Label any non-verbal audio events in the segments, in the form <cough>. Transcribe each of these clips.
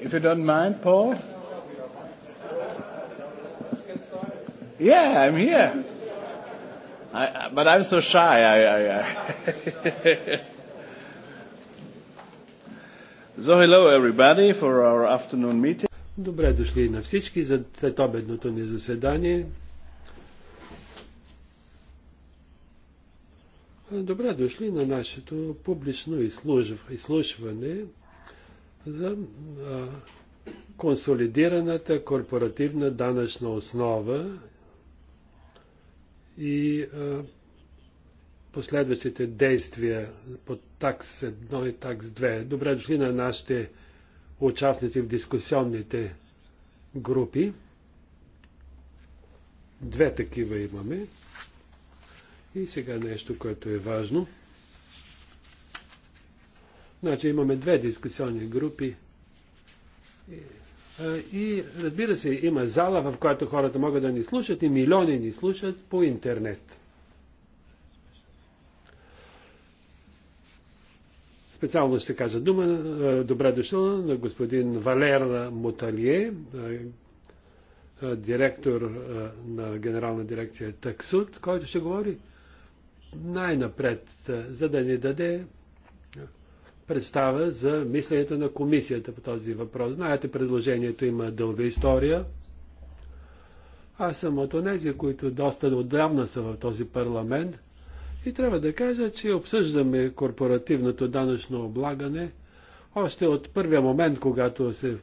If you don't mind, Paul? Yeah, I'm here. I, but I'm so shy. I, I, I <laughs> so hello everybody for our afternoon meeting. Добре дошли на всички за следобедното ни заседание. Добре дошли на нашето публично изслушване за а, консолидираната корпоративна данъчна основа и а, последващите действия по такс 1 и такс 2. Добре дошли на нашите участници в дискусионните групи. Две такива имаме. И сега нещо, което е важно – Значи имаме две дискусионни групи. Е, и разбира се, има зала, в която хората могат да ни слушат и милиони ни слушат по интернет. Специално ще кажа дума, е, добре дошъл на господин Валер Муталие, е, директор на генерална дирекция Таксуд, който ще говори най-напред, за да ни даде представя за мисленето на комисията по този въпрос. Знаете, предложението има дълга история. Аз съм от онези, които доста отдавна са в този парламент и трябва да кажа, че обсъждаме корпоративното данъчно облагане още от първия момент, когато се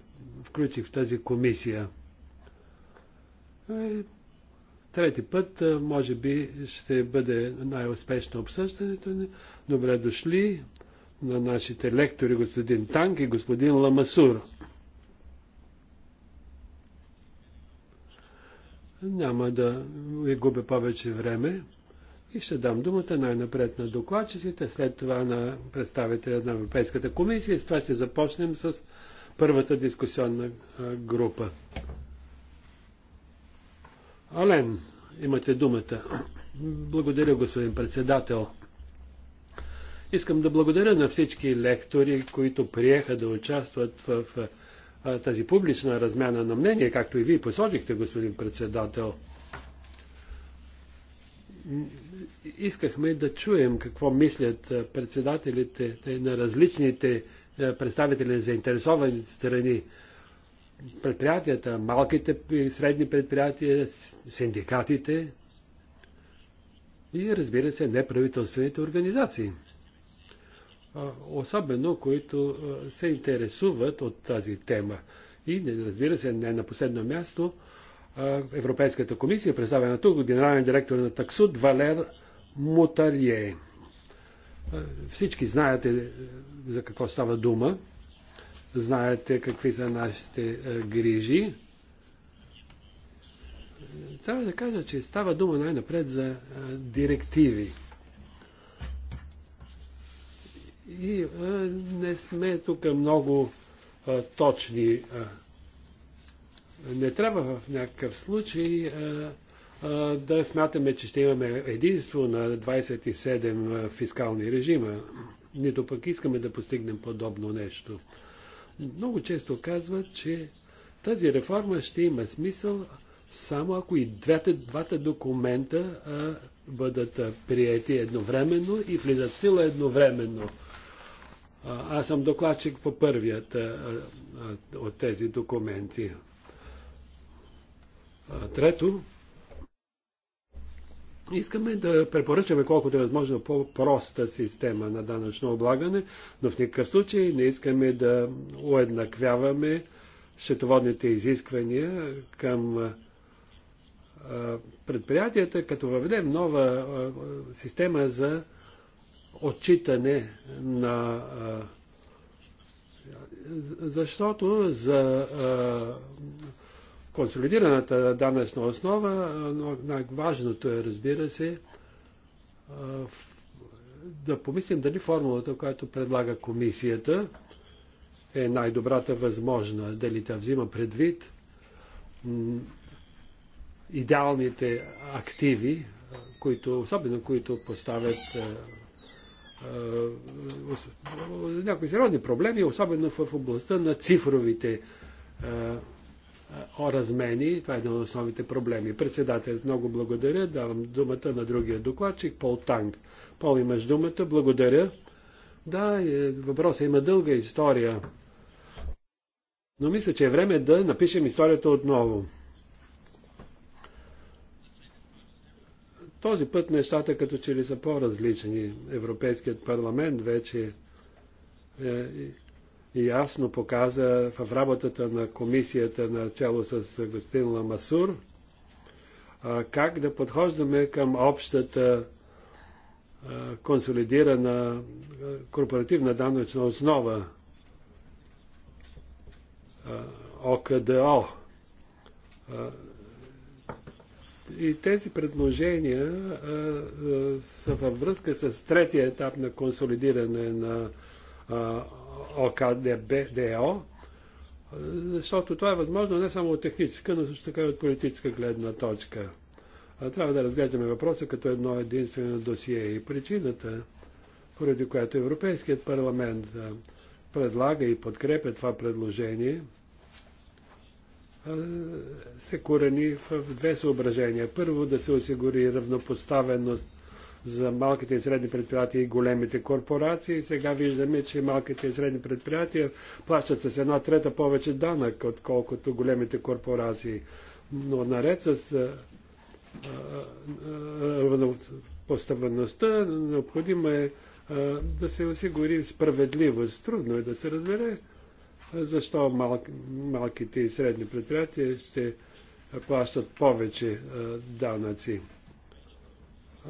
включих в тази комисия. Е, трети път, може би, ще бъде най-успешно обсъждането ни. Добре дошли на нашите лектори, господин Танк и господин Ламасур. Няма да ви губя повече време и ще дам думата най-напред на докладчиците, след това на представителя на Европейската комисия и с това ще започнем с първата дискусионна група. Ален, имате думата. Благодаря, господин председател. Искам да благодаря на всички лектори, които приеха да участват в, тази публична размяна на мнение, както и вие посочихте, господин председател. Искахме да чуем какво мислят председателите на различните представители на за заинтересовани страни. Предприятията, малките и средни предприятия, синдикатите и разбира се неправителствените организации особено които се интересуват от тази тема. И разбира се, не на последно място, Европейската комисия, представена тук генерален директор на таксуд Валер Мутарие. Всички знаете за какво става дума, знаете какви са нашите грижи. Трябва да кажа, че става дума най-напред за директиви. И а, не сме тук много а, точни. А, не трябва в някакъв случай а, а, да смятаме, че ще имаме единство на 27 фискални режима. Нито пък искаме да постигнем подобно нещо. Много често казват, че тази реформа ще има смисъл само ако и двете, двата документа а, бъдат приети едновременно и влизат в сила едновременно. Аз съм докладчик по първият от тези документи. Трето, искаме да препоръчаме колкото е възможно по-проста система на данъчно облагане, но в никакъв случай не искаме да уеднаквяваме счетоводните изисквания към предприятията, като въведем нова система за отчитане на. Защото за консолидираната данъчна основа най-важното е, разбира се, да помислим дали формулата, която предлага комисията, е най-добрата възможна, дали тя взима предвид идеалните активи, които, особено които поставят е, е, някои сериозни проблеми, особено в областта на цифровите оразмени. Е, Това е един от основните проблеми. Председателят много благодаря. Давам думата на другия докладчик, Пол Танг. Пол, имаш думата. Благодаря. Да, въпросът има дълга история. Но мисля, че е време да напишем историята отново. Този път нещата като че ли са по-различни. Европейският парламент вече е, ясно показа в работата на комисията на чело с господин Ламасур как да подхождаме към общата консолидирана корпоративна данъчна основа ОКДО. И тези предложения а, а, са във връзка с третия етап на консолидиране на а, ОКДБДО, е защото това е възможно не само от техническа, но също така и от политическа гледна точка. А, трябва да разглеждаме въпроса като едно единствено досие и причината, поради която Европейският парламент а, предлага и подкрепя това предложение – се корени в две съображения. Първо да се осигури равнопоставеност за малките и средни предприятия и големите корпорации. Сега виждаме, че малките и средни предприятия плащат с една трета повече данък, отколкото големите корпорации. Но наред с равнопоставеността необходимо е да се осигури справедливост. Трудно е да се разбере защо мал, малките и средни предприятия ще плащат повече а, данъци.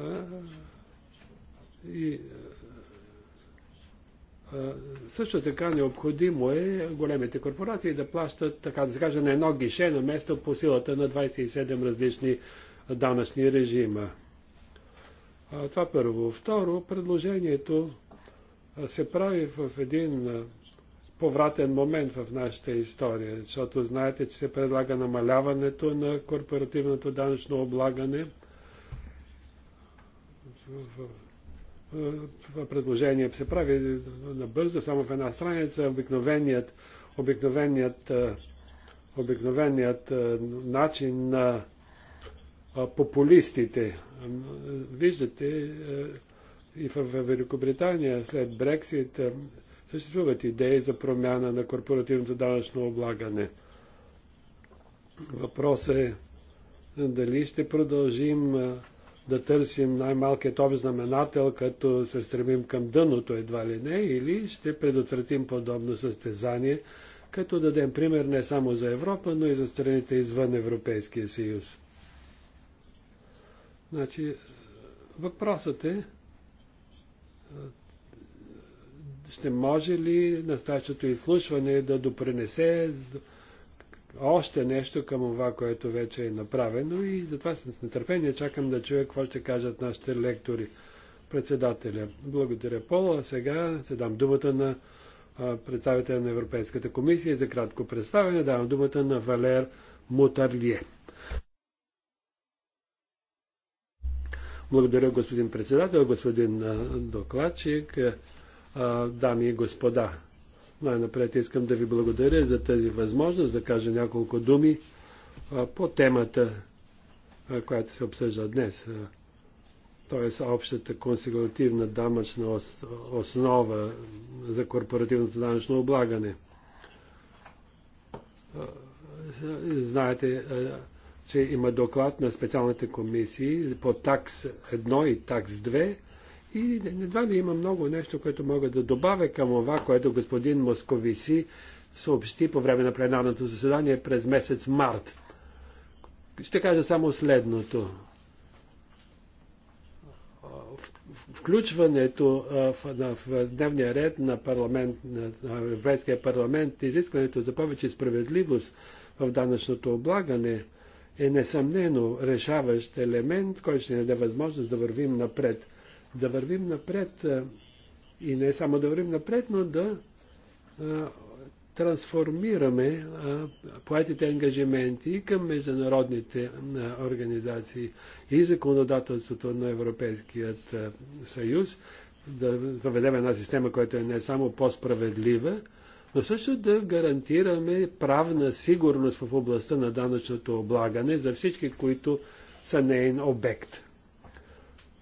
А, и а, също така необходимо е големите корпорации да плащат, така да се каже, на едно гише на место по силата на 27 различни данъчни режима. Това първо. Второ, предложението се прави в един повратен момент в нашата история, защото знаете, че се предлага намаляването на корпоративното данъчно облагане това предложение се прави набързо, само в една страница. Обикновеният, обикновеният, обикновеният начин на популистите. Виждате и в Великобритания след Брексит Съществуват идеи за промяна на корпоративното данъчно облагане. Въпросът е дали ще продължим да търсим най-малкият общ знаменател, като се стремим към дъното едва ли не, или ще предотвратим подобно състезание, като дадем пример не само за Европа, но и за страните извън Европейския съюз. Значи, въпросът е ще може ли настоящото изслушване да допренесе още нещо към това, което вече е направено и затова с нетърпение чакам да чуя какво ще кажат нашите лектори. Председателя, благодаря Пола. Сега се дам думата на представителя на Европейската комисия за кратко представяне. Давам думата на Валер Мутарлие. Благодаря, господин председател, господин докладчик дами и господа. Най-напред искам да ви благодаря за тази възможност да кажа няколко думи по темата, която се обсъжда днес. Т.е. общата консервативна данъчна основа за корпоративното данъчно облагане. Знаете, че има доклад на специалните комисии по такс 1 и такс 2 и едва ли има много нещо, което мога да добавя към това, което господин Московиси съобщи по време на пленарното заседание през месец март. Ще кажа само следното. Включването в дневния ред на, парламент, на Европейския парламент, изискването за повече справедливост в данъчното облагане е несъмнено решаващ елемент, който ще ни даде възможност да вървим напред да вървим напред и не само да вървим напред, но да трансформираме поетите ангажименти и към международните организации и законодателството на Европейският съюз, да въведем една система, която е не само по-справедлива, но също да гарантираме правна сигурност в областта на данъчното облагане за всички, които са нейн обект.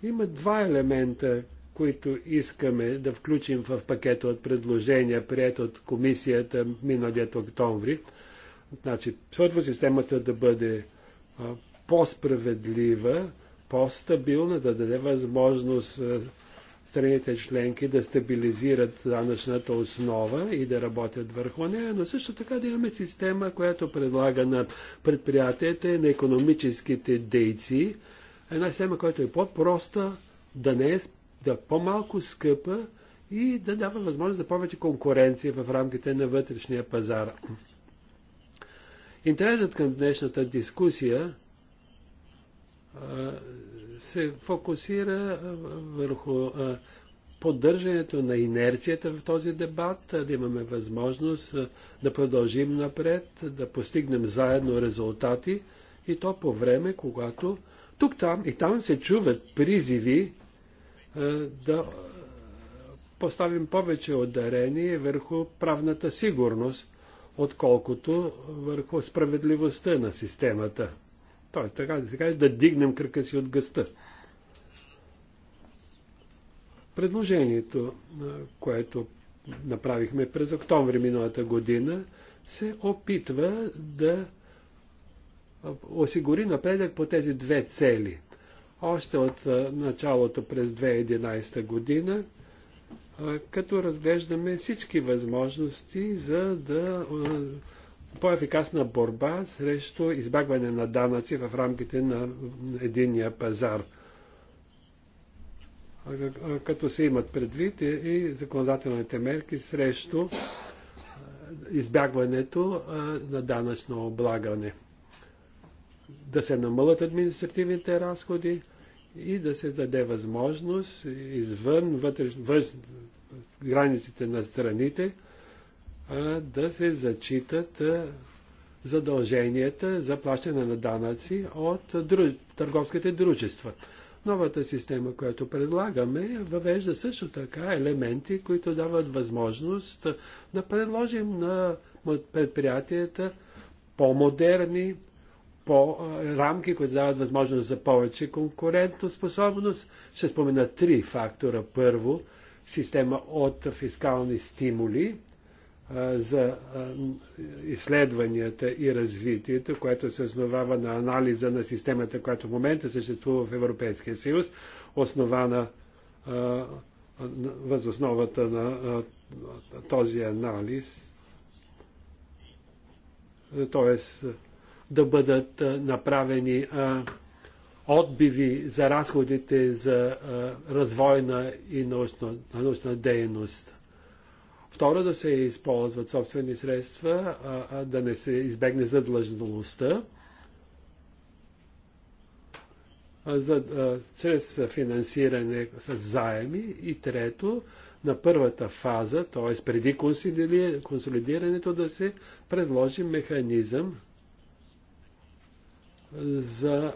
Има два елемента, които искаме да включим в пакета от предложения, прият от комисията миналият октомври. Значи, първо системата да бъде по-справедлива, по-стабилна, да даде възможност страните членки да стабилизират данъчната основа и да работят върху нея, но също така да имаме система, която предлага на предприятията и на економическите дейци една система, която е по-проста, да не е да е по-малко скъпа и да дава възможност за повече конкуренция в рамките на вътрешния пазар. Интересът към днешната дискусия а, се фокусира върху а, поддържането на инерцията в този дебат, да имаме възможност да продължим напред, да постигнем заедно резултати и то по време, когато тук там и там се чуват призиви е, да поставим повече ударение върху правната сигурност, отколкото върху справедливостта на системата. Тоест, така да се каже, да дигнем кръка си от гъста. Предложението, е, което направихме през октомври миналата година, се опитва да осигури напредък по тези две цели. Още от началото през 2011 година, като разглеждаме всички възможности за да по-ефикасна борба срещу избягване на данъци в рамките на единния пазар като се имат предвид и законодателните мерки срещу избягването на данъчно облагане да се намалят административните разходи и да се даде възможност извън вътреш, въз, границите на страните а, да се зачитат а, задълженията за плащане на данъци от дру... търговските дружества. Новата система, която предлагаме, въвежда също така елементи, които дават възможност да предложим на предприятията по-модерни, по рамки, които дават възможност за повече конкурентоспособност. Ще спомена три фактора. Първо, система от фискални стимули за изследванията и развитието, което се основава на анализа на системата, която в момента съществува в Европейския съюз, основана а, възосновата на този анализ. Тоест, да бъдат направени отбиви за разходите за развойна и научна, научна дейност. Второ, да се използват собствени средства, а, а да не се избегне задлъжността. За, а, чрез финансиране с заеми. И трето, на първата фаза, т.е. преди консолидирането, да се предложи механизъм, за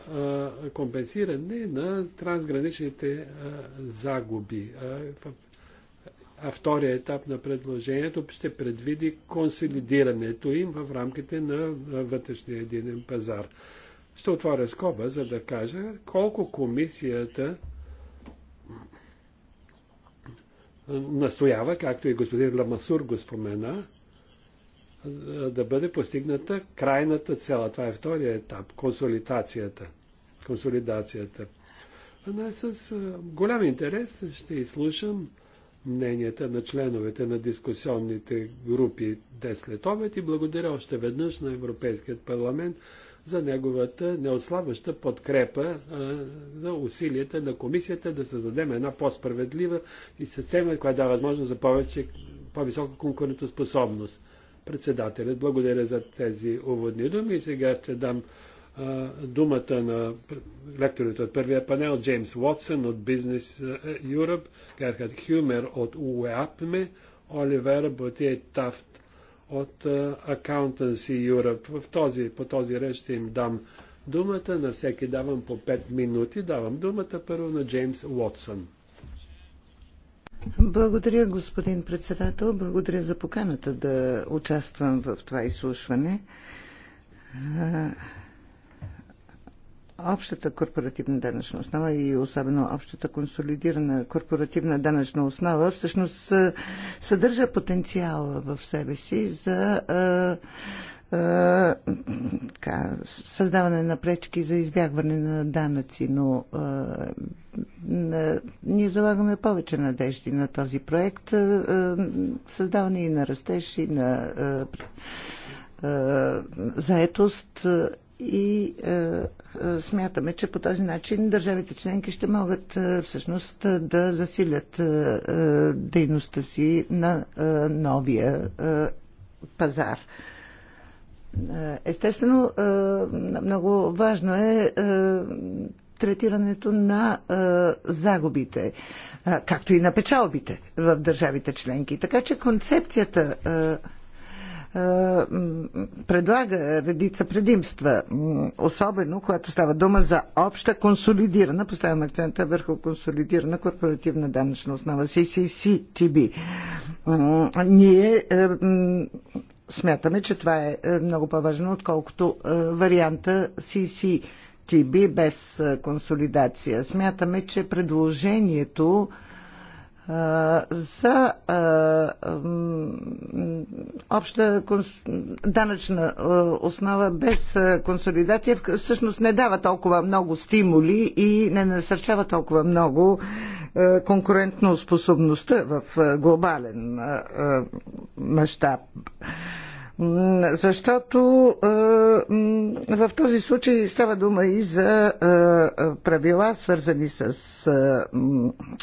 компенсиране на трансграничните загуби. А втория етап на предложението ще предвиди консолидирането им в рамките на вътрешния единен пазар. Ще отворя скоба, за да кажа колко комисията настоява, както и господин Ламасур го спомена, да бъде постигната крайната цела. Това е втория етап консолидацията. консолидацията. Аз е с голям интерес ще изслушам мненията на членовете на дискусионните групи днес след обед и благодаря още веднъж на Европейският парламент за неговата неослабваща подкрепа за усилията на комисията да създадем една по-справедлива и система, която дава възможност за повече, по-висока конкурентоспособност председателят. Благодаря за тези уводни думи. Сега ще дам а, думата на лекторите от първия панел, Джеймс Уотсън от Business Europe, Герхард Хюмер от УЕАПМЕ, Оливер Ботие Тафт от а, Accountancy Europe. В този, по този ред ще им дам думата. На всеки давам по 5 минути. Давам думата първо на Джеймс Уотсън. Благодаря, господин председател. Благодаря за поканата да участвам в това изслушване. Общата корпоративна данъчна основа и особено общата консолидирана корпоративна данъчна основа всъщност съдържа потенциал в себе си за е, така, създаване на пречки за избягване на данъци, но а, е, е, ние залагаме повече надежди на този проект, а, създаване и на растеж, и на а, а, заетост и е, е, смятаме, че по този начин държавите членки ще могат е, всъщност да засилят е, дейността си на е, новия е, пазар. Естествено, е, много важно е, е третирането на е, загубите, както и на печалбите в държавите членки. Така че концепцията предлага редица предимства, особено когато става дума за обща консолидирана, поставям акцента върху консолидирана корпоративна данъчна основа CCCTB. Ние смятаме, че това е, е много по-важно, отколкото е, варианта CCTB без е, консолидация. Смятаме, че предложението за обща данъчна основа без консолидация всъщност не дава толкова много стимули и не насърчава толкова много конкурентно способността в глобален мащаб защото в този случай става дума и за правила, свързани с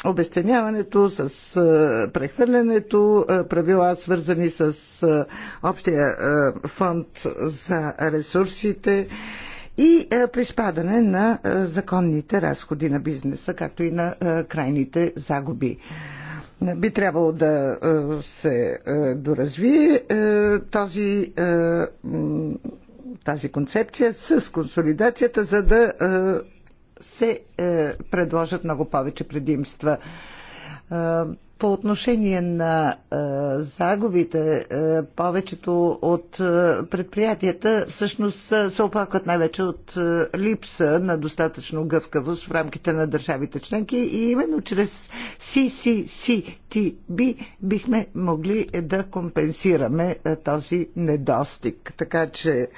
обесценяването, с прехвърлянето, правила, свързани с общия фонд за ресурсите и приспадане на законните разходи на бизнеса, както и на крайните загуби. Би трябвало да е, се е, доразвие е, този, тази концепция с консолидацията, за да се предложат много повече предимства по отношение на а, е, загубите, а, е, повечето от а, е, предприятията всъщност се оплакват най-вече от а, липса на достатъчно гъвкавост в рамките на държавите членки и именно чрез CCCTB бихме могли да компенсираме а, този недостиг. Така че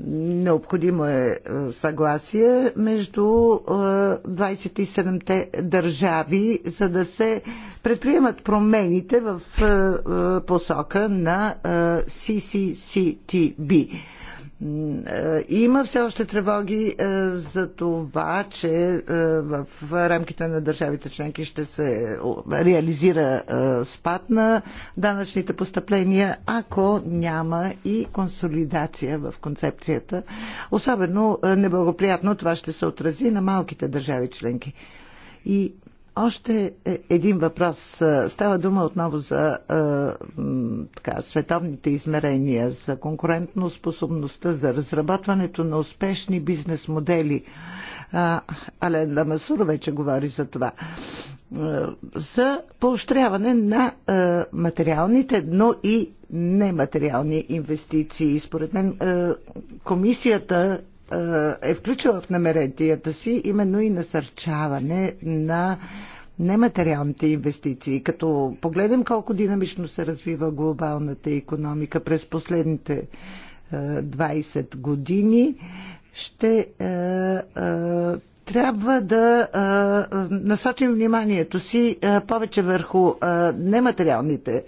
Необходимо е, е съгласие между 27-те е, държави, за да се предприемат промените в е, посока на CCCTB. Е, има все още тревоги е, за това, че е, в рамките на държавите членки ще се реализира спад на данъчните постъпления, ако няма и консолидация в концепцията. Особено неблагоприятно това ще се отрази на малките държави членки. И още е един въпрос. Става дума отново за е, така, световните измерения, за конкурентно способността, за разработването на успешни бизнес модели. Ален Ламасур вече говори за това. Е, за поощряване на материалните, но и нематериални инвестиции. Според мен комисията е включила в намеретията си именно и насърчаване на нематериалните инвестиции. Като погледнем колко динамично се развива глобалната економика през последните 20 е, години, ще е, е, трябва да е, насочим вниманието си е, повече върху е, нематериалните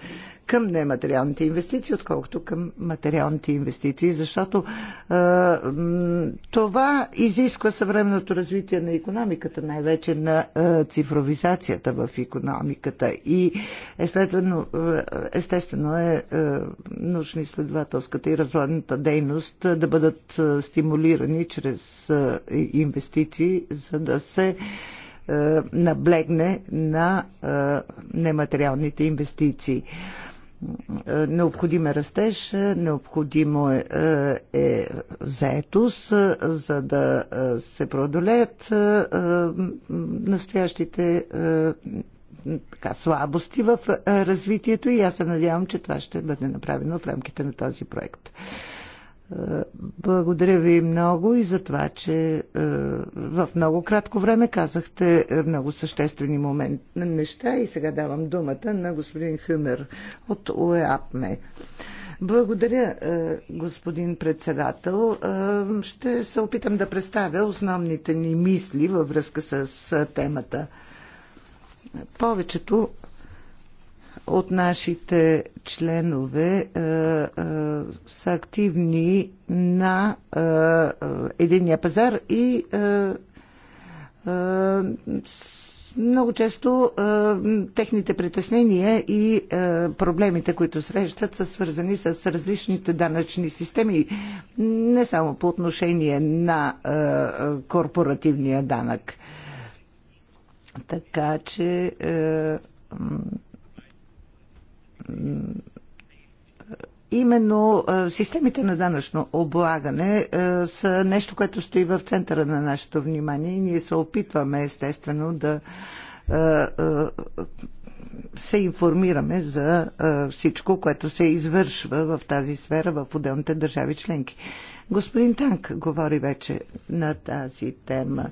към нематериалните инвестиции, отколкото към материалните инвестиции, защото а, е, това изисква съвременното развитие на економиката, най-вече на а, е, цифровизацията в економиката. И естествено, е, естествено е, е научно-изследователската и разводната дейност да бъдат стимулирани чрез инвестиции, за да се наблегне на нематериалните инвестиции. Необходим е растеж, необходимо е, е, е заетост, за да е, се продолеят е, настоящите така, слабости в развитието и аз се надявам, че това ще бъде направено в рамките на този проект. Благодаря ви много и за това, че е, в много кратко време казахте е, много съществени момент на неща и сега давам думата на господин Хюмер от УЕАПМЕ. Благодаря, е, господин председател. Ще се опитам да представя основните ни мисли във връзка с темата. Повечето от нашите членове а, е, а, е, са активни на а, е, единния пазар и а, а, много често е, техните притеснения и е, проблемите, които срещат, са свързани с различните данъчни системи. Не само по отношение на е, корпоративния данък. Така че. Е, Именно системите на данъчно облагане са нещо, което стои в центъра на нашето внимание и ние се опитваме естествено да се информираме за всичко, което се извършва в тази сфера в отделните държави членки. Господин Танк говори вече на тази тема.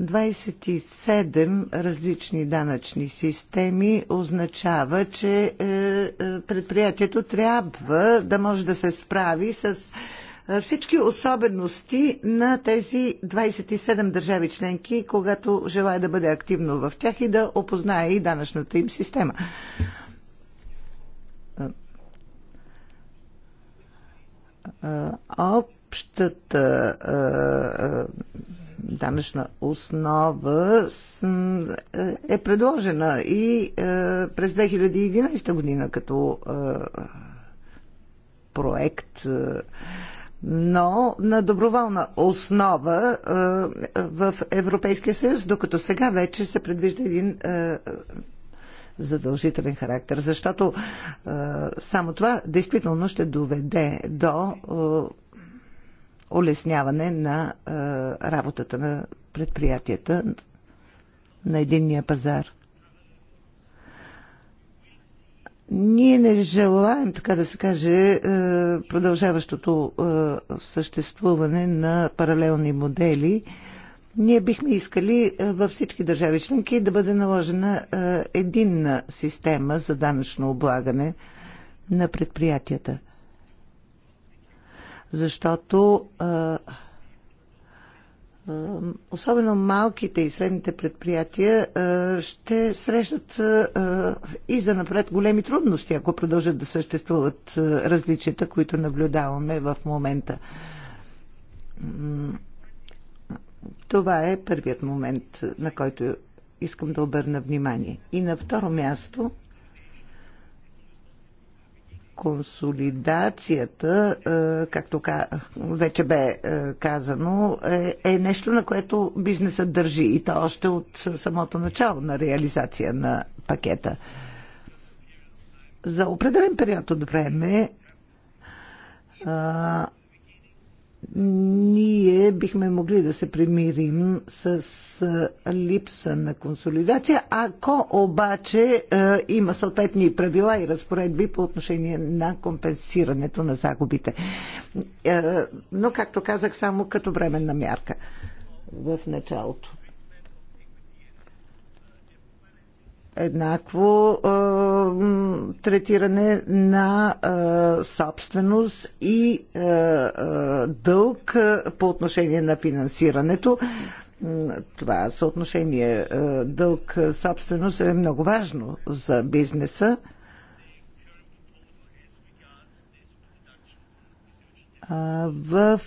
27 различни данъчни системи означава, че е, е, предприятието трябва да може да се справи с е, всички особености на тези 27 държави членки, когато желая да бъде активно в тях и да опознае и данъчната им система. Общата данъчна основа е, е предложена и е, през 2011 година като е, проект, но на доброволна основа в Европейския съюз, докато сега вече се предвижда един задължителен характер, защото само това действително ще доведе до улесняване на а, е, работата на предприятията на единния пазар. Ние не желаем, така да се каже, е, продължаващото е, съществуване на паралелни модели. Ние бихме искали във всички държави членки да бъде наложена единна система за данъчно облагане на предприятията – защото особено малките и средните предприятия ще срещат и за напред големи трудности, ако продължат да съществуват различията, които наблюдаваме в момента. Това е първият момент, на който искам да обърна внимание. И на второ място – консолидацията, е, както вече бе е, казано, е, е нещо, на което бизнесът държи и то още от самото начало на реализация на пакета. За определен период от време ние бихме могли да се примирим с липса на консолидация, ако обаче има съответни правила и разпоредби по отношение на компенсирането на загубите. Но, както казах, само като временна мярка в началото. еднакво е, третиране на е, собственост и е, е, дълг е, по отношение на финансирането. Това съотношение е, дълг-собственост е много важно за бизнеса. В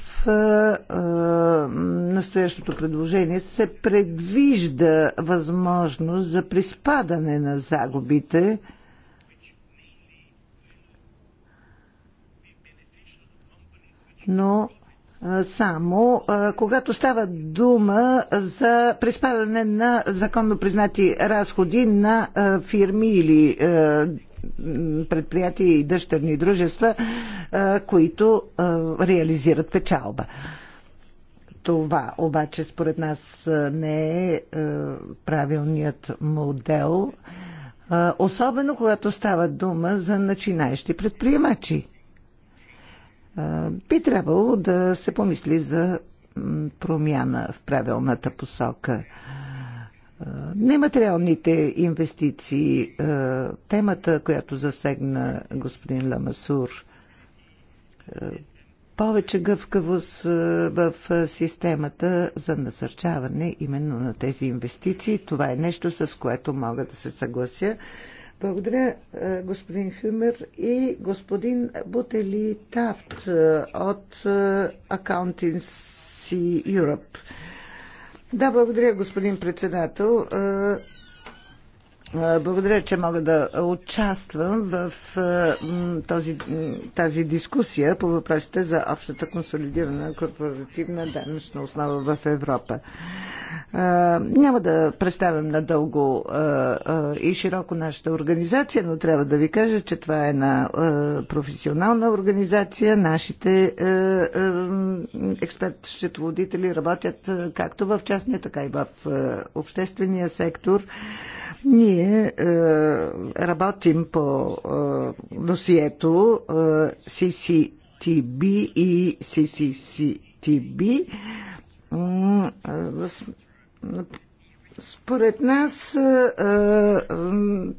настоящото предложение се предвижда възможност за приспадане на загубите, но само когато става дума за приспадане на законно признати разходи на фирми или предприятия и дъщерни дружества, които реализират печалба. Това обаче според нас не е правилният модел, особено когато става дума за начинаещи предприемачи. Би трябвало да се помисли за промяна в правилната посока – нематериалните инвестиции, темата, която засегна господин Ламасур, повече гъвкавост в системата за насърчаване именно на тези инвестиции. Това е нещо, с което мога да се съглася. Благодаря, господин Хюмер и господин Бутели Тафт от Accountancy Europe. Да, благодаря, господин председател. Е, е, благодаря, че мога да участвам в е, този, тази дискусия по въпросите за общата консолидирана корпоративна данъчна основа в Европа. Няма да представям надълго и широко нашата организация, но трябва да ви кажа, че това е една професионална организация. Нашите експерт-счетоводители работят както в частния, така и в обществения сектор. Ние работим по досието CCTB и CCCTB според нас, е, е,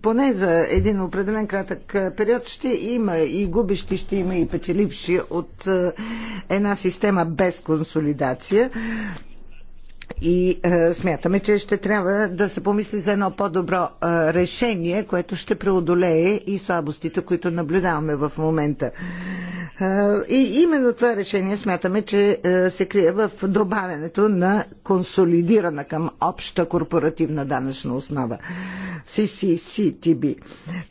поне за един определен кратък е, период ще има и губещи, ще има и печеливши от една система без консолидация. И е, смятаме, че ще трябва да се помисли за едно по-добро е, решение, което ще преодолее и слабостите, които наблюдаваме в момента. Е, и именно това решение смятаме, че се крие в добавянето на консолидирана към обща корпоративна данъчна основа. CCCTB.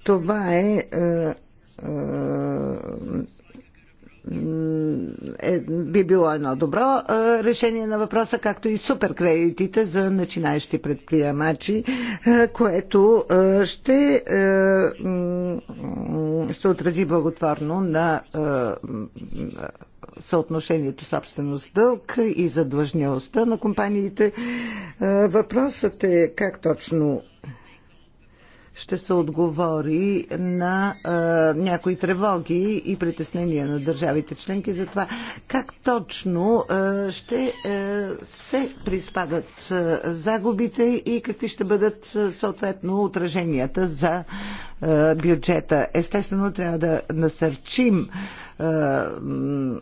Това е. е е, би било едно добро е, решение на въпроса, както и суперкредитите за начинаещи предприемачи, е, което е, ще е, се отрази благотворно на е, съотношението собственост-дълг и задлъжнялостта на компаниите. Е, въпросът е как точно ще се отговори на а, някои тревоги и притеснения на държавите членки за това как точно а, ще а, се приспадат а, загубите и какви ще бъдат а, съответно отраженията за а, бюджета. Естествено, трябва да насърчим а,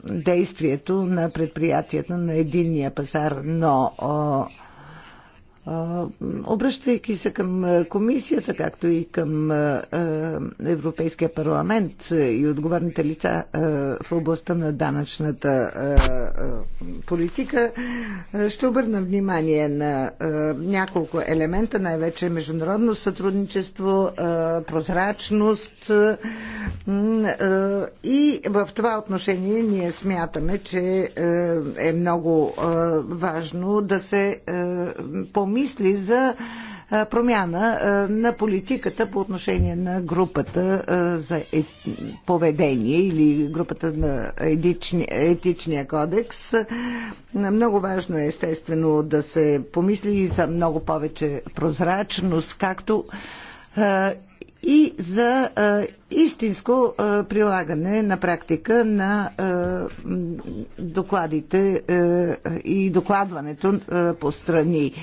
действието на предприятията на единния пазар, но а, обръщайки се към комисията, както и към Европейския парламент и отговорните лица в областта на данъчната политика, ще обърна внимание на няколко елемента, най-вече международно сътрудничество, прозрачност и в това отношение ние смятаме, че е много важно да се помисли Мисли за промяна на политиката по отношение на групата за е, поведение или групата на етични, етичния кодекс. Много важно е естествено да се помисли и за много повече прозрачност, както и за истинско прилагане на практика на докладите и докладването по страни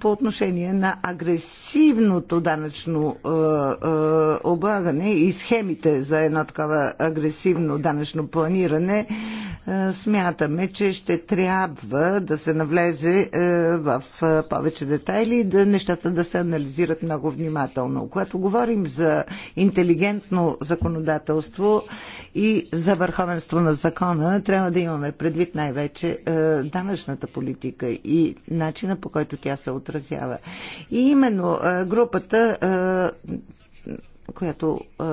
по отношение на агресивното данъчно е, е, облагане и схемите за едно такова агресивно данъчно планиране, е, смятаме, че ще трябва да се навлезе в повече детайли и да нещата да се анализират много внимателно. Когато говорим за интелигентно законодателство и за върховенство на закона, трябва да имаме предвид най-вече е, данъчната политика и начина по който тя се отразява. И именно е, групата е, която е,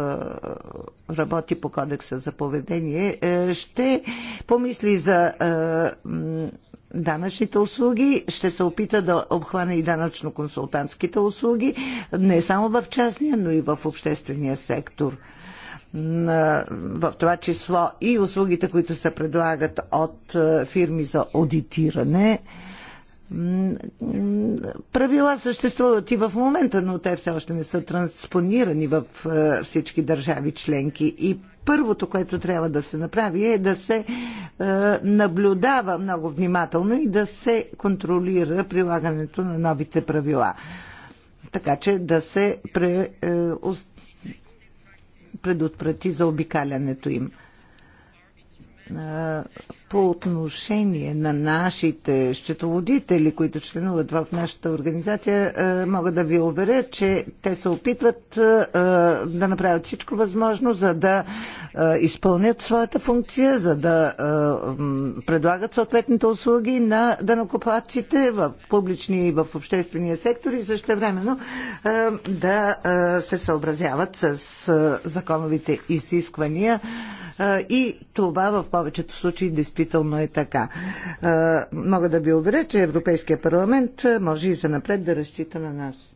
работи по кодекса за поведение, е, ще помисли за е, данъчните услуги, ще се опита да обхване и данъчно-консултантските услуги, не само в частния, но и в обществения сектор в това число и услугите, които се предлагат от е, фирми за аудитиране. Правила съществуват и в момента, но те все още не са транспонирани в е, всички държави членки. И първото, което трябва да се направи е да се е, наблюдава много внимателно и да се контролира прилагането на новите правила. Така че да се пре, предотврати за обикалянето им по отношение на нашите счетоводители, които членуват в нашата организация, мога да ви уверя, че те се опитват да направят всичко възможно, за да изпълнят своята функция, за да предлагат съответните услуги на данокопаците в публичния и в обществения сектор и също времено да се съобразяват с законовите изисквания и това в повечето случаи действително е така. Мога да ви уверя, че Европейския парламент може и за напред да разчита на нас.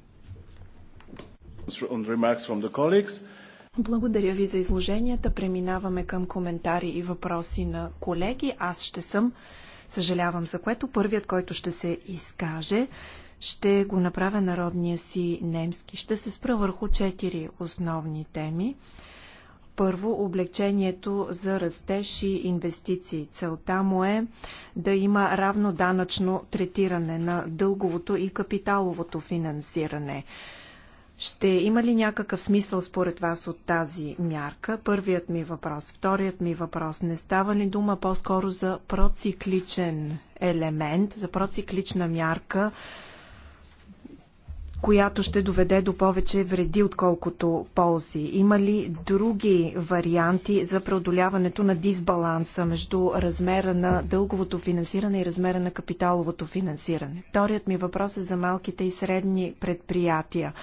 Благодаря ви за изложенията. Преминаваме към коментари и въпроси на колеги. Аз ще съм, съжалявам за което, първият, който ще се изкаже, ще го направя народния си немски. Ще се спра върху четири основни теми. Първо, облегчението за растеж и инвестиции. Целта му е да има равно данъчно третиране на дълговото и капиталовото финансиране. Ще има ли някакъв смисъл според вас от тази мярка? Първият ми въпрос. Вторият ми въпрос. Не става ли дума по-скоро за процикличен елемент, за проциклична мярка, която ще доведе до повече вреди, отколкото ползи? Има ли други варианти за преодоляването на дисбаланса между размера на дълговото финансиране и размера на капиталовото финансиране? Вторият ми въпрос е за малките и средни предприятия.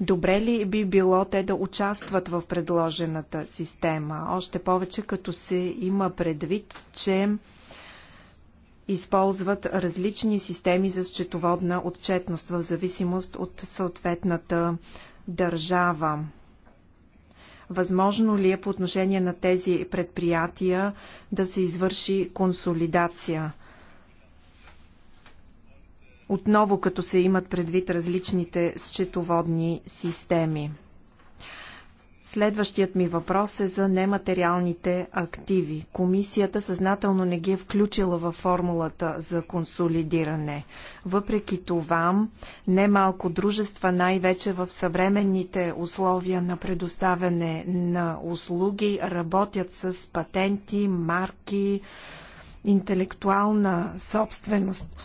Добре ли би било те да участват в предложената система? Още повече като се има предвид, че използват различни системи за счетоводна отчетност в зависимост от съответната държава. Възможно ли е по отношение на тези предприятия да се извърши консолидация? Отново като се имат предвид различните счетоводни системи. Следващият ми въпрос е за нематериалните активи. Комисията съзнателно не ги е включила във формулата за консолидиране. Въпреки това, немалко дружества, най-вече в съвременните условия на предоставяне на услуги, работят с патенти, марки, интелектуална собственост.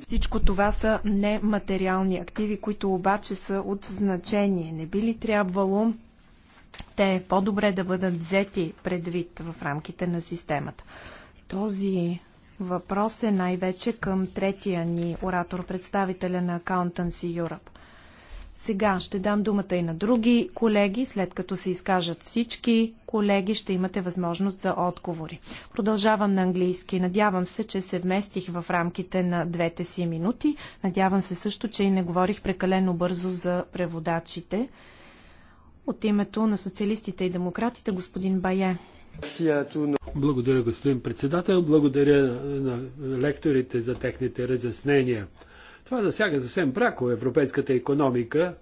Всичко това са нематериални активи, които обаче са от значение. Не би ли трябвало те е по-добре да бъдат взети предвид в рамките на системата. Този въпрос е най-вече към третия ни оратор, представителя на Accountancy Europe. Сега ще дам думата и на други колеги. След като се изкажат всички колеги, ще имате възможност за отговори. Продължавам на английски. Надявам се, че се вместих в рамките на двете си минути. Надявам се също, че и не говорих прекалено бързо за преводачите. От името на социалистите и демократите, господин Бае. Благодаря, господин председател. Благодаря на лекторите за техните разяснения. Това засяга съвсем пряко европейската економика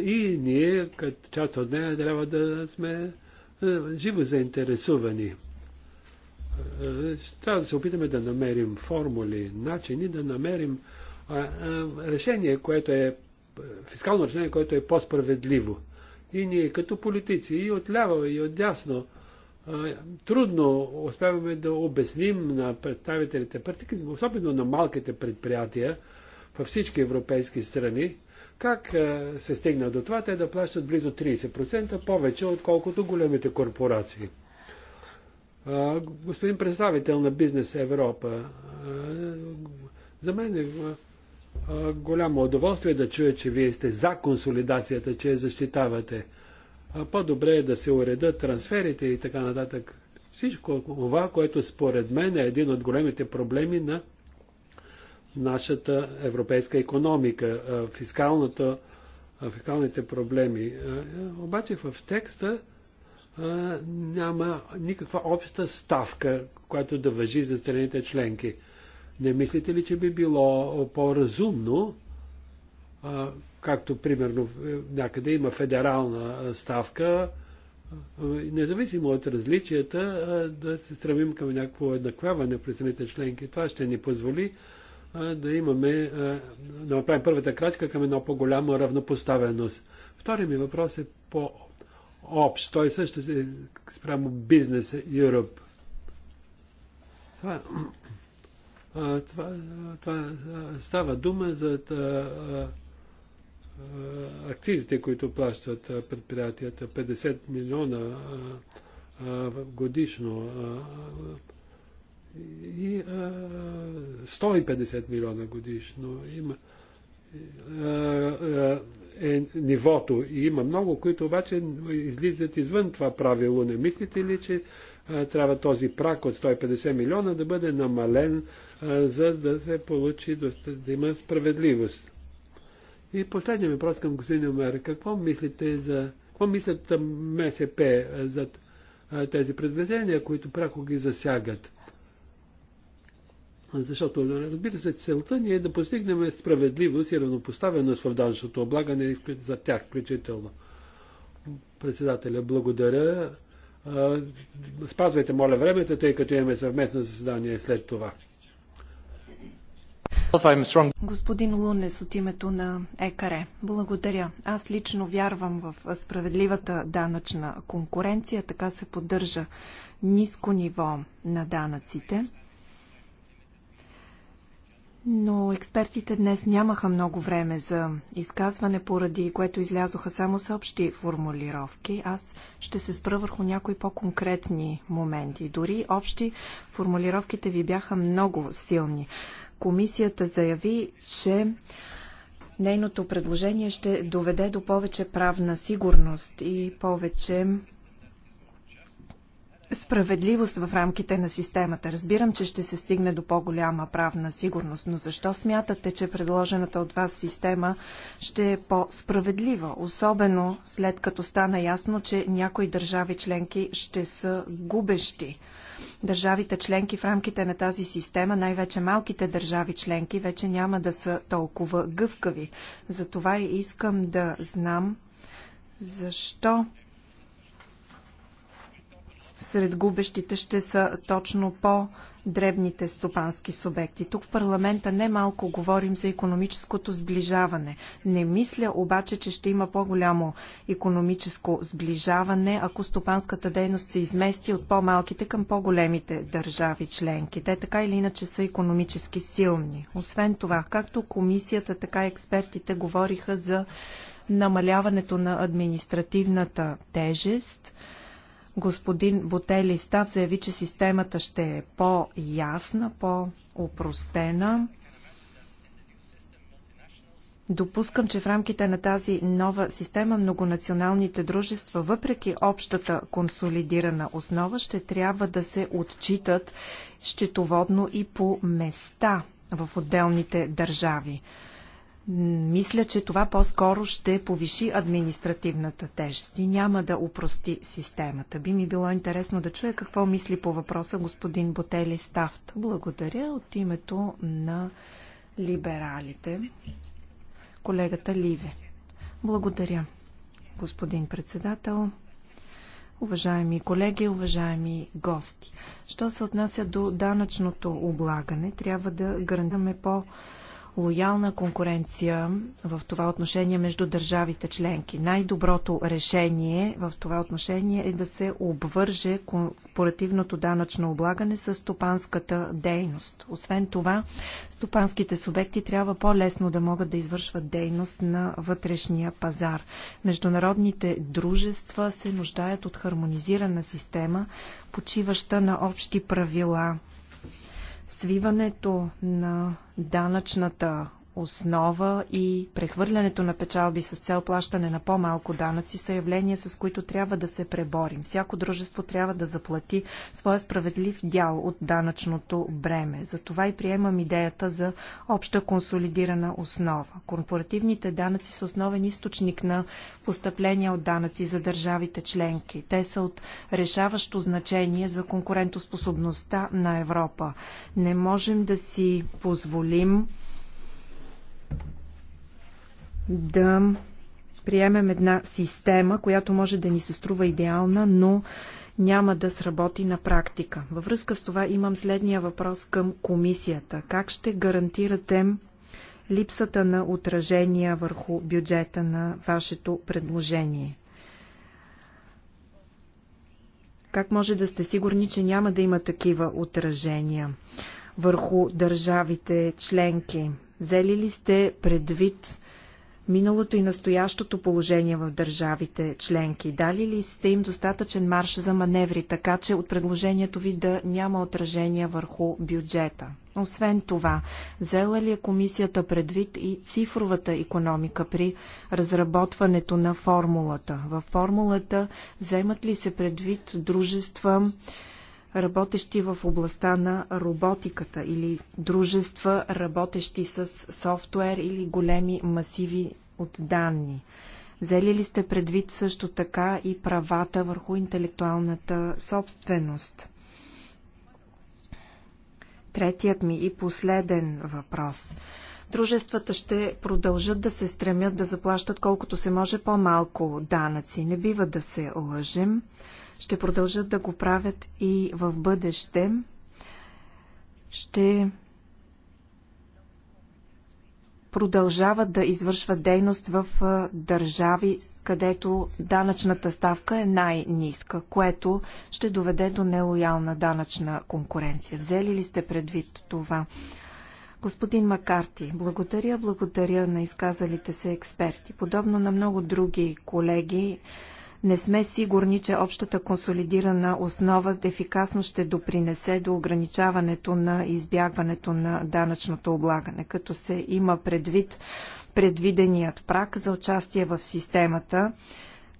и ние, като част от нея, трябва да сме е, живо заинтересувани. Е, трябва да се опитаме да намерим формули, начини да намерим решение, което е фискално решение, което е по-справедливо. И ние като политици, и отляво, и отдясно, трудно успяваме да обясним на представителите, особено на малките предприятия във всички европейски страни, как се стигна до това те да плащат близо 30% повече, отколкото големите корпорации. Господин представител на Бизнес Европа, за мен е Голямо удоволствие е да чуя, че вие сте за консолидацията, че я защитавате. По-добре е да се уредат трансферите и така нататък. Всичко това, което според мен е един от големите проблеми на нашата европейска економика, фискалната, фискалните проблеми. Обаче в текста няма никаква обща ставка, която да въжи за страните членки. Не мислите ли, че би било по-разумно, както примерно е, някъде има федерална ставка, независимо от различията, да се стремим към някакво еднакваване при самите членки. Това ще ни позволи да имаме, да направим първата крачка към едно по-голяма равнопоставеност. Втори ми въпрос е по-общ. Той също е спрямо бизнес Europe. Това това, това става дума за активите, които плащат предприятията. 50 милиона годишно и 150 милиона годишно има е нивото. И има много, които обаче излизат извън това правило. Не мислите ли, че трябва този прак от 150 милиона да бъде намален за да се получи, да, да има справедливост. И последният въпрос към господин Омер. Какво мислите за... Какво мислят МСП за тези предвезения, които пряко ги засягат? Защото, разбира се, целта ни е да постигнем справедливост и равнопоставеност в данъчното облагане за тях включително. Председателя, благодаря. Спазвайте, моля, времето, тъй като имаме съвместно заседание след това. Господин Лунес от името на ЕКАРЕ. Благодаря. Аз лично вярвам в справедливата данъчна конкуренция. Така се поддържа ниско ниво на данъците. Но експертите днес нямаха много време за изказване, поради което излязоха само с общи формулировки. Аз ще се спра върху някои по-конкретни моменти. Дори общи формулировките ви бяха много силни. Комисията заяви, че нейното предложение ще доведе до повече правна сигурност и повече справедливост в рамките на системата. Разбирам, че ще се стигне до по-голяма правна сигурност, но защо смятате, че предложената от вас система ще е по-справедлива, особено след като стана ясно, че някои държави членки ще са губещи? Държавите членки в рамките на тази система, най-вече малките държави членки, вече няма да са толкова гъвкави. Затова и искам да знам защо сред губещите ще са точно по-дребните стопански субекти. Тук в парламента не малко говорим за економическото сближаване. Не мисля обаче, че ще има по-голямо економическо сближаване, ако стопанската дейност се измести от по-малките към по-големите държави членки. Те така или иначе са економически силни. Освен това, както комисията, така и експертите говориха за намаляването на административната тежест – Господин Ботели Став заяви, че системата ще е по-ясна, по-упростена. Допускам, че в рамките на тази нова система многонационалните дружества, въпреки общата консолидирана основа, ще трябва да се отчитат щитоводно и по места в отделните държави. Мисля, че това по-скоро ще повиши административната тежест и няма да упрости системата. Би ми било интересно да чуя какво мисли по въпроса господин Ботели Стафт. Благодаря от името на либералите. Колегата Ливе. Благодаря, господин председател. Уважаеми колеги, уважаеми гости, що се отнася до данъчното облагане, трябва да гарантираме по- лоялна конкуренция в това отношение между държавите членки. Най-доброто решение в това отношение е да се обвърже корпоративното данъчно облагане с стопанската дейност. Освен това, стопанските субекти трябва по-лесно да могат да извършват дейност на вътрешния пазар. Международните дружества се нуждаят от хармонизирана система, почиваща на общи правила – Свиването на данъчната основа и прехвърлянето на печалби с цел плащане на по-малко данъци са явления, с които трябва да се преборим. Всяко дружество трябва да заплати своя справедлив дял от данъчното бреме. Затова и приемам идеята за обща консолидирана основа. Корпоративните данъци са основен източник на постъпления от данъци за държавите членки. Те са от решаващо значение за конкурентоспособността на Европа. Не можем да си позволим да приемем една система, която може да ни се струва идеална, но няма да сработи на практика. Във връзка с това имам следния въпрос към комисията. Как ще гарантирате липсата на отражения върху бюджета на вашето предложение? Как може да сте сигурни, че няма да има такива отражения върху държавите членки? Взели ли сте предвид миналото и настоящото положение в държавите членки? Дали ли сте им достатъчен марш за маневри, така че от предложението ви да няма отражение върху бюджета? Освен това, взела ли е комисията предвид и цифровата економика при разработването на формулата? Във формулата вземат ли се предвид дружества, работещи в областта на роботиката или дружества, работещи с софтуер или големи масиви от данни. Взели ли сте предвид също така и правата върху интелектуалната собственост? Третият ми и последен въпрос. Дружествата ще продължат да се стремят да заплащат колкото се може по-малко данъци. Не бива да се лъжим ще продължат да го правят и в бъдеще. Ще продължават да извършват дейност в държави, където данъчната ставка е най-ниска, което ще доведе до нелоялна данъчна конкуренция. Взели ли сте предвид това? Господин Макарти, благодаря, благодаря на изказалите се експерти. Подобно на много други колеги, не сме сигурни, че общата консолидирана основа ефикасно ще допринесе до ограничаването на избягването на данъчното облагане, като се има предвид предвиденият прак за участие в системата,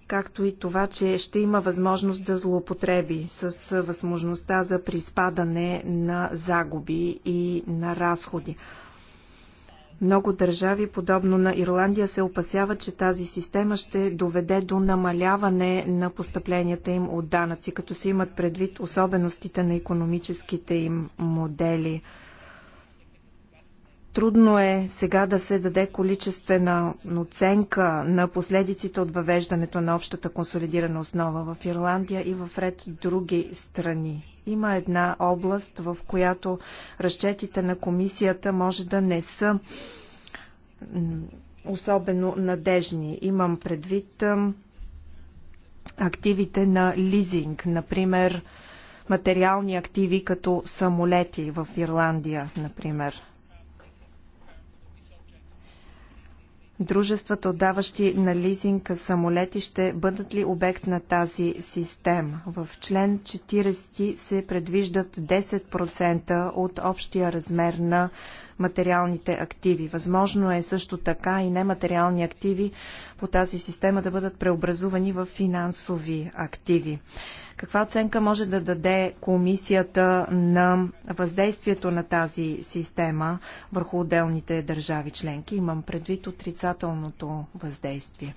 както и това, че ще има възможност за злоупотреби с възможността за приспадане на загуби и на разходи. Много държави, подобно на Ирландия, се опасяват, че тази система ще доведе до намаляване на постъпленията им от данъци, като се имат предвид особеностите на економическите им модели. Трудно е сега да се даде количествена оценка на последиците от въвеждането на общата консолидирана основа в Ирландия и в ред други страни. Има една област, в която разчетите на комисията може да не са особено надежни. Имам предвид активите на лизинг, например материални активи като самолети в Ирландия, например. дружествата, отдаващи на лизинг самолети, ще бъдат ли обект на тази система? В член 40 се предвиждат 10% от общия размер на материалните активи. Възможно е също така и нематериални активи по тази система да бъдат преобразувани в финансови активи. Каква оценка може да даде комисията на въздействието на тази система върху отделните държави членки? Имам предвид отрицателното въздействие.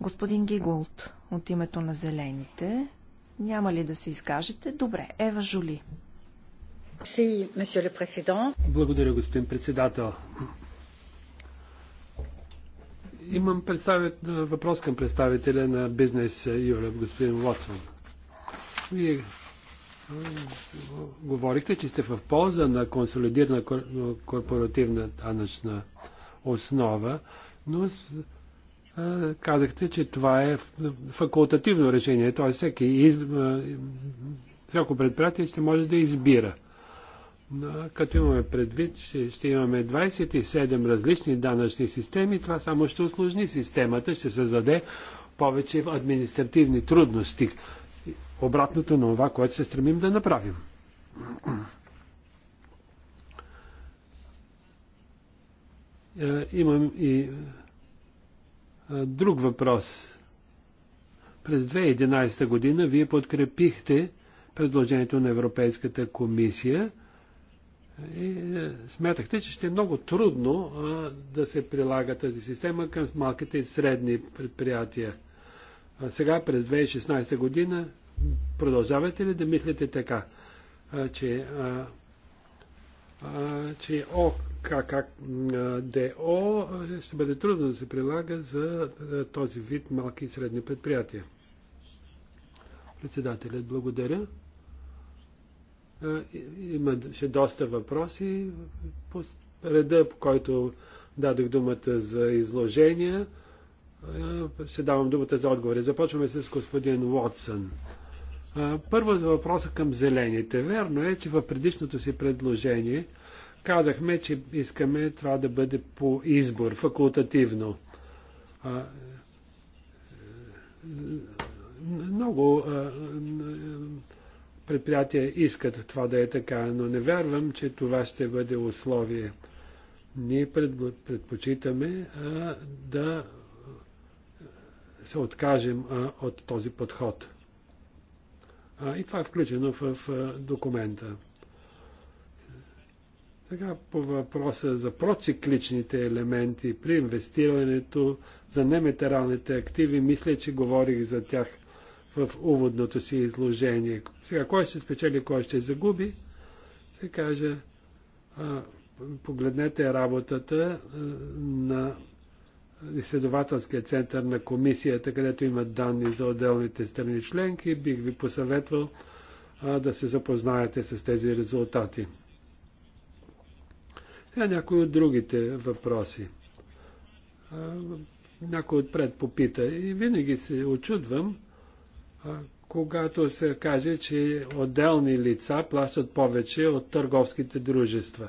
Господин Гигулт, от името на Зелените, няма ли да се изкажете? Добре, Ева Жули. Благодаря, господин председател. Имам въпрос към представителя на Бизнес Юръп, господин Ватсон. Вие говорихте, че сте в полза на консолидирана корпоративна данъчна основа, но казахте, че това е факултативно решение, т.е. всеки из... всяко предприятие ще може да избира. Но, като имаме предвид, ще, ще имаме 27 различни данъчни системи, това само ще усложни системата, ще създаде повече административни трудности обратното на това, което се стремим да направим. Е, имам и е, друг въпрос. През 2011 година вие подкрепихте предложението на Европейската комисия и е, смятахте, че ще е много трудно да се прилага тази система към малките и средни предприятия. сега, през 2016 година, продължавате ли да мислите така, че, че ДО ще бъде трудно да се прилага за този вид малки и средни предприятия? Председателят, благодаря. Има ще доста въпроси по реда, по който дадох думата за изложения. Ще давам думата за отговори. Започваме с господин Уотсън. Първо за въпроса към зелените. Верно е, че в предишното си предложение казахме, че искаме това да бъде по избор, факултативно. Много предприятия искат това да е така, но не вярвам, че това ще бъде условие. Ние предпочитаме да се откажем от този подход. И това е включено в документа. Така по въпроса за процикличните елементи при инвестирането за неметералните активи, мисля, че говорих за тях в уводното си изложение. Сега, кой ще спечели, кой ще загуби, ще кажа, погледнете работата на изследователския център на комисията, където има данни за отделните страни членки. Бих ви посъветвал а, да се запознаете с тези резултати. Сега някои от другите въпроси. А, някой отпред попита и винаги се очудвам, а, когато се каже, че отделни лица плащат повече от търговските дружества.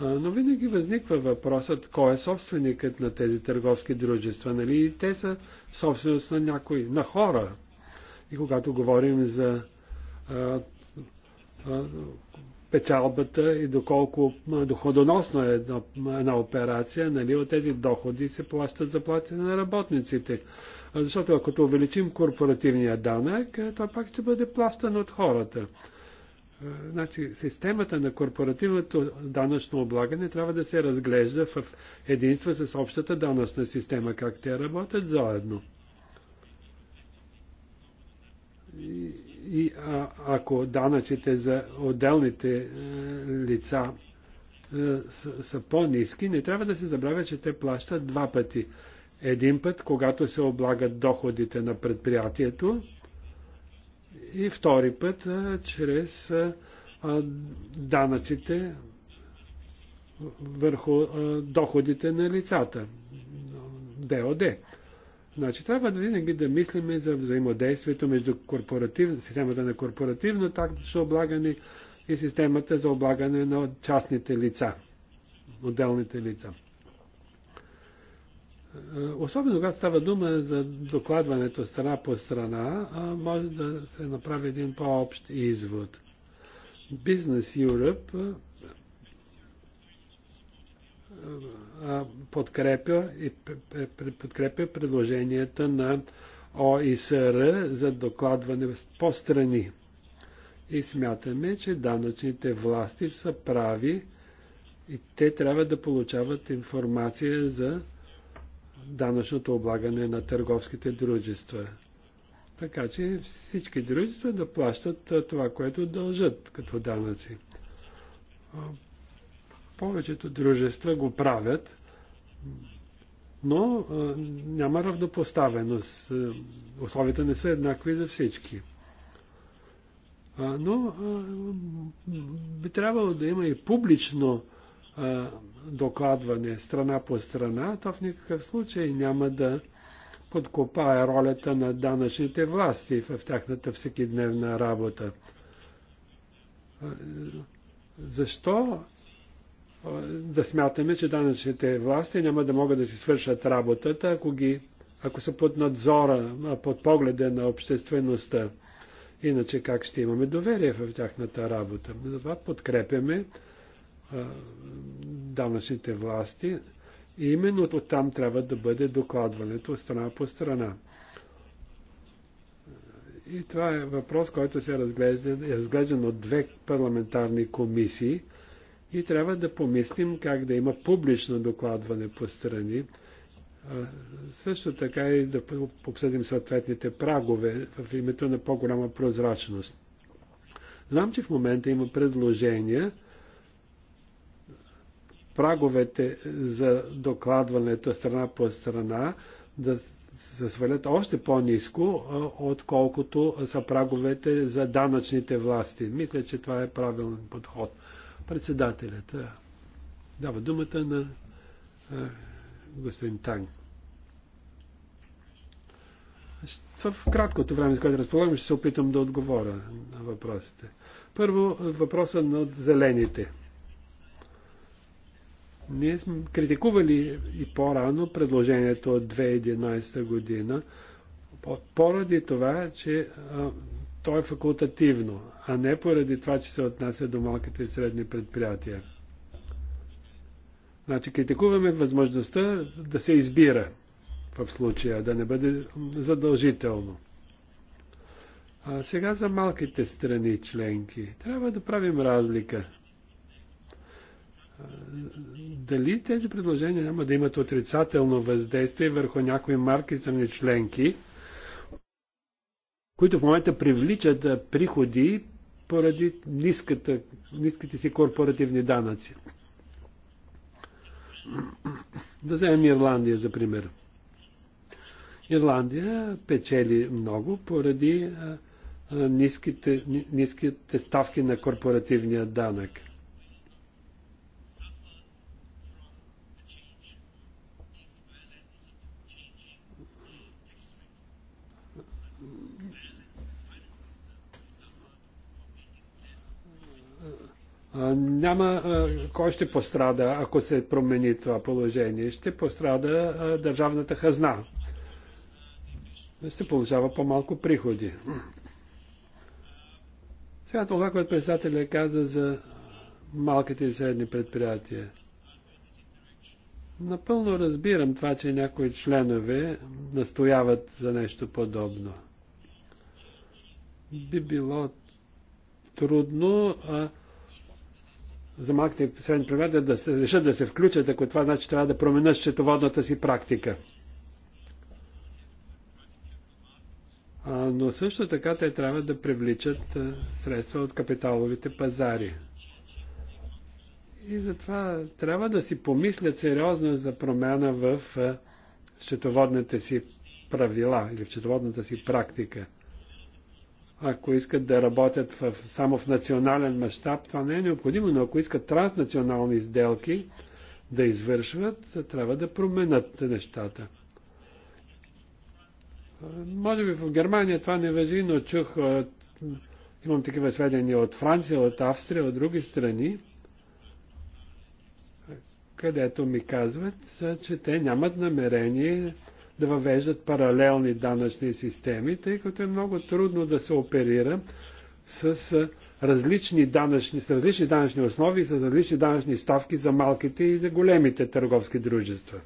Но винаги възниква въпросът, кой е собственикът на тези търговски дружества, нали? И те са собственост на някои, на хора. И когато говорим за а, а, печалбата и доколко доходоносна е една, една операция, нали, от тези доходи се плащат заплати на работниците. Защото ако увеличим корпоративния данък, то пак ще бъде плащан от хората. Значи, системата на корпоративното данъчно облагане трябва да се разглежда в единство с общата данъчна система, как те работят заедно. И, и а, ако данъците за отделните е, лица е, са, са по-низки, не трябва да се забравя, че те плащат два пъти. Един път, когато се облагат доходите на предприятието, и втори път чрез данъците върху доходите на лицата. ДОД. Значи трябва да винаги да мислим за взаимодействието между корпоратив, системата на корпоративно таксо облагане и системата за облагане на частните лица, отделните лица. Е, особено когато става дума за докладването страна по страна, може да се направи един по-общ извод. Business Europe подкрепя, и подкрепя предложенията на ОИСР за докладване по страни. И смятаме, че данъчните власти са прави и те трябва да получават информация за данъчното облагане на търговските дружества. Така че всички дружества да плащат това, което дължат като данъци. Повечето дружества го правят, но няма равнопоставеност. Условията не са еднакви за всички. Но би трябвало да има и публично докладване страна по страна, то в никакъв случай няма да подкопае ролята на данъчните власти в тяхната всекидневна работа. Защо да смятаме, че данъчните власти няма да могат да си свършат работата, ако, ги, ако са под надзора, под погледа на обществеността? Иначе как ще имаме доверие в тяхната работа? Затова подкрепяме данъчните власти. И именно от там трябва да бъде докладването страна по страна. И това е въпрос, който се разглежда, е разглеждан от две парламентарни комисии и трябва да помислим как да има публично докладване по страни. А, също така и да обсъдим съответните прагове в името на по-голяма прозрачност. Знам, че в момента има предложения, праговете за докладването страна по страна да се свалят още по-низко, отколкото са праговете за данъчните власти. Мисля, че това е правилен подход. Председателят дава думата на господин Танг. В краткото време, с което разполагам, ще се опитам да отговоря на въпросите. Първо, въпроса на зелените – ние сме критикували и по-рано предложението от 2011 година, поради това, че а, то е факултативно, а не поради това, че се отнася до малките и средни предприятия. Значи критикуваме възможността да се избира в случая, да не бъде задължително. А сега за малките страни членки. Трябва да правим разлика дали тези предложения няма да имат отрицателно въздействие върху някои марки страни членки, които в момента привличат приходи поради ниската, ниските си корпоративни данъци. Да вземем Ирландия за пример. Ирландия печели много поради ниските, ниските ставки на корпоративния данък. няма кой ще пострада, ако се промени това положение. Ще пострада държавната хазна. Ще получава по-малко приходи. Сега това, което председателя каза за малките и средни предприятия. Напълно разбирам това, че някои членове настояват за нещо подобно. Би било трудно, а, за малките и средни предприятия да се, решат да се включат, ако това значи трябва да променят счетоводната си практика. А, но също така те трябва да привличат а, средства от капиталовите пазари. И затова трябва да си помислят сериозно за промяна в а, счетоводните си правила или в счетоводната си практика – ако искат да работят в, само в национален мащаб, това не е необходимо, но ако искат транснационални сделки да извършват, трябва да променят нещата. Може би в Германия това не въжи, но чух, от, имам такива сведения от Франция, от Австрия, от други страни, където ми казват, че те нямат намерение да въвеждат паралелни данъчни системи, тъй като е много трудно да се оперира с различни данъчни, с различни данъчни основи, с различни данъчни ставки за малките и за големите търговски дружества.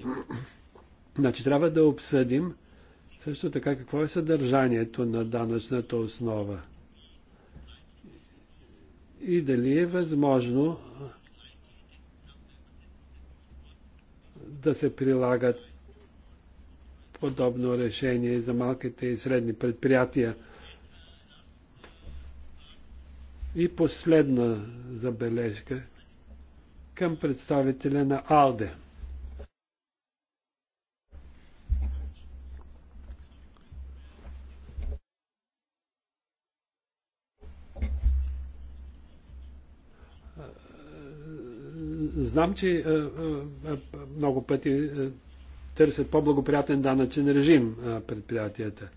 <clears throat> Значи трябва да обсъдим също така какво е съдържанието на данъчната основа и дали е възможно да се прилагат подобно решение за малките и средни предприятия. И последна забележка към представителя на АЛДЕ. Знам, че е, е, е, много пъти търсят по-благоприятен данъчен режим предприятията.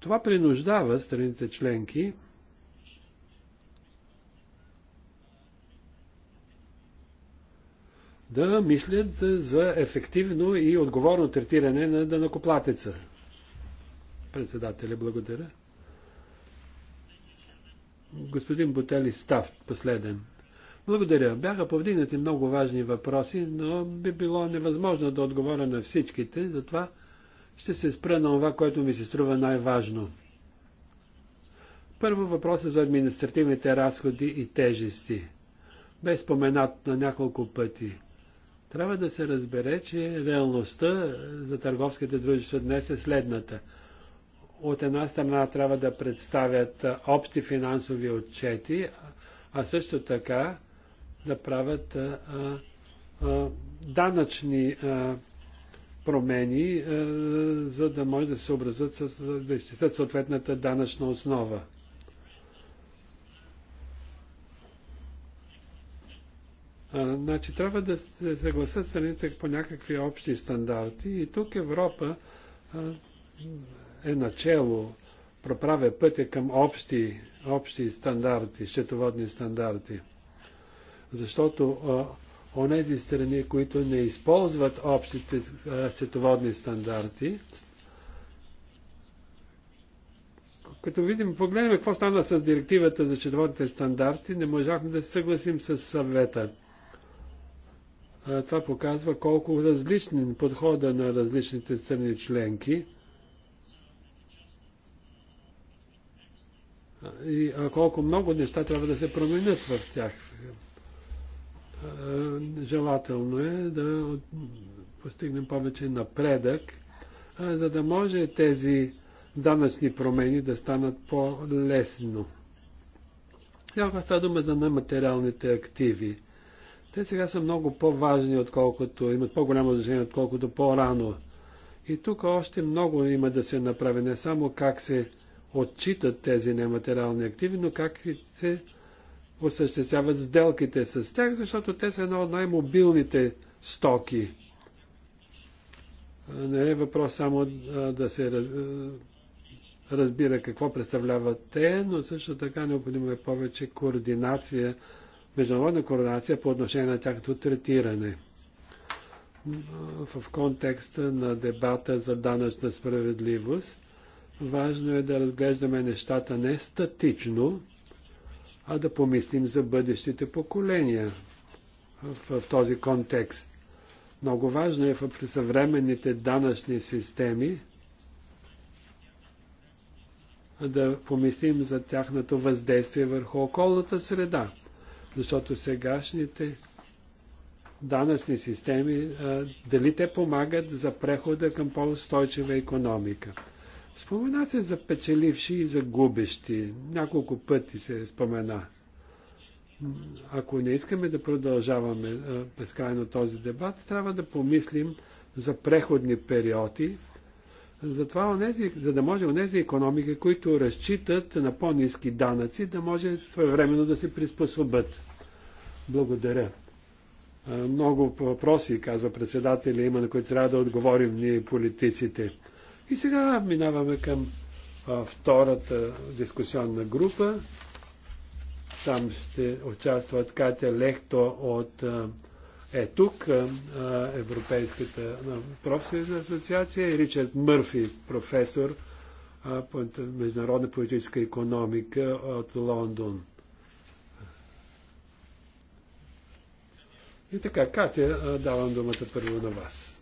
Това принуждава страните членки да мислят за ефективно и отговорно третиране на данакоплатеца. Председателя, благодаря. Господин Ботели Став, последен. Благодаря. Бяха повдигнати много важни въпроси, но би било невъзможно да отговоря на всичките, затова ще се спра на това, което ми се струва най-важно. Първо въпроса е за административните разходи и тежести. Бе споменат на няколко пъти. Трябва да се разбере, че реалността за търговските дружества днес е следната. От една страна трябва да представят общи финансови отчети, а също така да правят а, а, данъчни а, промени, а, за да може да се образят с, да изчислят съответната данъчна основа. А, значи, трябва да се съгласят страните по някакви общи стандарти и тук Европа а, е начало, проправя пътя към общи, общи стандарти, счетоводни стандарти защото онези страни, които не използват общите световодни стандарти, като видим, погледнем какво стана с директивата за четоводните стандарти, не можахме да се съгласим с съвета. Това показва колко различен подхода на различните страни членки и колко много неща трябва да се променят в тях. Е, желателно е да постигнем повече напредък, е, за да може тези данъчни промени да станат по-лесно. Сега става дума за нематериалните активи. Те сега са много по-важни, отколкото имат по-голямо значение, отколкото по-рано. И тук още много има да се направи, не само как се отчитат тези нематериални активи, но как се осъществяват сделките с тях, защото те са едно от най-мобилните стоки. Не е въпрос само да се разбира какво представляват те, но също така необходимо е повече координация, международна координация по отношение на тяхното третиране. В контекста на дебата за данъчна справедливост, важно е да разглеждаме нещата не статично, а да помислим за бъдещите поколения в, в този контекст. Много важно е в съвременните данъчни системи да помислим за тяхното въздействие върху околната среда, защото сегашните данъчни системи, дали те помагат за прехода към по-устойчива економика. Спомена се за печеливши и за губещи. Няколко пъти се спомена. Ако не искаме да продължаваме безкрайно този дебат, трябва да помислим за преходни периоди, затова онези, за да може онези економики, които разчитат на по-низки данъци, да може своевременно да се приспособят. Благодаря. Много въпроси, казва председателя, има на които трябва да отговорим ние политиците. И сега минаваме към а, втората дискусионна група. Там ще участват Катя Лехто от а, е тук, а, Европейската профсъюзна асоциация и Ричард Мърфи, професор а, по международна политическа економика от Лондон. И така, Катя, давам думата първо на вас.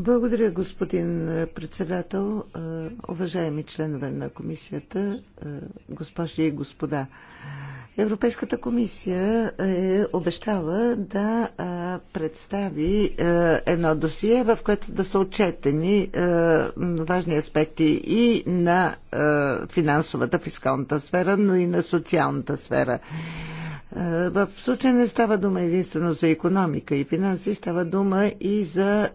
Благодаря, господин председател, уважаеми членове на комисията, госпожи и господа. Европейската комисия е обещала да представи едно досие, в което да са отчетени важни аспекти и на финансовата, фискалната сфера, но и на социалната сфера. Е, в случая не става дума единствено за економика и финанси, става дума и за е,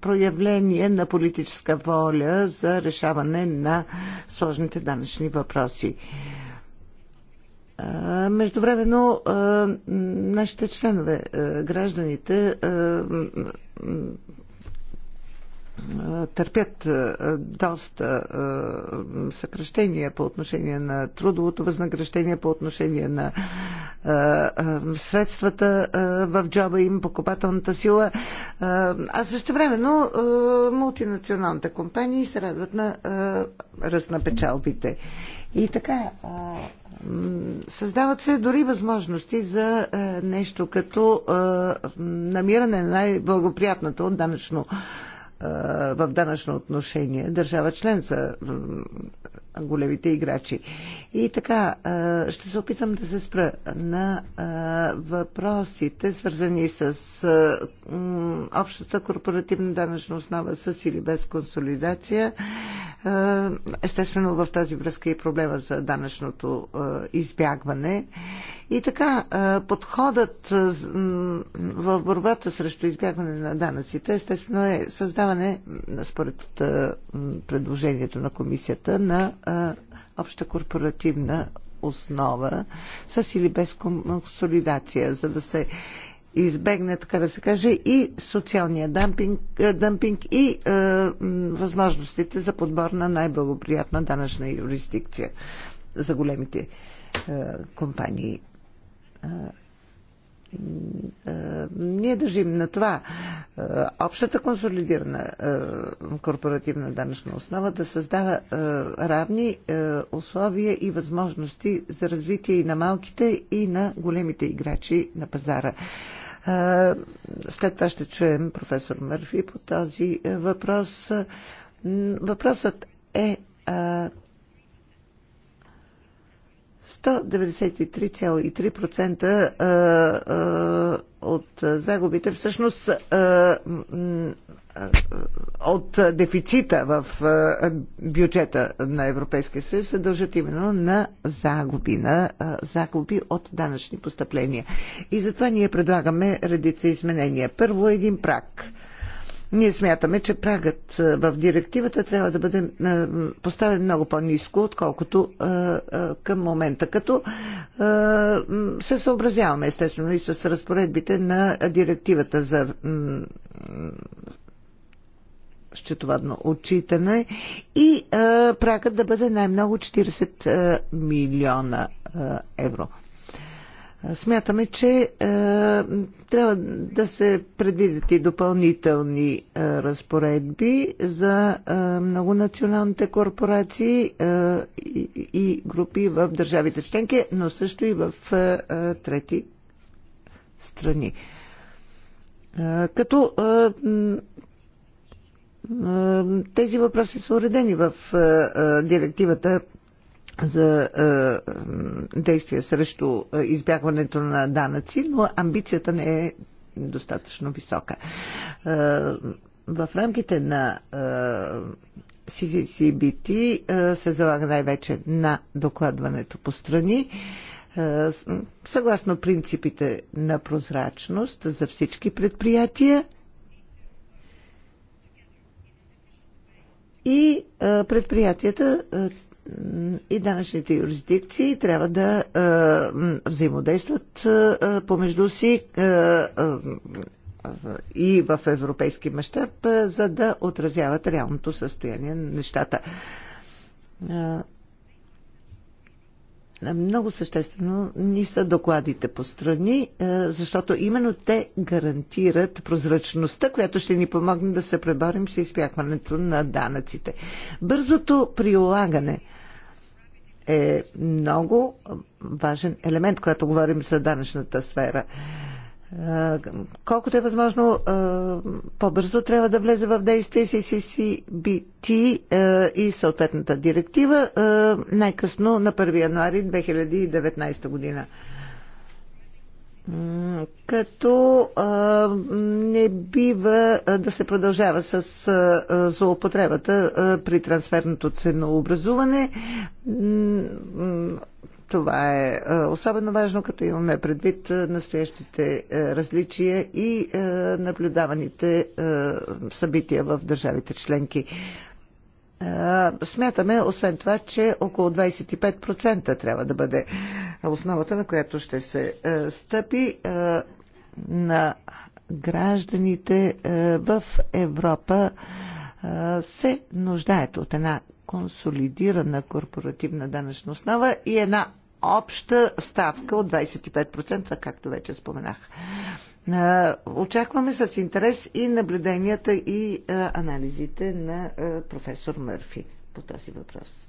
проявление на политическа воля за решаване на сложните данъчни въпроси. Е, междувременно нашите членове, гражданите, търпят е, доста е, съкръщения по отношение на трудовото възнаграждение, по отношение на е, средствата в джоба им, покупателната сила. А също времено мултинационалните компании се радват на ръст на печалбите. И така, създават се дори възможности за нещо като намиране на най-благоприятната от данъчно в данъчно отношение държава член за големите играчи. И така, ще се опитам да се спра на въпросите, свързани с общата корпоративна данъчна основа с или без консолидация. Естествено, в тази връзка и проблема за данъчното избягване. И така, подходът в борбата срещу избягване на данъците, естествено, е създаване, според предложението на комисията, на обща корпоративна основа с или без консолидация, за да се избегне, така да се каже, и социалния дампинг, дъмпинг и е, възможностите за подбор на най-благоприятна данъчна юрисдикция за големите е, компании ние държим на това общата консолидирана корпоративна данъчна основа да създава равни условия и възможности за развитие и на малките, и на големите играчи на пазара. След това ще чуем професор Мърфи по този въпрос. Въпросът е 193,3% от загубите всъщност от дефицита в бюджета на Европейския съюз се дължат именно на загуби, на загуби от данъчни постъпления. И затова ние предлагаме редица изменения. Първо един прак – ние смятаме, че прагът в директивата трябва да бъде поставен много по-низко, отколкото към момента, като се съобразяваме естествено и с разпоредбите на директивата за счетоводно отчитане и прагът да бъде най-много 40 милиона евро. Смятаме, че е, трябва да се предвидят и допълнителни е, разпоредби за е, многонационалните корпорации е, и, и групи в държавите членки, но също и в е, е, трети страни. Е, като е, е тези въпроси са уредени в е, е, директивата за е, действия срещу е, избягването на данъци, но амбицията не е достатъчно висока. Е, в рамките на е, CCCBT е, се залага най-вече на докладването по страни е, съгласно принципите на прозрачност за всички предприятия и е, предприятията и данъчните юрисдикции трябва да е, взаимодействат е, помежду си е, и в европейски мащаб, за да отразяват реалното състояние на нещата. Много съществено ни са докладите по страни, защото именно те гарантират прозрачността, която ще ни помогне да се преборим с изпяхването на данъците. Бързото прилагане – е много важен елемент, когато говорим за данъчната сфера. Е, колкото е възможно е, по-бързо трябва да влезе в действие CCCBT е, и съответната директива най-късно на 1 януари 2019 година като а, не бива да се продължава с а, злоупотребата а, при трансферното ценообразуване. Това е а, особено важно, като имаме предвид настоящите а, различия и а, наблюдаваните а, събития в държавите членки. Смятаме, освен това, че около 25% трябва да бъде основата, на която ще се стъпи на гражданите в Европа се нуждаят от една консолидирана корпоративна данъчна основа и една обща ставка от 25%, както вече споменах. Очакваме с интерес и наблюденията и анализите на професор Мърфи по този въпрос.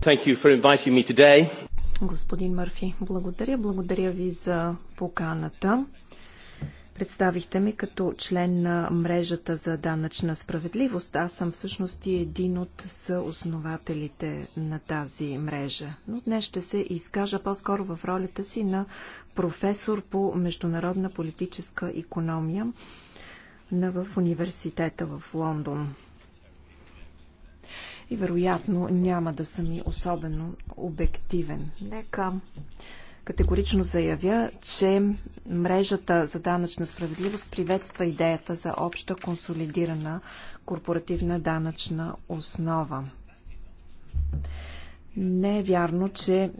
Thank you for inviting me today. Господин Мърфи, благодаря. Благодаря ви за поканата. Представихте ми като член на мрежата за данъчна справедливост. Аз съм всъщност и един от съоснователите на тази мрежа. Но днес ще се изкажа по-скоро в ролята си на професор по международна политическа економия в университета в Лондон. И вероятно няма да съм и особено обективен. Нека Категорично заявя, че мрежата за данъчна справедливост приветства идеята за обща консолидирана корпоративна данъчна основа. Не е вярно, че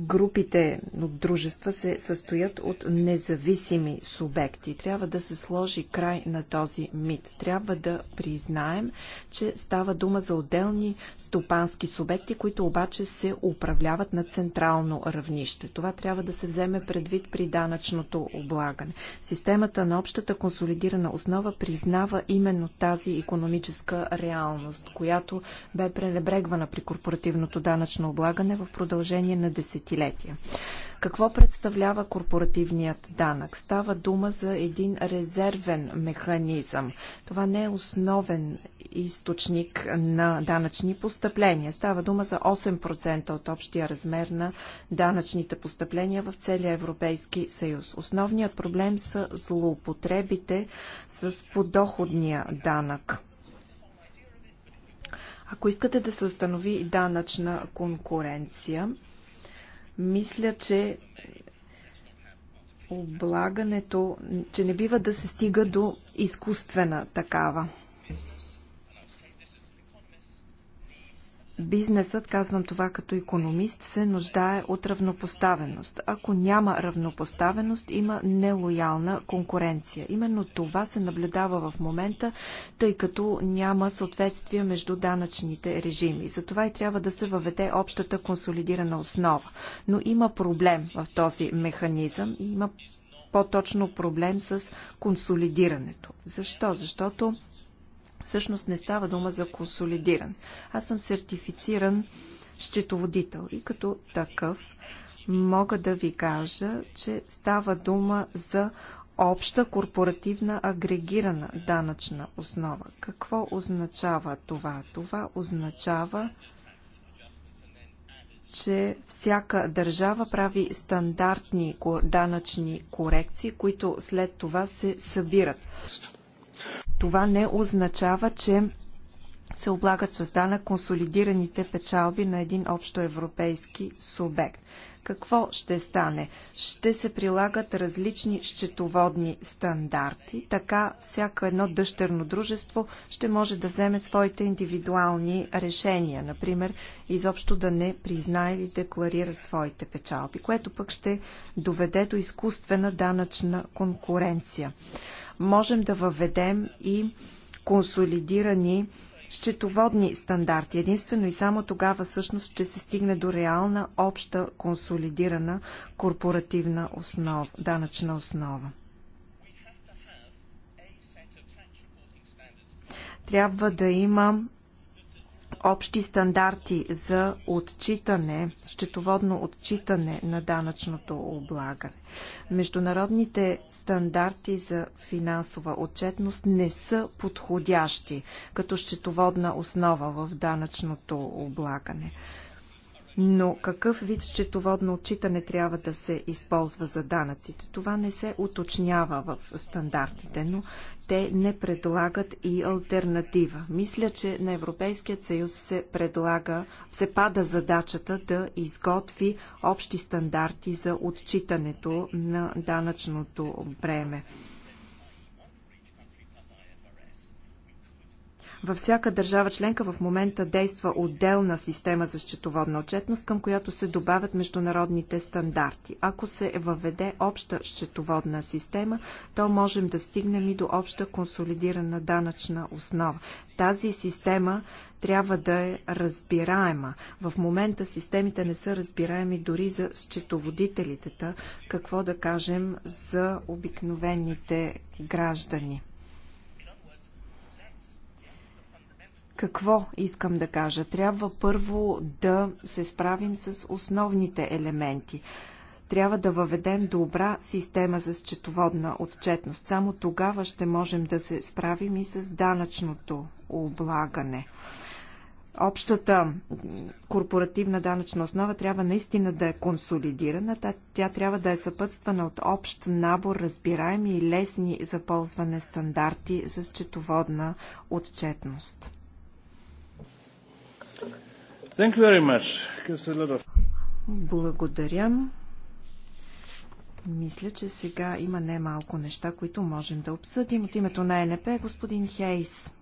групите от дружества се състоят от независими субекти. Трябва да се сложи край на този мит. Трябва да признаем, че става дума за отделни стопански субекти, които обаче се управляват на централно равнище. Това трябва да се вземе предвид при данъчното облагане. Системата на общата консолидирана основа признава именно тази економическа реалност, която бе пренебрегвана при корпоративното данъчно облагане в продължение на десетилетия десетилетия. Какво представлява корпоративният данък? Става дума за един резервен механизъм. Това не е основен източник на данъчни постъпления. Става дума за 8% от общия размер на данъчните постъпления в целия Европейски съюз. Основният проблем са злоупотребите с подоходния данък. Ако искате да се установи данъчна конкуренция, мисля, че облагането, че не бива да се стига до изкуствена такава. Бизнесът, казвам това като економист, се нуждае от равнопоставеност. Ако няма равнопоставеност, има нелоялна конкуренция. Именно това се наблюдава в момента, тъй като няма съответствие между данъчните режими. Затова и трябва да се въведе общата консолидирана основа. Но има проблем в този механизъм и има по-точно проблем с консолидирането. Защо? Защото Всъщност не става дума за консолидиран. Аз съм сертифициран счетоводител и като такъв мога да ви кажа, че става дума за обща корпоративна агрегирана данъчна основа. Какво означава това? Това означава, че всяка държава прави стандартни данъчни корекции, които след това се събират. Това не означава, че се облагат с данък консолидираните печалби на един общоевропейски субект. Какво ще стане? Ще се прилагат различни счетоводни стандарти, така всяко едно дъщерно дружество ще може да вземе своите индивидуални решения, например, изобщо да не признае или декларира своите печалби, което пък ще доведе до изкуствена данъчна конкуренция можем да въведем и консолидирани счетоводни стандарти. Единствено и само тогава всъщност ще се стигне до реална обща консолидирана корпоративна основа, данъчна основа. Трябва да има общи стандарти за отчитане, счетоводно отчитане на данъчното облагане. Международните стандарти за финансова отчетност не са подходящи като счетоводна основа в данъчното облагане но какъв вид счетоводно отчитане трябва да се използва за данъците? Това не се уточнява в стандартите, но те не предлагат и альтернатива. Мисля, че на Европейският съюз се предлага, се пада задачата да изготви общи стандарти за отчитането на данъчното бреме. Във всяка държава членка в момента действа отделна система за счетоводна отчетност, към която се добавят международните стандарти. Ако се въведе обща счетоводна система, то можем да стигнем и до обща консолидирана данъчна основа. Тази система трябва да е разбираема. В момента системите не са разбираеми дори за счетоводителите, какво да кажем за обикновените граждани. Какво искам да кажа? Трябва първо да се справим с основните елементи. Трябва да въведем добра система за счетоводна отчетност. Само тогава ще можем да се справим и с данъчното облагане общата корпоративна данъчна основа трябва наистина да е консолидирана. Тя, трябва да е съпътствана от общ набор разбираеми и лесни за ползване стандарти за счетоводна отчетност. Of... Благодаря. Мисля, че сега има немалко неща, които можем да обсъдим. От името на ЕНП господин Хейс.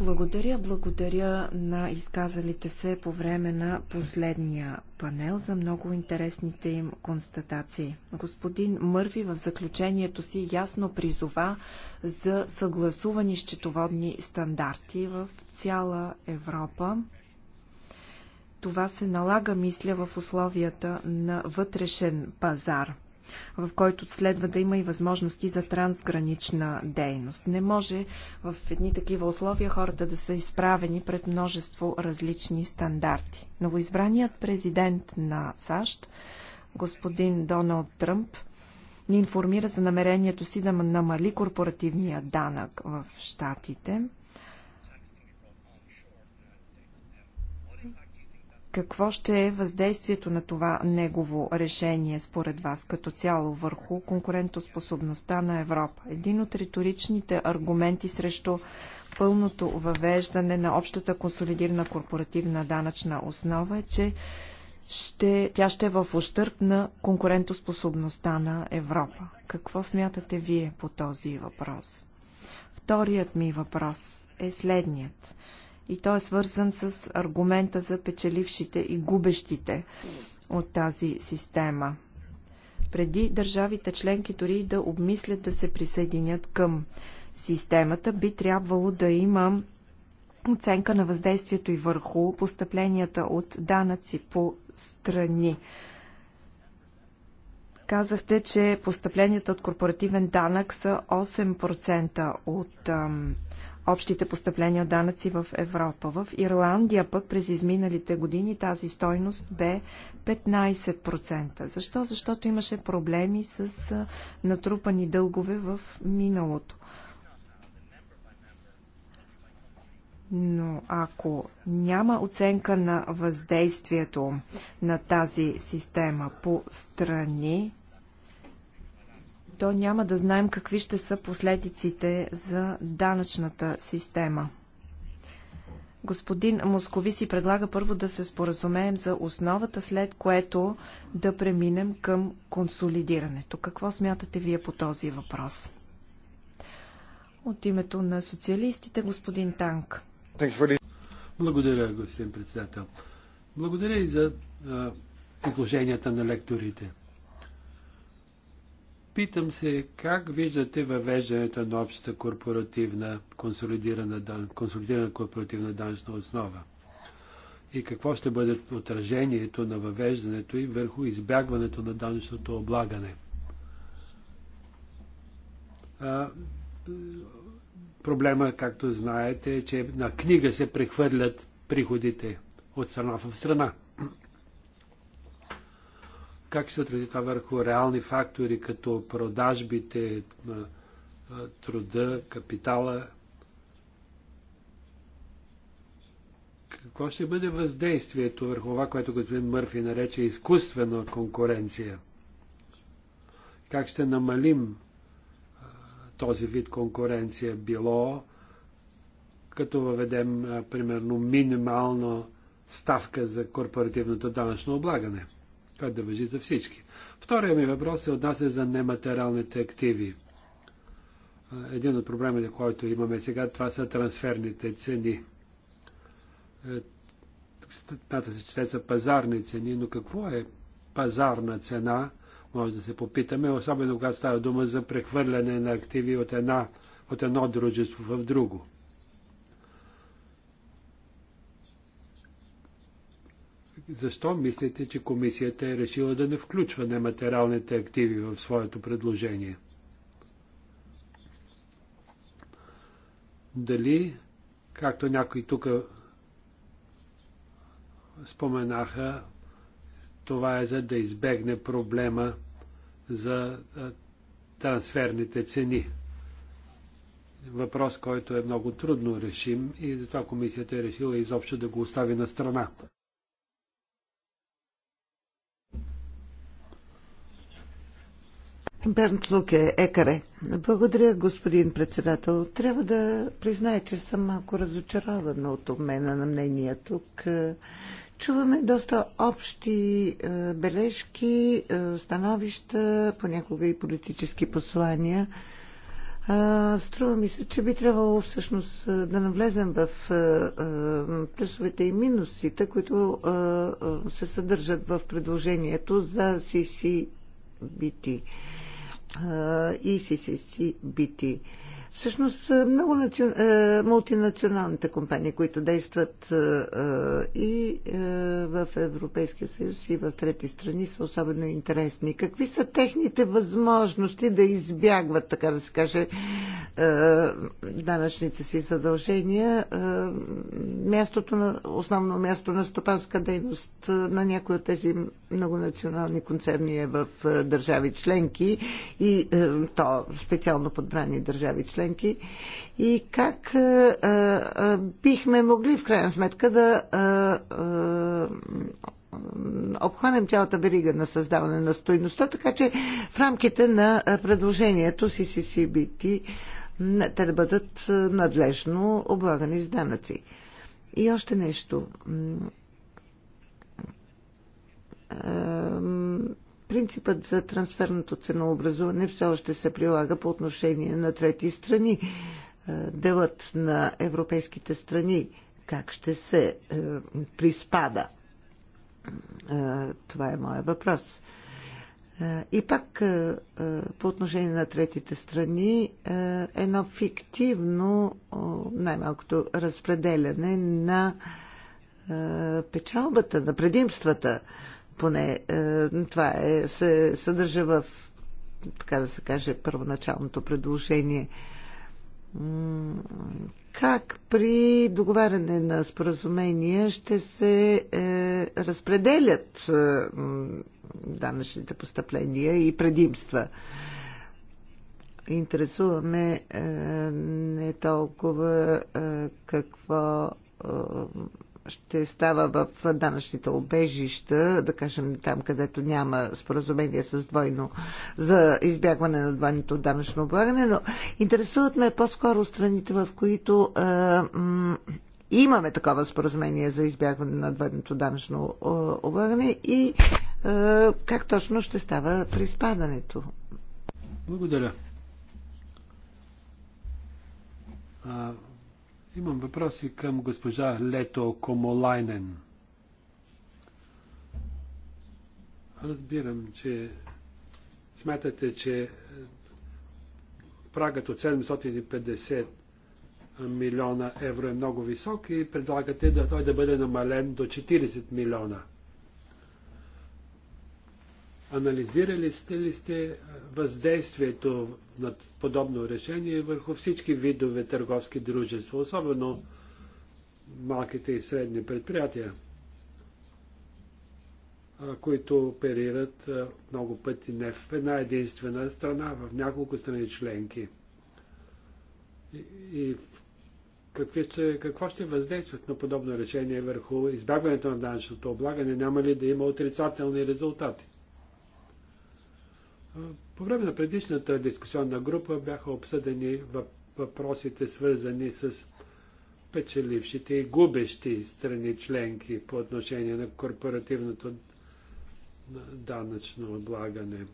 Благодаря, благодаря на изказалите се по време на последния панел за много интересните им констатации. Господин Мърви в заключението си ясно призова за съгласувани счетоводни стандарти в цяла Европа. Това се налага, мисля, в условията на вътрешен пазар – в който следва да има и възможности за трансгранична дейност. Не може в едни такива условия хората да са изправени пред множество различни стандарти. Новоизбраният президент на САЩ, господин Доналд Тръмп, ни информира за намерението си да намали корпоративния данък в Штатите – Какво ще е въздействието на това негово решение според вас като цяло върху конкурентоспособността на Европа? Един от риторичните аргументи срещу пълното въвеждане на общата консолидирана корпоративна данъчна основа е, че ще, тя ще е в ущърп на конкурентоспособността на Европа. Какво смятате вие по този въпрос? Вторият ми въпрос е следният – и той е свързан с аргумента за печелившите и губещите от тази система. Преди държавите членки дори да обмислят да се присъединят към системата, би трябвало да има оценка на въздействието и върху постъпленията от данъци по страни. Казахте, че постъпленията от корпоративен данък са 8% от ам, общите постъпления от данъци в Европа. В Ирландия пък през изминалите години тази стойност бе 15%. Защо? Защото имаше проблеми с натрупани дългове в миналото. Но ако няма оценка на въздействието на тази система по страни, то няма да знаем какви ще са последиците за данъчната система. Господин Москови си предлага първо да се споразумеем за основата, след което да преминем към консолидирането. Какво смятате вие по този въпрос? От името на социалистите, господин Танк. Благодаря, господин председател. Благодаря и за а, изложенията на лекторите. Питам се, как виждате въвеждането на общата корпоративна, консолидирана, консолидирана корпоративна данъчна основа? И какво ще бъде отражението на въвеждането и върху избягването на данъчното облагане? А, проблема, както знаете, е, че на книга се прехвърлят приходите от страна в страна как ще се отрази това върху реални фактори, като продажбите, труда, капитала? Какво ще бъде въздействието върху това, което господин Мърфи нарече изкуствена конкуренция? Как ще намалим този вид конкуренция? Било като въведем, примерно, минимална ставка за корпоративното данъчно облагане – това да въжи за всички. Втория ми въпрос се отнася за нематериалните активи. Един от проблемите, който имаме сега, това са трансферните цени. Е, смята се, че те са пазарни цени, но какво е пазарна цена, може да се попитаме, особено когато става дума за прехвърляне на активи от, една, от едно дружество в друго. Защо мислите, че комисията е решила да не включва нематериалните активи в своето предложение? Дали, както някои тук споменаха, това е за да избегне проблема за трансферните цени. Въпрос, който е много трудно решим и затова комисията е решила изобщо да го остави на страна. Бернт Луке, Екаре. Благодаря, господин председател. Трябва да призная, че съм малко разочарована от обмена на мнения тук. Чуваме доста общи е, бележки, е, становища, понякога и политически послания. Е, струва ми се, че би трябвало всъщност да навлезем в плюсовете и минусите, които се съдържат в предложението за CCBT и CCCBT. Всъщност е, много наци... Е, мултинационалните компании, които действат е, и в Европейския съюз, и в трети страни, са особено интересни. Какви са техните възможности да избягват, така да се каже, данъчните си задължения? Мястото на, основно място на стопанска дейност на някои от тези многонационални концерни е в държави членки и то специално подбрани държави членки членки и как бихме могли в крайна сметка да обхванем цялата верига на създаване на стойността, така че в рамките на предложението CCCBT те да бъдат надлежно облагани с данъци. И още нещо принципът за трансферното ценообразуване все още се прилага по отношение на трети страни. Е, делът на европейските страни как ще се е, приспада? Е, това е моят въпрос. И пак по отношение на третите страни, едно фиктивно, най-малкото, разпределяне на печалбата, на предимствата поне е, това е, се съдържа в, така да се каже, първоначалното предложение. Как при договаряне на споразумения ще се е, разпределят е, данъчните постъпления и предимства? Интересуваме е, не толкова е, какво е, ще става в данъчните обежища, да кажем там, където няма споразумение с двойно за избягване на двойното данъчно облагане, но интересуват ме по-скоро страните, в които м- имаме такова споразумение за избягване на двойното данъчно облагане и а, как точно ще става при спадането. Благодаря. Имам въпроси към госпожа Лето Комолайнен. Разбирам, че смятате, че прагът от 750 милиона евро е много висок и предлагате да той да бъде намален до 40 милиона. Анализирали сте ли сте въздействието на подобно решение върху всички видове търговски дружества, особено малките и средни предприятия, които оперират много пъти не в една единствена страна, в няколко страни членки? И, и какви ще, какво ще въздействат на подобно решение върху избягването на данъчното облагане? Няма ли да има отрицателни резултати? По време на предишната дискусионна група бяха обсъдени въпросите, свързани с печелившите и губещи страни членки по отношение на корпоративното данъчно облагане.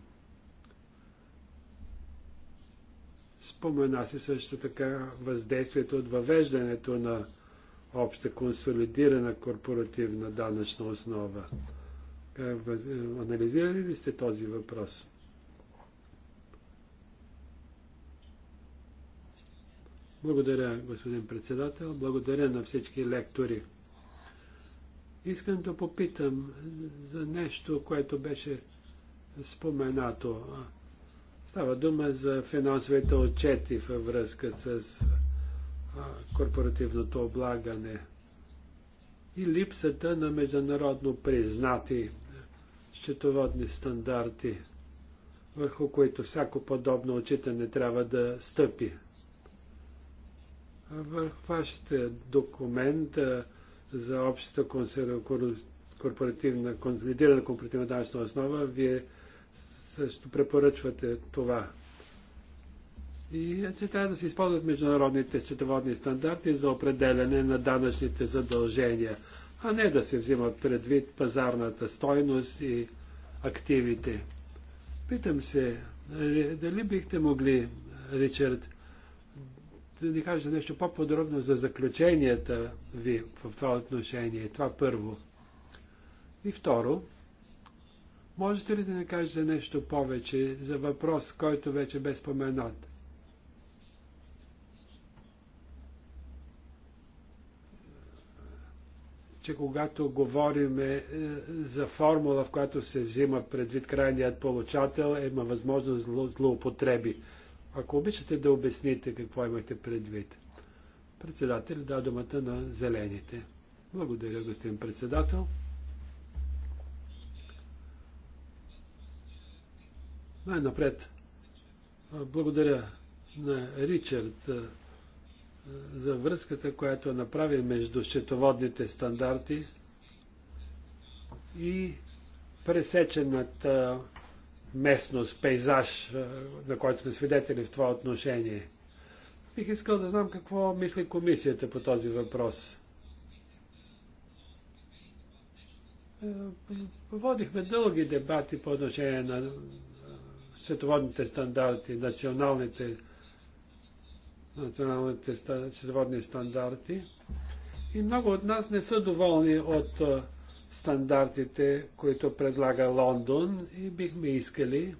Спомена се също така въздействието от въвеждането на обща консолидирана корпоративна данъчна основа. Е, е, анализирали ли сте този въпрос? Благодаря, господин председател. Благодаря на всички лектори. Искам да попитам за нещо, което беше споменато. Става дума за финансовите отчети във връзка с корпоративното облагане и липсата на международно признати счетоводни стандарти, върху които всяко подобно отчитане трябва да стъпи върху вашите документ за общата корпоративна, консолидирана корпоративна данъчна основа, вие също препоръчвате това. И е, че трябва да се използват международните счетоводни стандарти за определяне на данъчните задължения, а не да се взима предвид пазарната стойност и активите. Питам се, нали, дали бихте могли, Ричард, да ни кажете нещо по-подробно за заключенията ви в това отношение. Това първо. И второ, можете ли да ни кажете нещо повече за въпрос, който вече бе споменат? че когато говорим е, за формула, в която се взима предвид крайният получател, има възможност злоупотреби. Ако обичате да обясните какво имате предвид. Председател да думата на зелените. Благодаря, господин председател. Най-напред, благодаря на Ричард за връзката, която направи между счетоводните стандарти и пресечената местност, пейзаж, на който сме свидетели в това отношение. Бих искал да знам какво мисли комисията по този въпрос. Е, водихме дълги дебати по отношение на световодните стандарти, националните, националните световодни стандарти. И много от нас не са доволни от стандартите, които предлага Лондон и бихме искали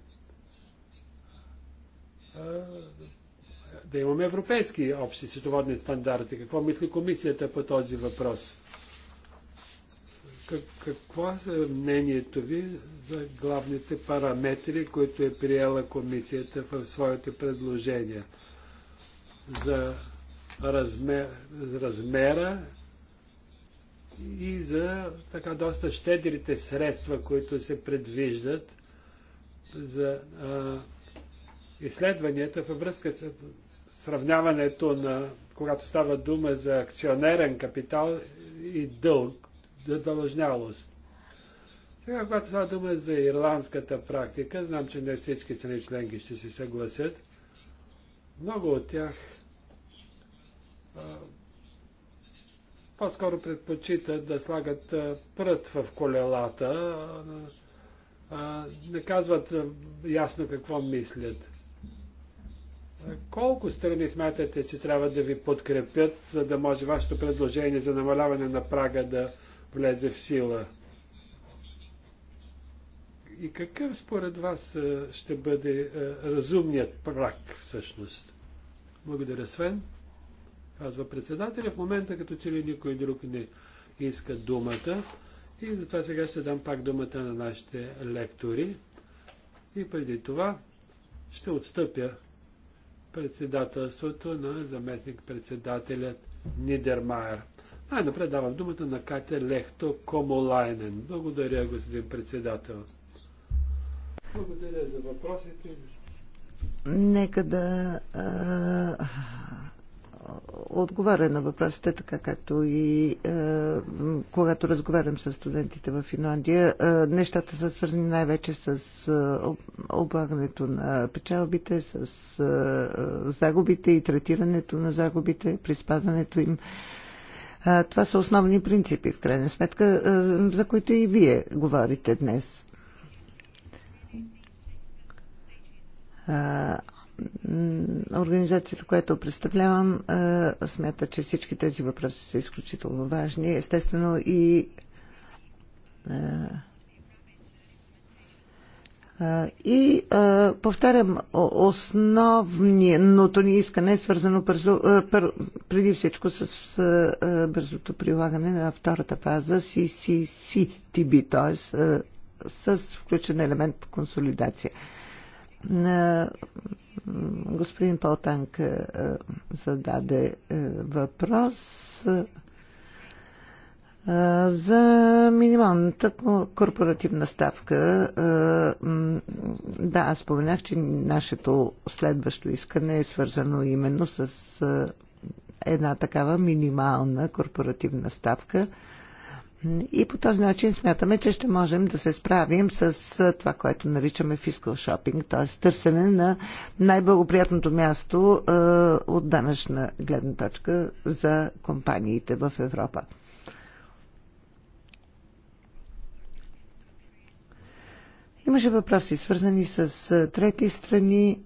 да имаме европейски общи световодни стандарти. Какво мисли комисията по този въпрос? какво е мнението ви за главните параметри, които е приела комисията в своите предложения? За размер, размера и за така доста щедрите средства, които се предвиждат за а, изследванията във връзка с сравняването на, когато става дума за акционерен капитал и дълг, дължнялост. Сега, когато става дума за ирландската практика, знам, че не всички страни членки ще се съгласят. Много от тях а, по-скоро предпочитат да слагат прът в колелата, не казват ясно какво мислят. Колко страни смятате, че трябва да ви подкрепят, за да може вашето предложение за намаляване на прага да влезе в сила? И какъв според вас ще бъде разумният прак всъщност? Благодаря, Свен казва председателя. В момента като че ли никой друг не иска думата. И затова сега ще дам пак думата на нашите лектори. И преди това ще отстъпя председателството на заместник-председателят Нидермайер. Най-напред давам думата на Катя Лехто Комолайнен. Благодаря, господин председател. Благодаря за въпросите. Нека да а, отговаря на въпросите, така както и е, когато разговарям с студентите в Финландия. Е, нещата са свързани най-вече с е, облагането на печалбите, с е, е, загубите и третирането на загубите, приспадането им. Е, това са основни принципи, в крайна сметка, е, за които и вие говорите днес. Е, Организацията, която представлявам, смята, че всички тези въпроси са изключително важни. Естествено и и повтарям, основното ни искане е свързано бързо, преди всичко с бързото прилагане на втората фаза CCCTB, т.е. с включен елемент консолидация господин Полтанк е, зададе е, въпрос е, за минималната корпоративна ставка. Да, аз споменах, че нашето следващо искане е свързано именно с една такава минимална корпоративна ставка – и по този начин смятаме, че ще можем да се справим с това, което наричаме фискал шопинг, т.е. търсене на най-благоприятното място е, от данъчна гледна точка за компаниите в Европа. Имаше въпроси, свързани с трети страни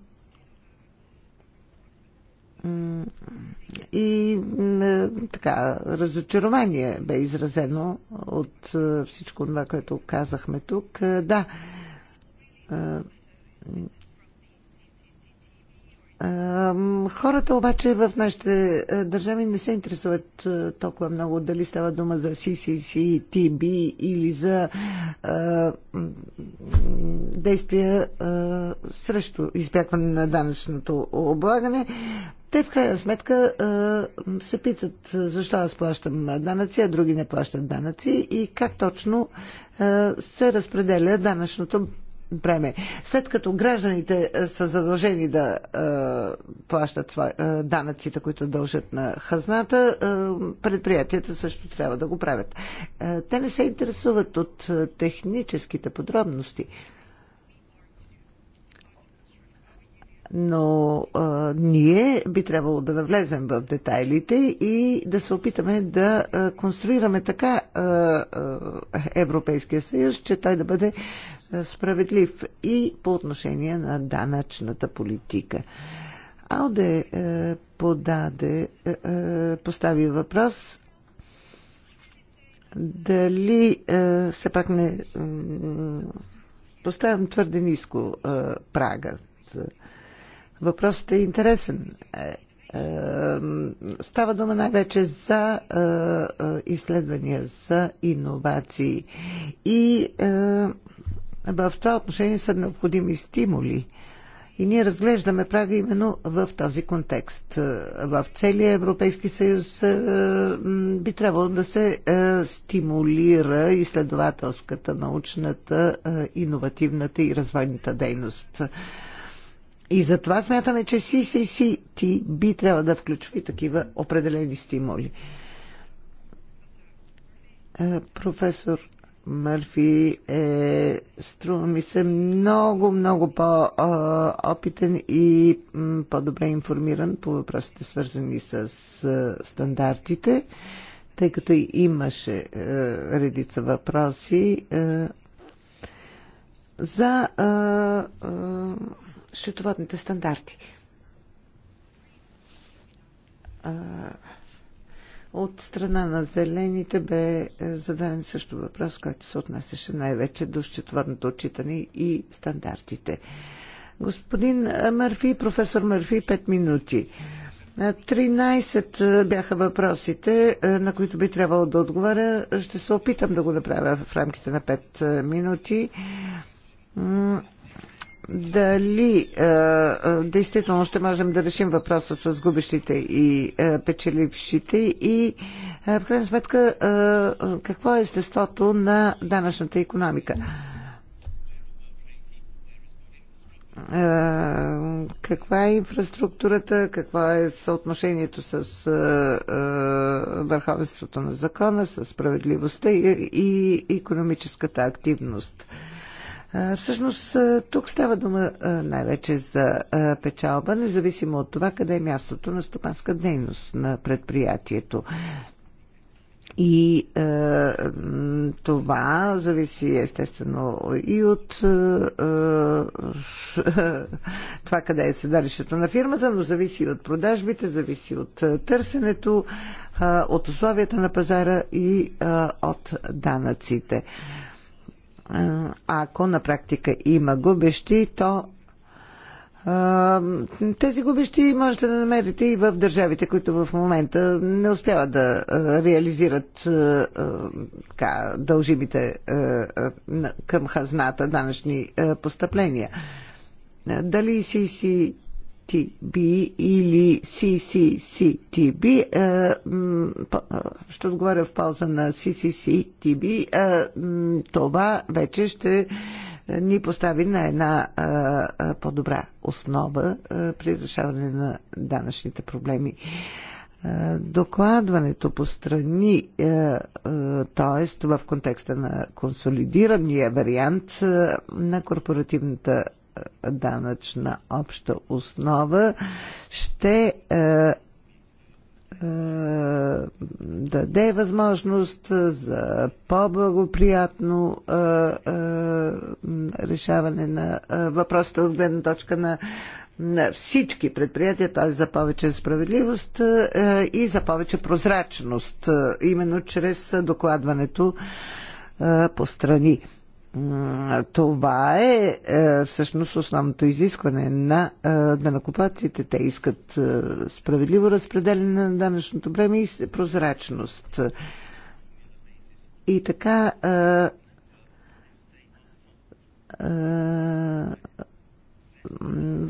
и е, така, разочарование бе изразено от е, всичко това, което казахме тук. Е, да, Хората обаче в нашите е, държави не се интересуват е, толкова много дали става дума за CCC, TB или за а, е, действия а, срещу избягване на данъчното облагане. Те в крайна сметка а, се питат защо аз плащам данъци, а други не плащат данъци и как точно а, се разпределя данъчното време. След като гражданите е, са задължени да е, плащат е, данъците, които дължат на хазната, предприятията също трябва да го правят. Те не се интересуват от техническите подробности. но а, ние би трябвало да навлезем в детайлите и да се опитаме да а, конструираме така а, а, Европейския съюз, че той да бъде справедлив и по отношение на данъчната политика. Алде е, подаде, е, е, постави въпрос дали е, все пак не е, поставям твърде ниско е, прагът. Въпросът е интересен. Е, е, става дума най-вече за е, е, изследвания, за иновации и в това отношение са необходими стимули. И ние разглеждаме прага именно в този контекст. В целия Европейски съюз е, би трябвало да се е, стимулира изследователската, научната, е, иновативната и развойната дейност. И затова смятаме, че CCCT би трябвало да включва и такива определени стимули. Професор Мърфи е, струва ми се, много, много по-опитен и по-добре информиран по въпросите, свързани с стандартите, тъй като имаше редица въпроси за счетоводните стандарти. От страна на зелените бе е, зададен също въпрос, който се отнасяше най-вече до счетоводното отчитане и стандартите. Господин е, Мърфи, професор Мърфи, 5 минути. 13 е, бяха въпросите, на които би трябвало да отговаря. Ще се опитам да го направя в рамките на 5 минути дали е, е, действително ще можем да решим въпроса с губещите и е, печелившите и в крайна сметка какво е естеството на данъчната економика. каква е инфраструктурата, какво е съотношението с върховенството на закона, с справедливостта и, и економическата активност. Всъщност тук става дума най-вече за печалба, независимо от това къде е мястото на стопанска дейност на предприятието. И е, това зависи естествено и от е, е, <laughs> това къде е седалището на фирмата, но зависи и от продажбите, зависи от търсенето, е, от условията на пазара и е, от данъците. Е, ако на практика има губещи, то тези губещи можете да намерите и в държавите, които в момента не успяват да реализират така, дължимите към хазната данъчни постъпления. Дали си си TB или CCCTB. Е, е, ще отговоря в полза на CCCTB. Е, това вече ще ни постави на една по-добра основа при решаване на данъчните проблеми. Докладването по страни, т.е. в контекста на консолидирания вариант на корпоративната данъчна обща основа ще е, е, даде възможност за по-благоприятно е, решаване на въпросите от гледна точка на на всички предприятия, т.е. за повече справедливост и за повече прозрачност, именно чрез докладването по страни. Това е, е всъщност основното изискване на данакопаците. Е, Те искат е, справедливо разпределение на данъчното бреме и прозрачност. И така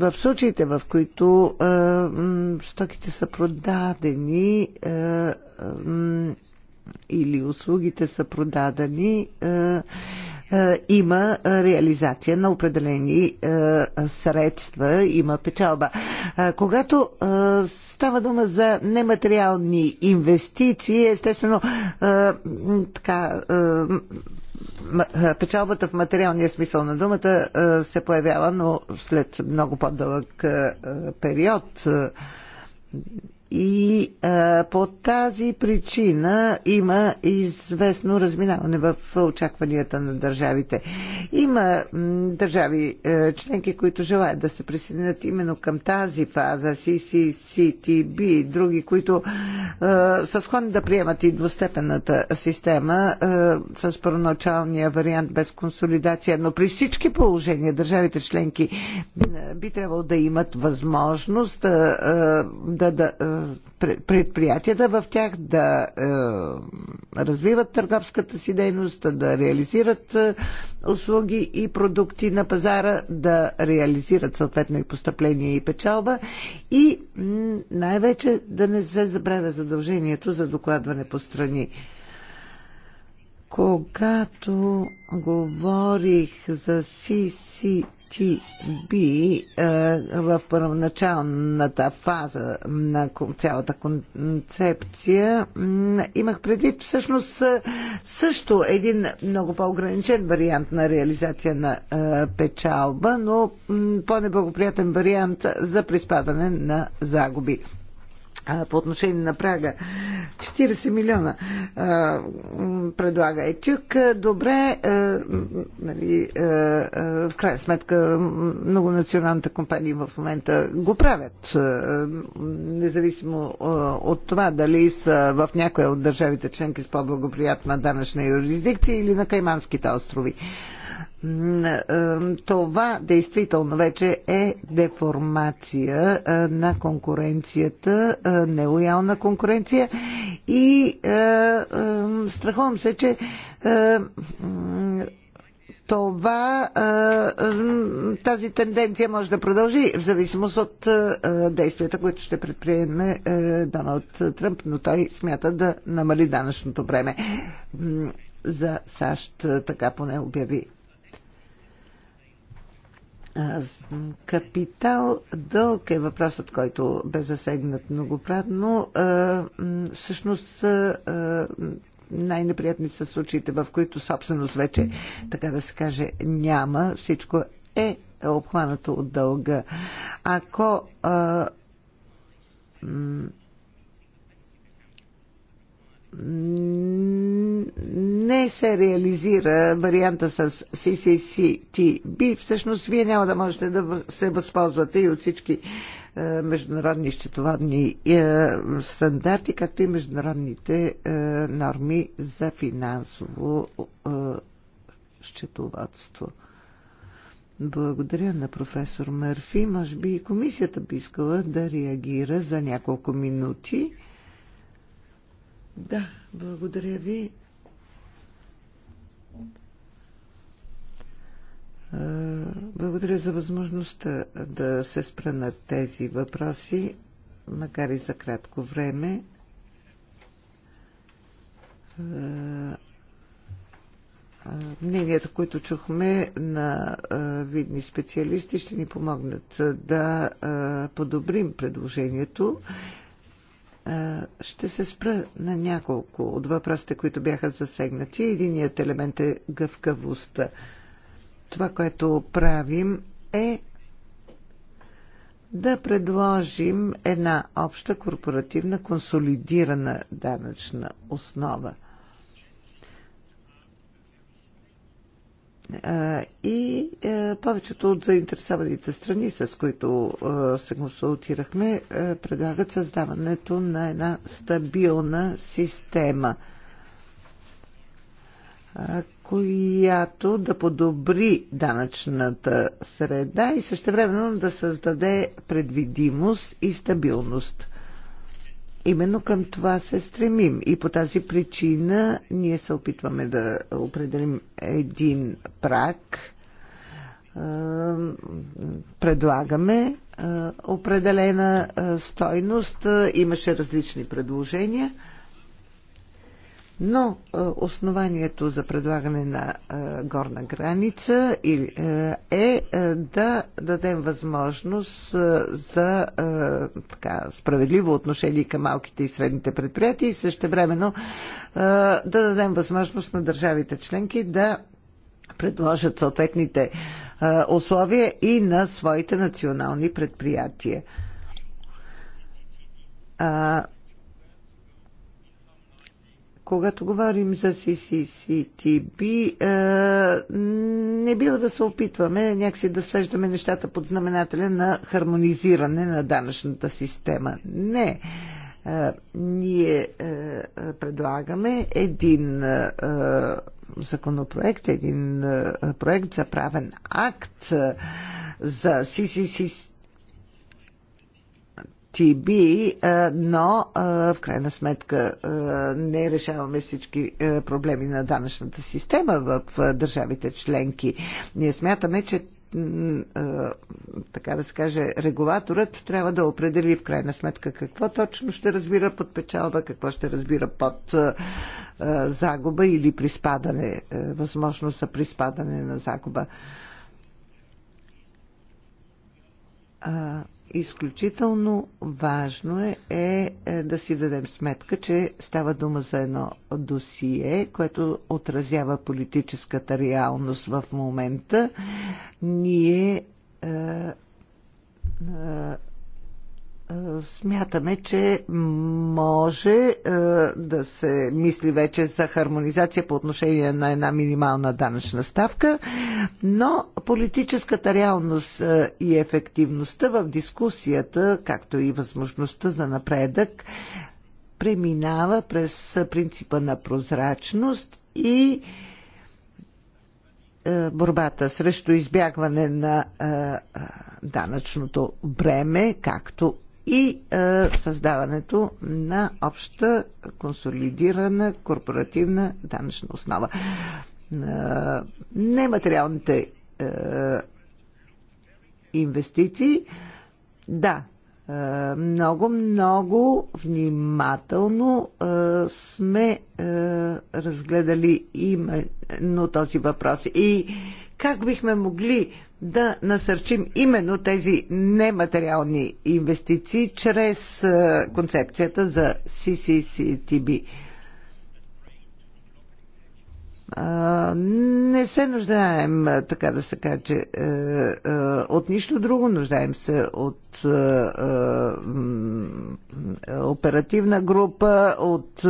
в случаите, в които стоките са продадени или услугите са продадени, е, има е, реализация на определени е, средства, има печалба. Когато става дума за нематериални инвестиции, естествено така печалбата в материалния смисъл на думата се появява, но след много по-дълъг период и а, по тази причина има известно разминаване в очакванията на държавите. Има м, държави е, членки, които желаят да се присъединят именно към тази фаза, CCCTB, други, които е, са склонни да приемат и двустепенната система е, с първоначалния вариант без консолидация, но при всички положения държавите членки би, е, би трябвало да имат възможност е, е, да, да, да предприятията в тях да е, развиват търговската си дейност, да реализират е, услуги и продукти на пазара, да реализират съответно и постъпление и печалба и най-вече да не се забравя задължението за докладване по страни. Когато говорих за CCP, Значи би е, в първоначалната фаза на цялата концепция имах предвид всъщност е, също един много по-ограничен вариант на реализация на е, печалба, но по-неблагоприятен вариант за приспадане на загуби по отношение на Прага. 40 милиона а, предлага Етюк. Добре, а, нали, а, в крайна сметка многонационалните компании в момента го правят. А, независимо а, от това дали са в някоя от държавите членки с по-благоприятна данъчна юрисдикция или на Кайманските острови. А, е, това действително вече е деформация е, на конкуренцията, е, нелоялна конкуренция и страхувам се, че това тази тенденция може да продължи в зависимост от действията, които ще предприеме Доналд Тръмп, но той смята да намали данъчното време за САЩ, така поне обяви Капитал дълг е въпросът, който бе засегнат многократно. Всъщност най-неприятни са случаите, в които собственост вече, така да се каже, няма. Всичко е обхванато от дълга. Ако не се реализира варианта с CCCTB, всъщност вие няма да можете да се възползвате и от всички е, международни счетоводни е, стандарти, както и международните е, норми за финансово счетоводство. Благодаря на професор Мърфи. Може би и комисията би искала да реагира за няколко минути. Да, благодаря ви. Благодаря за възможността да се спра на тези въпроси, макар и за кратко време. Мненията, които чухме на видни специалисти, ще ни помогнат да подобрим предложението ще се спра на няколко от въпросите, които бяха засегнати. Единият елемент е гъвкавостта. Това, което правим е да предложим една обща корпоративна консолидирана данъчна основа – И е, повечето от заинтересованите страни, с които е, се консултирахме, е, предлагат създаването на една стабилна система, която да подобри данъчната среда и също времено да създаде предвидимост и стабилност. Именно към това се стремим и по тази причина ние се опитваме да определим един прак. Е, предлагаме е, определена е, стойност. Имаше различни предложения – но е, основанието за предлагане на е, горна граница е, е да дадем възможност за така, справедливо отношение към малките и средните предприятия и също времено да дадем възможност на държавите членки да предложат съответните условия и на своите национални предприятия. А, когато говорим за CCCTB, е, не бива да се опитваме някакси да свеждаме нещата под знаменателя на хармонизиране на данъчната система. Не. Е, ние е, предлагаме един законопроект, един проект за правен акт за CCCTB TB, но в крайна сметка не решаваме всички проблеми на данъчната система в държавите членки. Ние смятаме, че така да се каже, регулаторът трябва да определи в крайна сметка какво точно ще разбира под печалба, какво ще разбира под загуба или приспадане, възможност за приспадане на загуба. Изключително важно е, е, е да си дадем сметка, че става дума за едно досие, което отразява политическата реалност в момента. Ние е, е, смятаме, че може е, да се мисли вече за хармонизация по отношение на една минимална данъчна ставка, но политическата реалност е, и ефективността в дискусията, както и възможността за напредък, преминава през принципа на прозрачност и е, борбата срещу избягване на данъчното бреме, както и а, е, създаването на обща консолидирана корпоративна данъчна основа. А, е, нематериалните а, е, инвестиции, да, много, много внимателно а, сме а, разгледали именно този въпрос. И как бихме могли да насърчим именно тези нематериални инвестиции чрез е, концепцията за CCCTB. Е, не се нуждаем, така да се каже, е, от нищо друго. Нуждаем се от оперативна група, от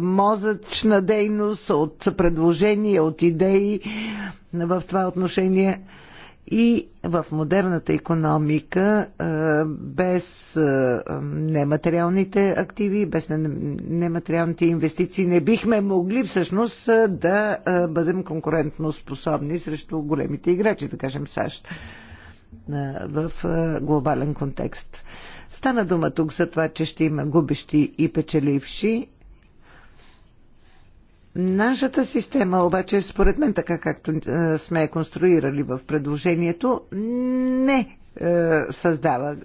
мозъчна дейност, от предложения, от идеи в това отношение и в модерната економика е, без е, нематериалните активи, без нематериалните инвестиции не бихме могли всъщност е, да бъдем конкурентно способни срещу големите играчи, да кажем САЩ в глобален контекст. Стана дума тук за това, че ще има губещи и печеливши Нашата система обаче, според мен, така както е, сме конструирали в предложението, не е, създава е,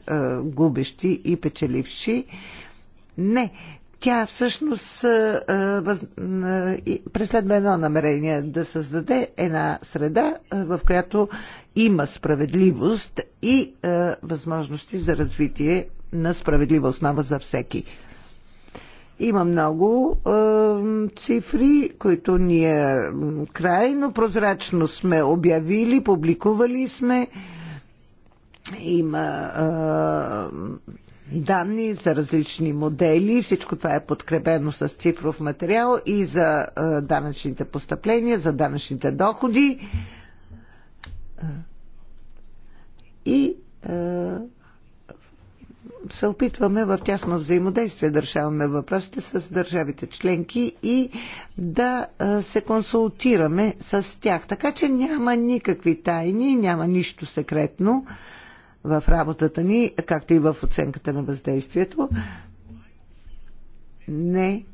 губещи и печеливши. Не. Тя всъщност преследва едно намерение да създаде една среда, в която има справедливост и възможности за развитие на справедлива основа за всеки. Има много е, цифри, които ние крайно прозрачно сме обявили, публикували сме. Има е, данни за различни модели. Всичко това е подкрепено с цифров материал и за е, данъчните постъпления, за данъчните доходи. И е, се опитваме в тясно взаимодействие да решаваме въпросите с държавите членки и да се консултираме с тях. Така че няма никакви тайни, няма нищо секретно в работата ни, както и в оценката на въздействието. Не.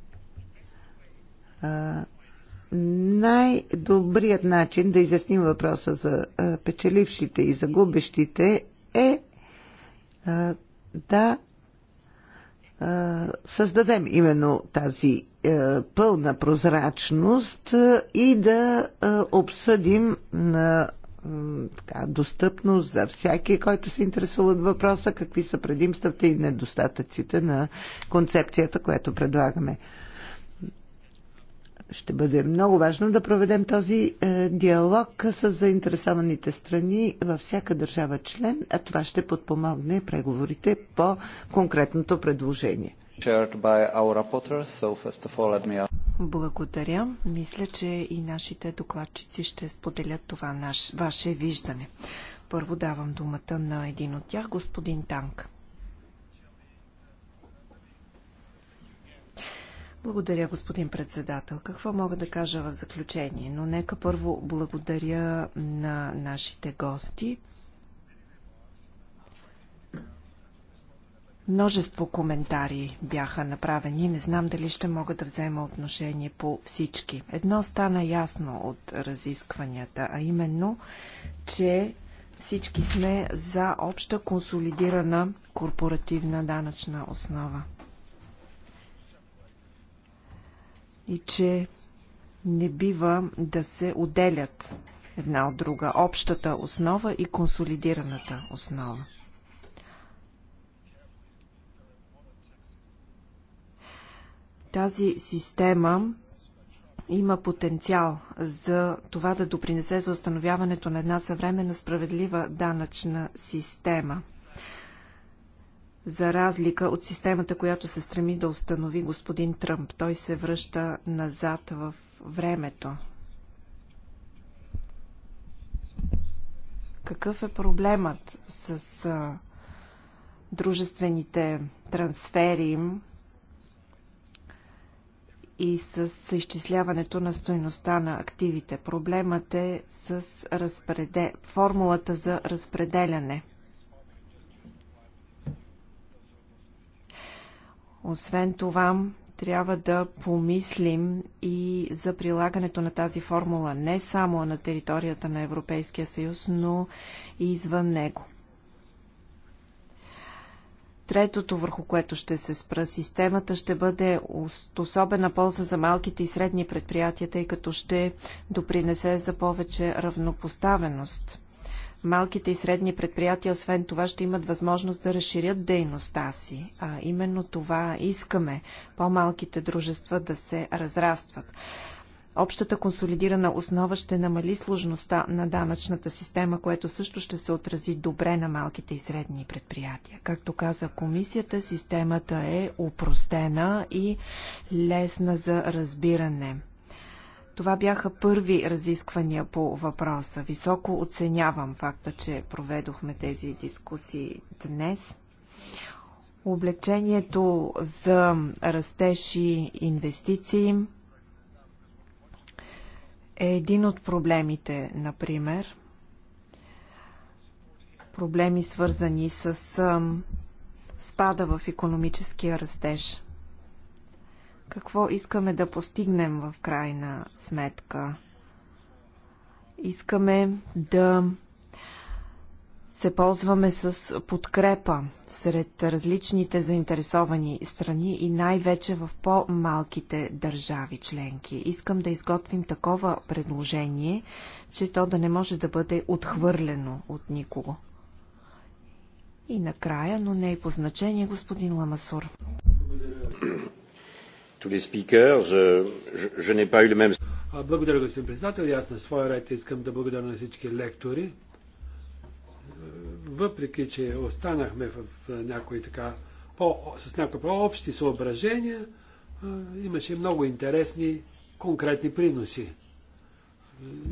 най-добрият начин да изясним въпроса за печелившите и загубещите е да създадем именно тази пълна прозрачност и да обсъдим на така, достъпност за всяки, който се интересува от въпроса, какви са предимствата и недостатъците на концепцията, която предлагаме ще бъде много важно да проведем този е, диалог с заинтересованите страни във всяка държава член, а това ще подпомогне преговорите по конкретното предложение. Благодаря. Мисля, че и нашите докладчици ще споделят това наш, ваше виждане. Първо давам думата на един от тях, господин Танк. Благодаря, господин председател. Какво мога да кажа в заключение? Но нека първо благодаря на нашите гости. Множество коментари бяха направени. Не знам дали ще мога да взема отношение по всички. Едно стана ясно от разискванията, а именно, че всички сме за обща консолидирана корпоративна данъчна основа. и че не бива да се отделят една от друга общата основа и консолидираната основа. Тази система има потенциал за това да допринесе за установяването на една съвременна справедлива данъчна система – за разлика от системата, която се стреми да установи господин Тръмп. Той се връща назад в времето. Какъв е проблемът с а, дружествените трансфери и с изчисляването на стоеността на активите? Проблемът е с разпреде... формулата за разпределяне – Освен това, трябва да помислим и за прилагането на тази формула не само на територията на Европейския съюз, но и извън него. Третото, върху което ще се спра системата, ще бъде особена полза за малките и средни предприятия, тъй като ще допринесе за повече равнопоставеност малките и средни предприятия, освен това, ще имат възможност да разширят дейността си. А именно това искаме по-малките дружества да се разрастват. Общата консолидирана основа ще намали сложността на данъчната система, което също ще се отрази добре на малките и средни предприятия. Както каза комисията, системата е упростена и лесна за разбиране. Това бяха първи разисквания по въпроса. Високо оценявам факта, че проведохме тези дискусии днес. Облечението за растеж и инвестиции е един от проблемите, например. Проблеми свързани с спада в економическия растеж какво искаме да постигнем в крайна сметка. Искаме да се ползваме с подкрепа сред различните заинтересовани страни и най-вече в по-малките държави членки. Искам да изготвим такова предложение, че то да не може да бъде отхвърлено от никого. И накрая, но не и по значение, господин Ламасур. Благодаря. Euh, благодаря, господин председател. И аз на своя ред искам да благодаря на всички лектори. Е, въпреки, че останахме в някои така, по, с някои по-общи съображения, е, имаше много интересни, конкретни приноси.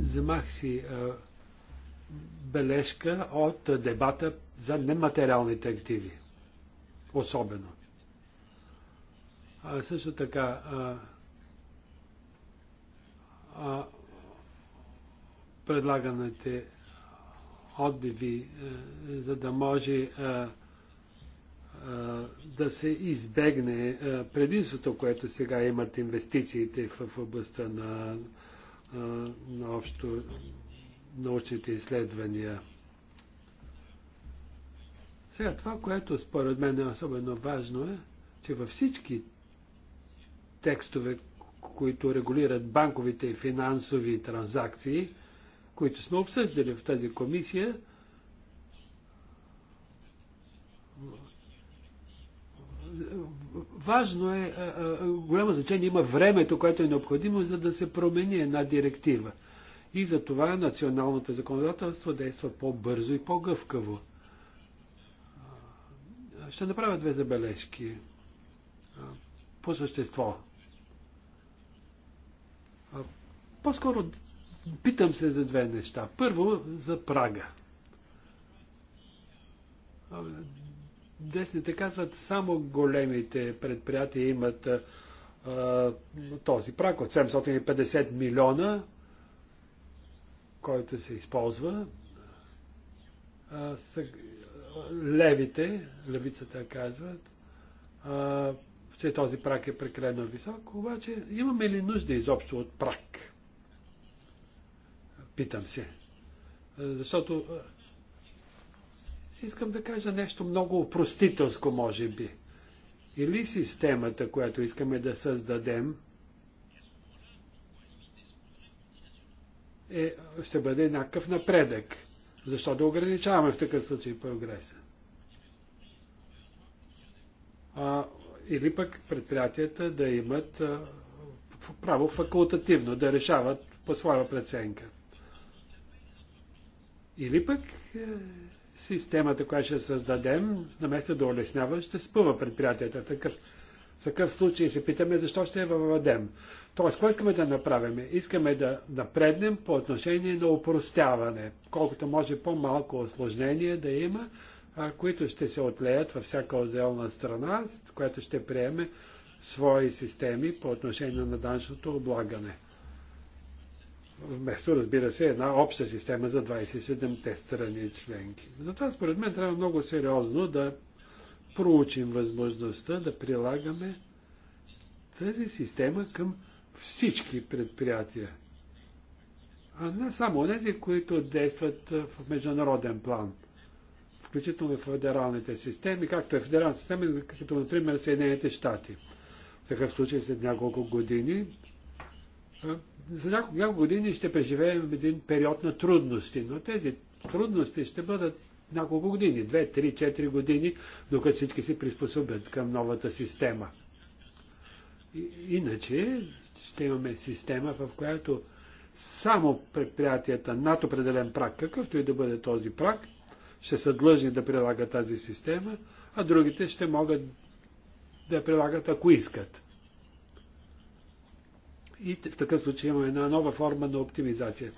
Замах си е, бележка от дебата за нематериалните активи. Особено. А, също така, а, а, предлаганите отбиви, а, е, за да може а, е, а, е, да се избегне а, предимството, което сега имат инвестициите в, в областта на, а, на общо научните изследвания. Сега това, което според мен е особено важно е, че във всички текстове, които регулират банковите и финансови транзакции, които сме обсъждали в тази комисия. Важно е, голямо значение има времето, което е необходимо, за да се промени една директива. И за това националното законодателство действа по-бързо и по-гъвкаво. Ще направя две забележки по същество По-скоро питам се за две неща. Първо, за прага. Десните казват, само големите предприятия имат а, този праг от 750 милиона, който се използва. А, са, левите, левицата казват, а, че този прак е прекалено висок, обаче имаме ли нужда изобщо от прак? Питам се. Е, защото е, искам да кажа нещо много упростителско, може би. Или системата, която искаме да създадем, е, ще бъде някакъв напредък. Защо да ограничаваме в такъв случай прогреса? А, или пък предприятията да имат а, право факултативно да решават по своя преценка. Или пък е, системата, която ще създадем, наместо да улеснява, ще спъва предприятията. Такъв, в такъв случай се питаме защо ще я въведем. Тоест, какво искаме да направим? Искаме да напреднем по отношение на упростяване. Колкото може по-малко осложнение да има, а, които ще се отлеят във всяка отделна страна, която ще приеме свои системи по отношение на данчното облагане. Вместо, разбира се, една обща система за 27-те страни членки. Затова, според мен, трябва много сериозно да проучим възможността да прилагаме тази система към всички предприятия. А не само тези, които действат в международен план, включително в федералните системи, както е федералната система, като например Съединените щати. В такъв случай след няколко години за няколко години ще преживеем един период на трудности, но тези трудности ще бъдат няколко години, 2, 3, 4 години, докато всички се приспособят към новата система. И, иначе ще имаме система, в която само предприятията над определен прак, какъвто и да бъде този прак, ще са длъжни да прилагат тази система, а другите ще могат да прилагат, ако искат. И в такъв случай има една нова форма на оптимизация.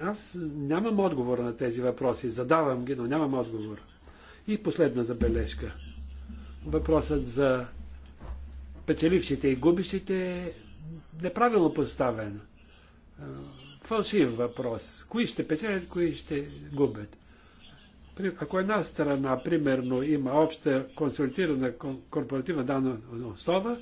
Аз нямам отговор на тези въпроси. Задавам ги, но нямам отговор. И последна забележка. Въпросът за печелившите и губищите е неправилно поставен. Е, фалшив въпрос. Кои ще печелят, кои ще губят? Ако една страна, примерно, има обща консолидирана корпоративна данна основа,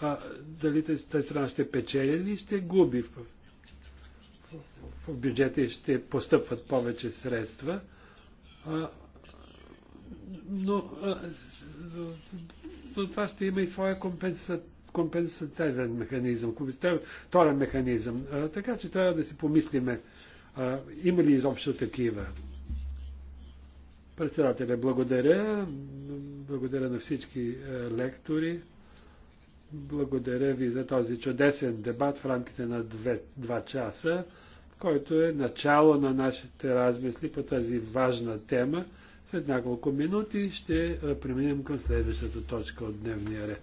а, дали тази страна ще печели или ще губи. В, в, в бюджета ще постъпват повече средства, а, но а, но това ще има и своя компенса, компенсативен механизъм, вторен механизъм. А, така че трябва да си помислиме а, има ли изобщо такива. Председателя, благодаря. Благодаря на всички лектори. Благодаря ви за този чудесен дебат в рамките на 2 два часа, който е начало на нашите размисли по тази важна тема. След няколко минути ще преминем към следващата точка от дневния ред.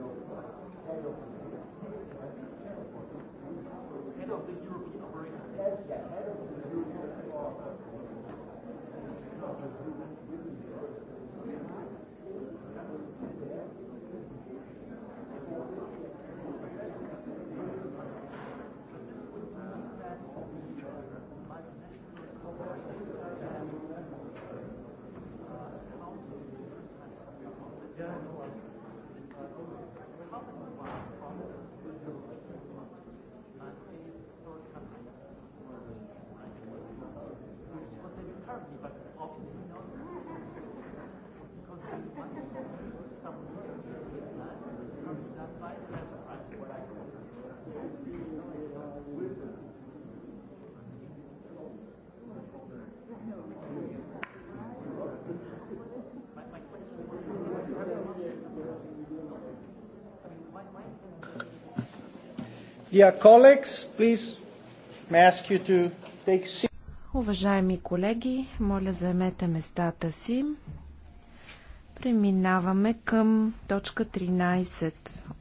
Dear colleagues, please, may ask you to take seat. Уважаеми колеги, моля заемете местата си. Преминаваме към точка 13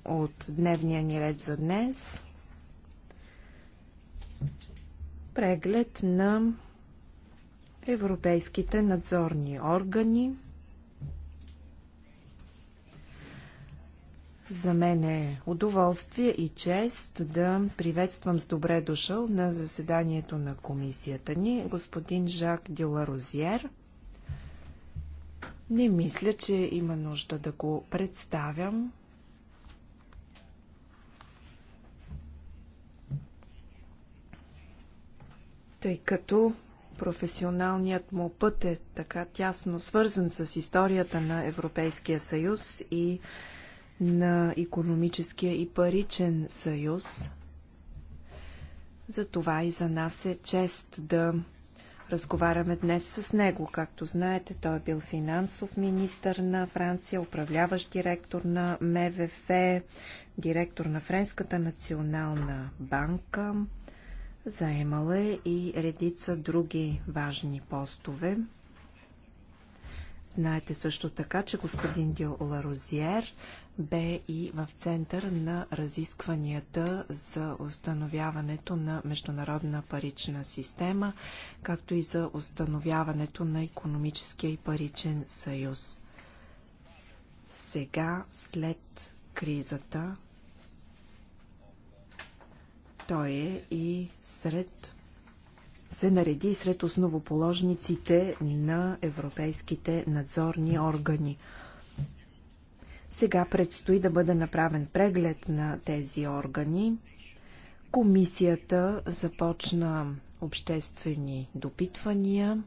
от дневния ни ред за днес. Преглед на европейските надзорни органи, За мен е удоволствие и чест да приветствам с добре дошъл на заседанието на комисията ни господин Жак Дюла Розиер. Не мисля, че има нужда да го представям. Тъй като професионалният му път е така тясно свързан с историята на Европейския съюз и на економическия и паричен съюз. Затова и за нас е чест да разговаряме днес с него. Както знаете, той е бил финансов министр на Франция, управляващ директор на МВФ, директор на Френската национална банка. Заемал е и редица други важни постове. Знаете също така, че господин Дио Ларозиер бе и в център на разискванията за установяването на международна парична система, както и за установяването на економическия и паричен съюз. Сега, след кризата, той е и сред се нареди сред основоположниците на европейските надзорни органи – сега предстои да бъде направен преглед на тези органи. Комисията започна обществени допитвания.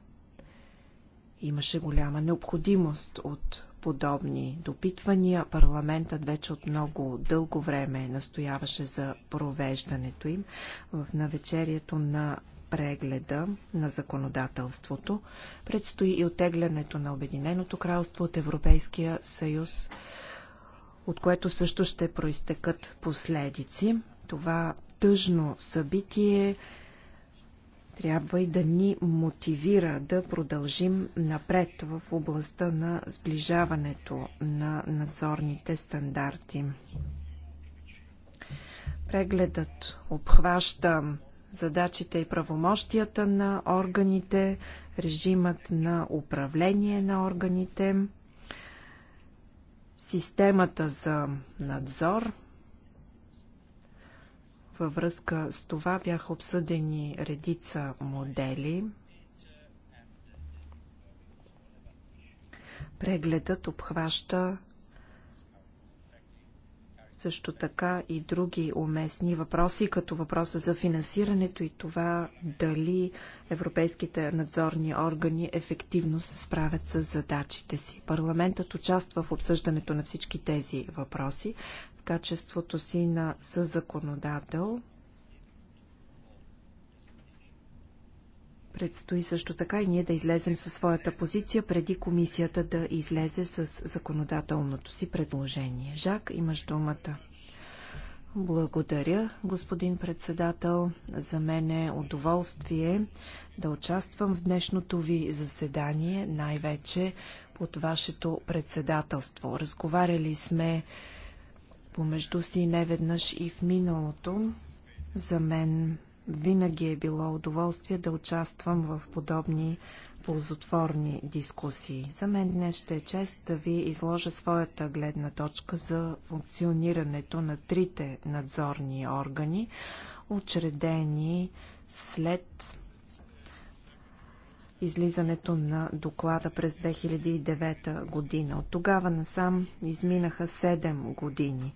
Имаше голяма необходимост от подобни допитвания. Парламентът вече от много дълго време настояваше за провеждането им. В навечерието на прегледа на законодателството предстои и отеглянето на Обединеното кралство от Европейския съюз от което също ще проистекат последици. Това тъжно събитие трябва и да ни мотивира да продължим напред в областта на сближаването на надзорните стандарти. Прегледът обхваща задачите и правомощията на органите, режимът на управление на органите, системата за надзор. Във връзка с това бяха обсъдени редица модели. Прегледът обхваща също така и други уместни въпроси, като въпроса за финансирането и това дали европейските надзорни органи ефективно се справят с задачите си. Парламентът участва в обсъждането на всички тези въпроси в качеството си на съзаконодател. Предстои също така и ние да излезем със своята позиция, преди комисията да излезе с законодателното си предложение. Жак, имаш думата. Благодаря, господин председател. За мен е удоволствие да участвам в днешното ви заседание, най-вече под вашето председателство. Разговаряли сме помежду си неведнъж и в миналото. За мен винаги е било удоволствие да участвам в подобни ползотворни дискусии. За мен днес ще е чест да ви изложа своята гледна точка за функционирането на трите надзорни органи, учредени след излизането на доклада през 2009 година. От тогава насам изминаха 7 години.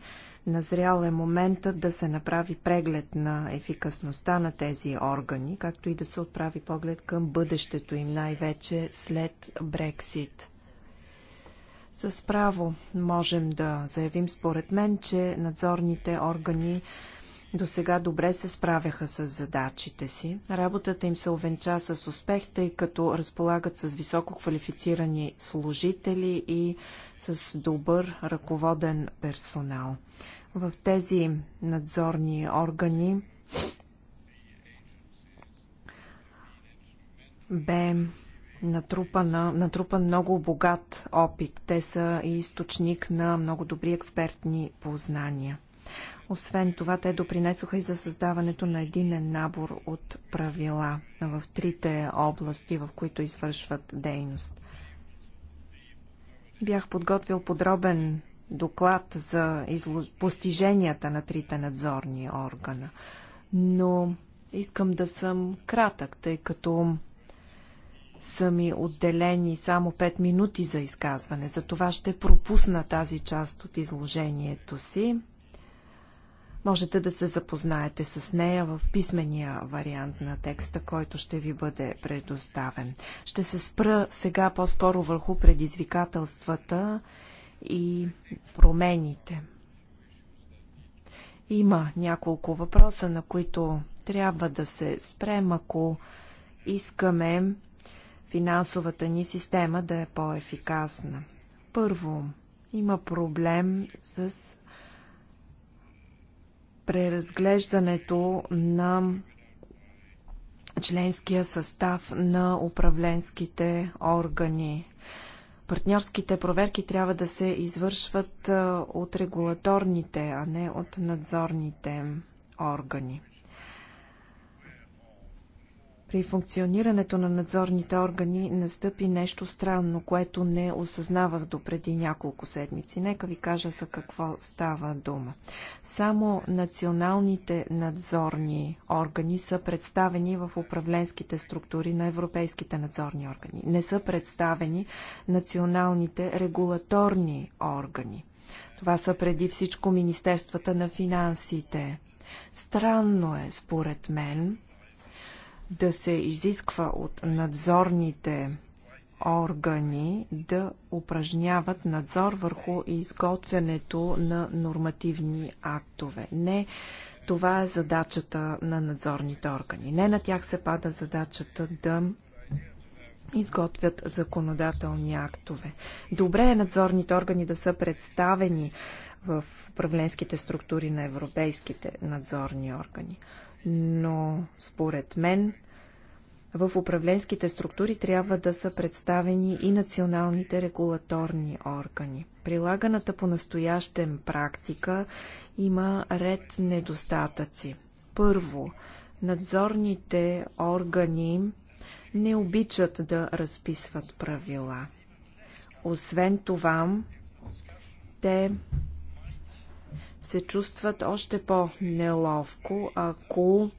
Назрял е моментът да се направи преглед на ефикасността на тези органи, както и да се отправи поглед към бъдещето им, най-вече след Брексит. С право можем да заявим според мен, че надзорните органи до сега добре се справяха с задачите си. Работата им се овенча с успех, тъй като разполагат с високо квалифицирани служители и с добър ръководен персонал. В тези надзорни органи бе натрупана, натрупан много богат опит. Те са и източник на много добри експертни познания. Освен това, те допринесоха и за създаването на един набор от правила в трите области, в които извършват дейност. Бях подготвил подробен доклад за постиженията на трите надзорни органа. Но искам да съм кратък, тъй като са ми отделени само 5 минути за изказване. Затова ще пропусна тази част от изложението си. Можете да се запознаете с нея в писмения вариант на текста, който ще ви бъде предоставен. Ще се спра сега по-скоро върху предизвикателствата и промените. Има няколко въпроса, на които трябва да се спрем, ако искаме финансовата ни система да е по-ефикасна. Първо, има проблем с преразглеждането на членския състав на управленските органи партньорските проверки трябва да се извършват от регулаторните, а не от надзорните органи при функционирането на надзорните органи настъпи нещо странно, което не осъзнавах до преди няколко седмици. Нека ви кажа за какво става дума. Само националните надзорни органи са представени в управленските структури на европейските надзорни органи. Не са представени националните регулаторни органи. Това са преди всичко Министерствата на финансите. Странно е, според мен, да се изисква от надзорните органи да упражняват надзор върху изготвянето на нормативни актове. Не това е задачата на надзорните органи. Не на тях се пада задачата да изготвят законодателни актове. Добре е надзорните органи да са представени в управленските структури на европейските надзорни органи но според мен в управленските структури трябва да са представени и националните регулаторни органи. Прилаганата по настоящен практика има ред недостатъци. Първо, надзорните органи не обичат да разписват правила. Освен това, те се чувстват още по-неловко, ако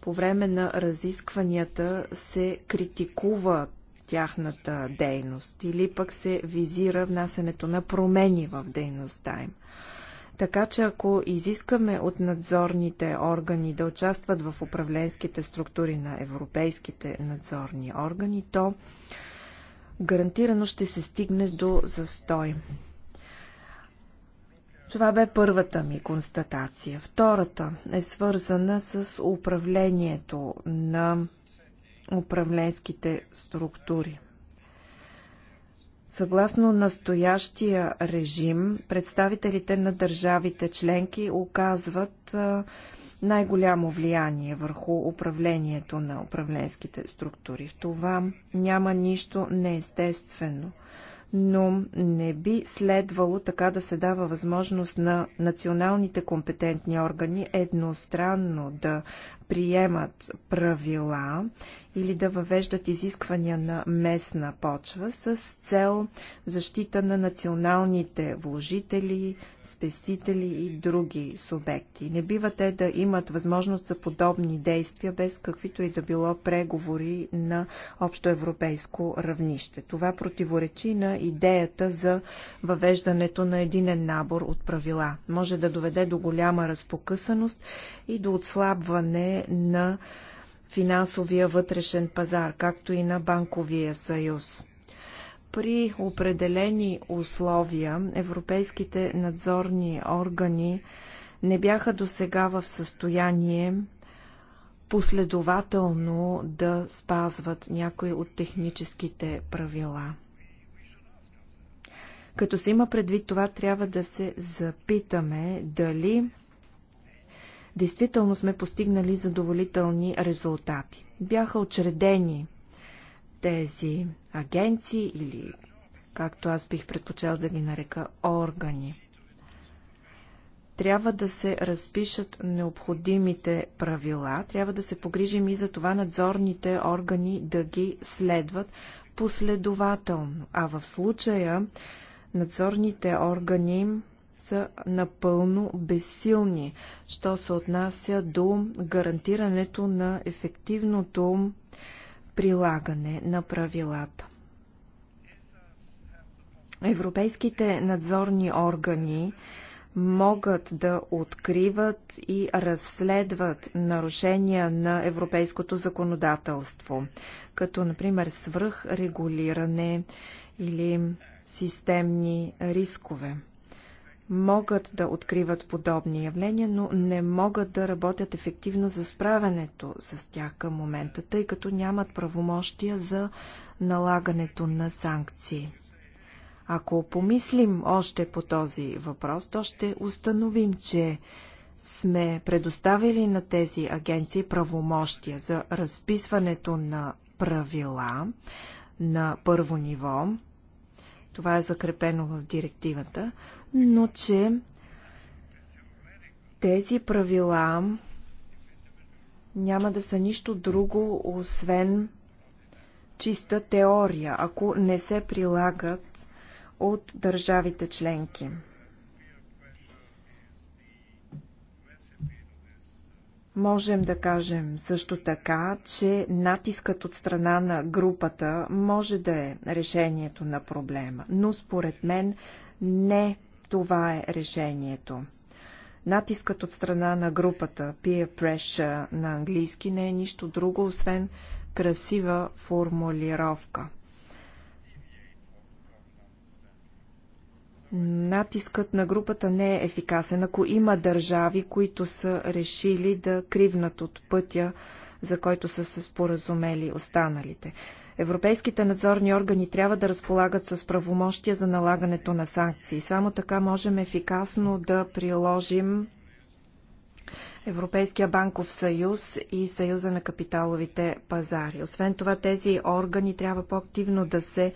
по време на разискванията се критикува тяхната дейност или пък се визира внасянето на промени в дейността им. Така че ако изискаме от надзорните органи да участват в управленските структури на европейските надзорни органи, то гарантирано ще се стигне до застой. Това бе първата ми констатация. Втората е свързана с управлението на управленските структури. Съгласно настоящия режим, представителите на държавите членки оказват най-голямо влияние върху управлението на управленските структури. В това няма нищо неестествено но не би следвало така да се дава възможност на националните компетентни органи едностранно да приемат правила или да въвеждат изисквания на местна почва с цел защита на националните вложители, спестители и други субекти. Не бива те да имат възможност за подобни действия без каквито и да било преговори на общоевропейско равнище. Това противоречи на идеята за въвеждането на единен набор от правила. Може да доведе до голяма разпокъсаност и до отслабване на финансовия вътрешен пазар, както и на банковия съюз. При определени условия европейските надзорни органи не бяха до сега в състояние последователно да спазват някои от техническите правила. Като се има предвид това, трябва да се запитаме дали действително сме постигнали задоволителни резултати. Бяха очредени тези агенции или, както аз бих предпочел да ги нарека, органи. Трябва да се разпишат необходимите правила, трябва да се погрижим и за това надзорните органи да ги следват последователно. А в случая надзорните органи са напълно безсилни, що се отнася до гарантирането на ефективното прилагане на правилата. Европейските надзорни органи могат да откриват и разследват нарушения на европейското законодателство, като например свръхрегулиране или системни рискове могат да откриват подобни явления, но не могат да работят ефективно за справянето с тях към момента, тъй като нямат правомощия за налагането на санкции. Ако помислим още по този въпрос, то ще установим, че сме предоставили на тези агенции правомощия за разписването на правила на първо ниво. Това е закрепено в директивата, но че тези правила няма да са нищо друго, освен чиста теория, ако не се прилагат от държавите членки. Можем да кажем също така, че натискът от страна на групата може да е решението на проблема, но според мен не това е решението. Натискът от страна на групата peer pressure на английски не е нищо друго, освен красива формулировка. Натискът на групата не е ефикасен, ако има държави, които са решили да кривнат от пътя, за който са се споразумели останалите. Европейските надзорни органи трябва да разполагат с правомощия за налагането на санкции. Само така можем ефикасно да приложим Европейския банков съюз и Съюза на капиталовите пазари. Освен това, тези органи трябва по-активно да се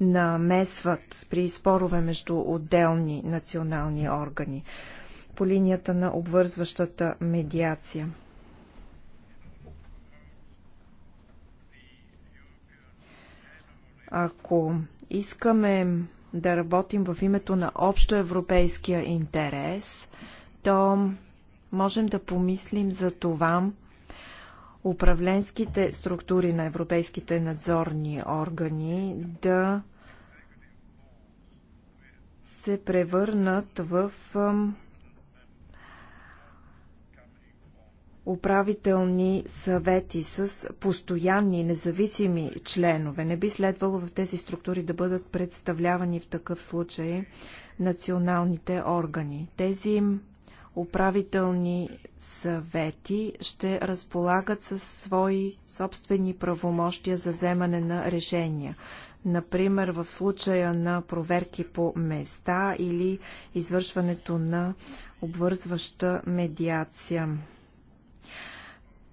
намесват при спорове между отделни национални органи по линията на обвързващата медиация. Ако искаме да работим в името на общо европейския интерес, то можем да помислим за това управленските структури на европейските надзорни органи да се превърнат в управителни съвети с постоянни, независими членове. Не би следвало в тези структури да бъдат представлявани в такъв случай националните органи. Тези управителни съвети ще разполагат със свои собствени правомощия за вземане на решения. Например, в случая на проверки по места или извършването на обвързваща медиация.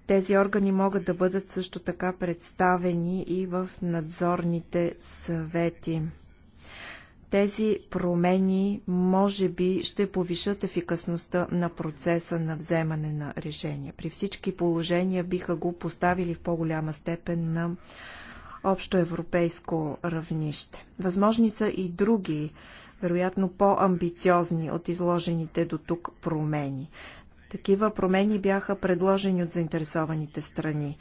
Тези органи могат да бъдат също така представени и в надзорните съвети. Тези промени може би ще повишат ефикасността на процеса на вземане на решения. При всички положения биха го поставили в по-голяма степен на общо европейско равнище. Възможни са и други, вероятно по-амбициозни от изложените до тук промени. Такива промени бяха предложени от заинтересованите страни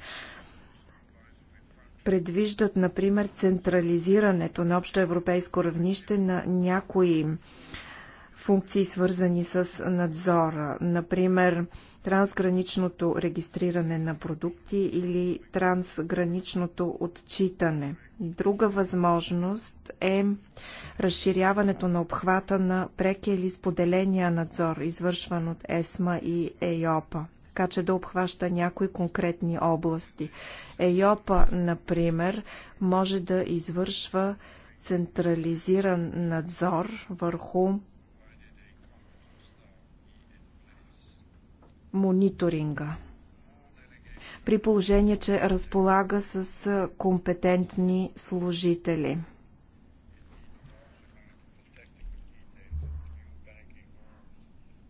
предвиждат, например, централизирането на общо европейско равнище на някои функции, свързани с надзора, например трансграничното регистриране на продукти или трансграничното отчитане – Друга възможност е разширяването на обхвата на прекия или споделения надзор, извършван от ЕСМА и ЕЙОПА, така че да обхваща някои конкретни области. ЕЙОПА, например, може да извършва централизиран надзор върху мониторинга при положение, че разполага с компетентни служители.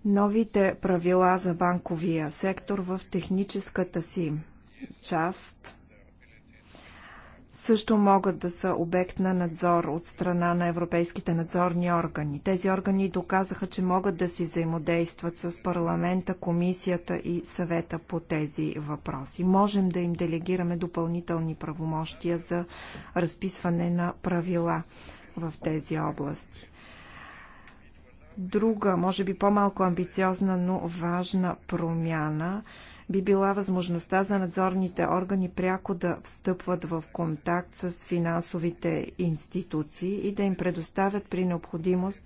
Новите правила за банковия сектор в техническата си част – също могат да са обект на надзор от страна на европейските надзорни органи. Тези органи доказаха, че могат да си взаимодействат с парламента, комисията и съвета по тези въпроси. Можем да им делегираме допълнителни правомощия за разписване на правила в тези области. Друга, може би по-малко амбициозна, но важна промяна – би била възможността за надзорните органи пряко да встъпват в контакт с финансовите институции и да им предоставят при необходимост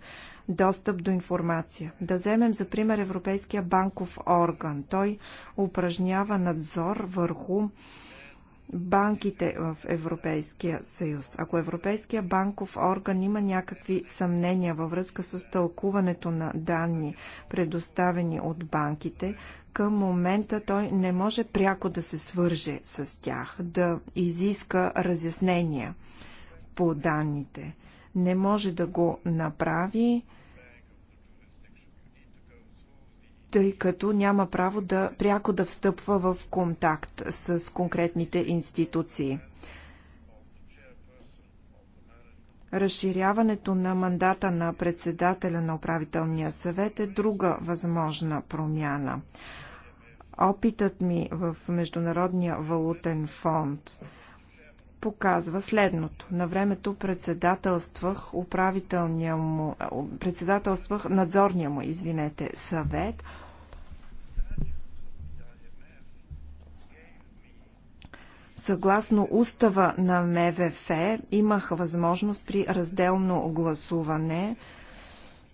достъп до информация. Да вземем за пример Европейския банков орган. Той упражнява надзор върху банките в Европейския съюз. Ако Европейския банков орган има някакви съмнения във връзка с тълкуването на данни, предоставени от банките, към момента той не може пряко да се свърже с тях, да изиска разяснения по данните. Не може да го направи, тъй като няма право да пряко да встъпва в контакт с конкретните институции. Разширяването на мандата на председателя на управителния съвет е друга възможна промяна. Опитът ми в Международния валутен фонд показва следното. На времето председателствах управителния му, председателствах надзорния му, извинете, съвет. Съгласно устава на МВФ имах възможност при разделно гласуване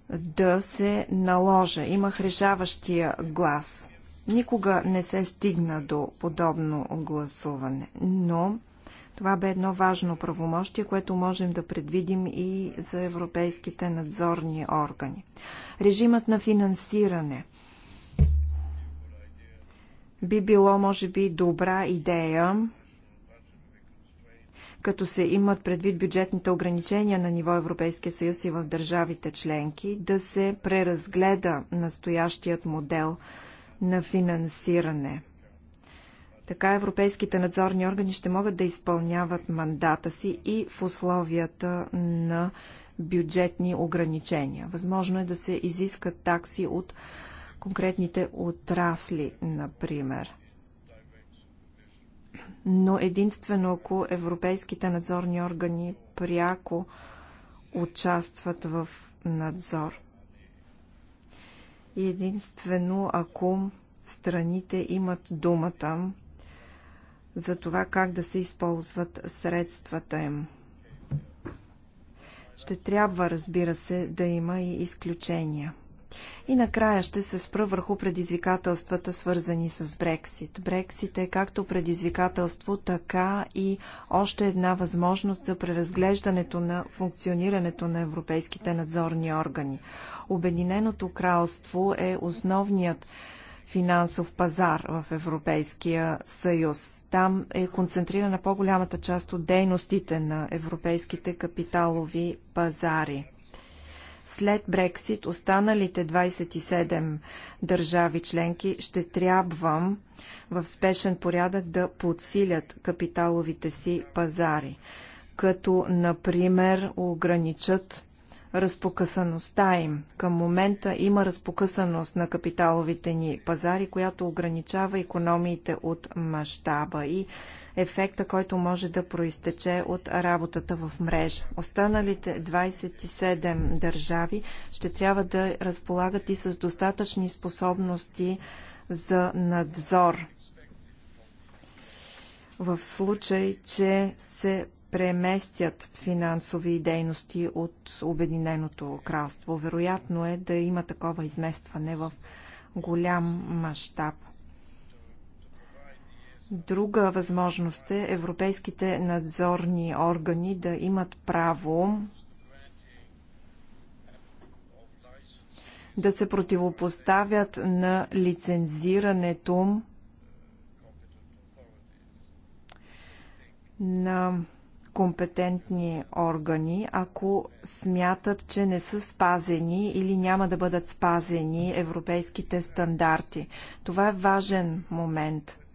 да се наложа. Имах решаващия глас – Никога не се стигна до подобно гласуване, но това бе едно важно правомощие, което можем да предвидим и за европейските надзорни органи. Режимът на финансиране би било, може би, добра идея, като се имат предвид бюджетните ограничения на ниво Европейския съюз и в държавите членки, да се преразгледа настоящият модел – на финансиране. Така европейските надзорни органи ще могат да изпълняват мандата си и в условията на бюджетни ограничения. Възможно е да се изискат такси от конкретните отрасли, например. Но единствено ако европейските надзорни органи пряко участват в надзор и единствено ако страните имат думата за това как да се използват средствата им. Ще трябва, разбира се, да има и изключения. И накрая ще се спра върху предизвикателствата, свързани с Брексит. Брексит е както предизвикателство, така и още една възможност за преразглеждането на функционирането на европейските надзорни органи. Обединеното кралство е основният финансов пазар в Европейския съюз. Там е концентрирана по-голямата част от дейностите на европейските капиталови пазари. След Брексит останалите 27 държави членки ще трябва в спешен порядък да подсилят капиталовите си пазари, като например ограничат разпокъсаността им. Към момента има разпокъсаност на капиталовите ни пазари, която ограничава економиите от мащаба и ефекта, който може да проистече от работата в мрежа. Останалите 27 държави ще трябва да разполагат и с достатъчни способности за надзор. В случай, че се преместят финансови дейности от Обединеното кралство. Вероятно е да има такова изместване в голям мащаб. Друга възможност е европейските надзорни органи да имат право да се противопоставят на лицензирането на компетентни органи, ако смятат, че не са спазени или няма да бъдат спазени европейските стандарти. Това е важен момент –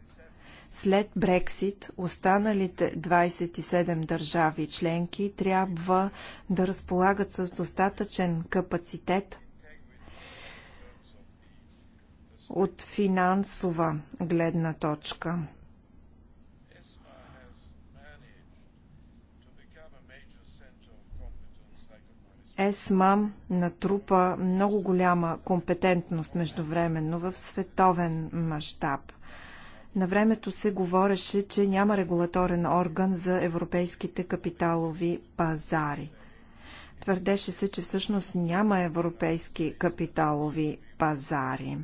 след Брексит останалите 27 държави членки трябва да разполагат с достатъчен капацитет от финансова гледна точка. ЕСМА натрупа много голяма компетентност междувременно в световен мащаб. На времето се говореше, че няма регулаторен орган за европейските капиталови пазари. Твърдеше се, че всъщност няма европейски капиталови пазари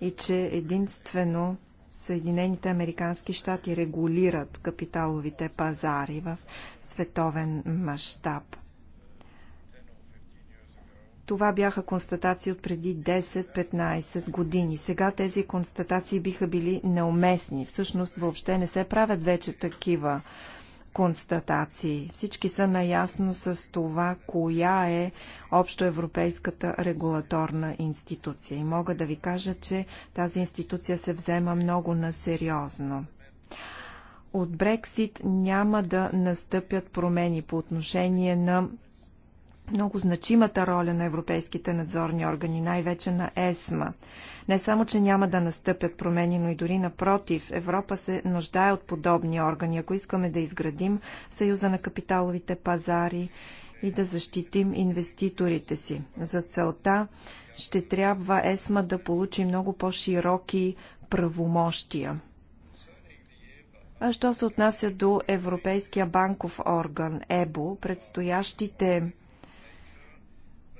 и че единствено Съединените Американски щати регулират капиталовите пазари в световен мащаб. Това бяха констатации от преди 10-15 години. Сега тези констатации биха били неуместни. Всъщност въобще не се правят вече такива констатации. Всички са наясно с това, коя е общоевропейската регулаторна институция. И мога да ви кажа, че тази институция се взема много на сериозно. От Брексит няма да настъпят промени по отношение на много значимата роля на европейските надзорни органи, най-вече на ЕСМА. Не само, че няма да настъпят промени, но и дори напротив, Европа се нуждае от подобни органи, ако искаме да изградим Съюза на капиталовите пазари и да защитим инвеститорите си. За целта ще трябва ЕСМА да получи много по-широки правомощия. А що се отнася до Европейския банков орган ЕБО, предстоящите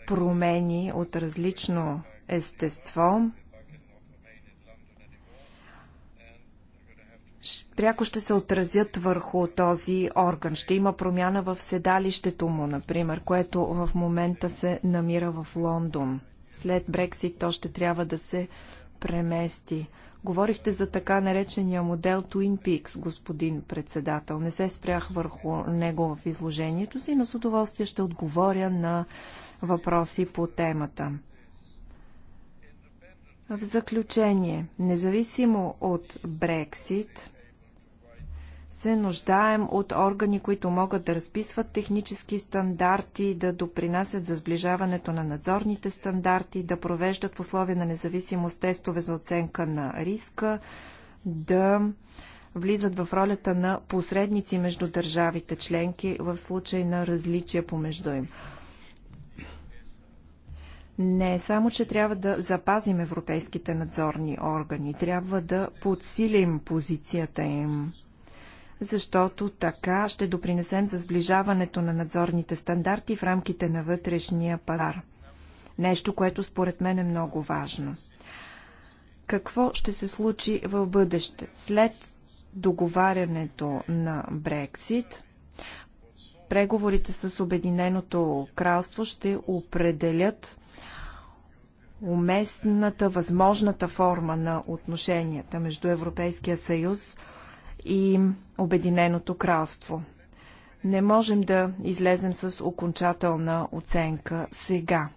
промени от различно естество. Пряко ще се отразят върху този орган. Ще има промяна в седалището му, например, което в момента се намира в Лондон. След Брексит то ще трябва да се премести Говорихте за така наречения модел Twin Peaks, господин председател. Не се спрях върху него в изложението си, но с удоволствие ще отговоря на въпроси по темата. В заключение, независимо от Брексит, се нуждаем от органи, които могат да разписват технически стандарти, да допринасят за сближаването на надзорните стандарти, да провеждат в условия на независимост тестове за оценка на риска, да влизат в ролята на посредници между държавите членки в случай на различия помежду им. Не е само, че трябва да запазим европейските надзорни органи, трябва да подсилим позицията им защото така ще допринесем за сближаването на надзорните стандарти в рамките на вътрешния пазар. Нещо, което според мен е много важно. Какво ще се случи в бъдеще? След договарянето на Брексит, преговорите с Обединеното кралство ще определят уместната, възможната форма на отношенията между Европейския съюз, и Обединеното кралство. Не можем да излезем с окончателна оценка сега.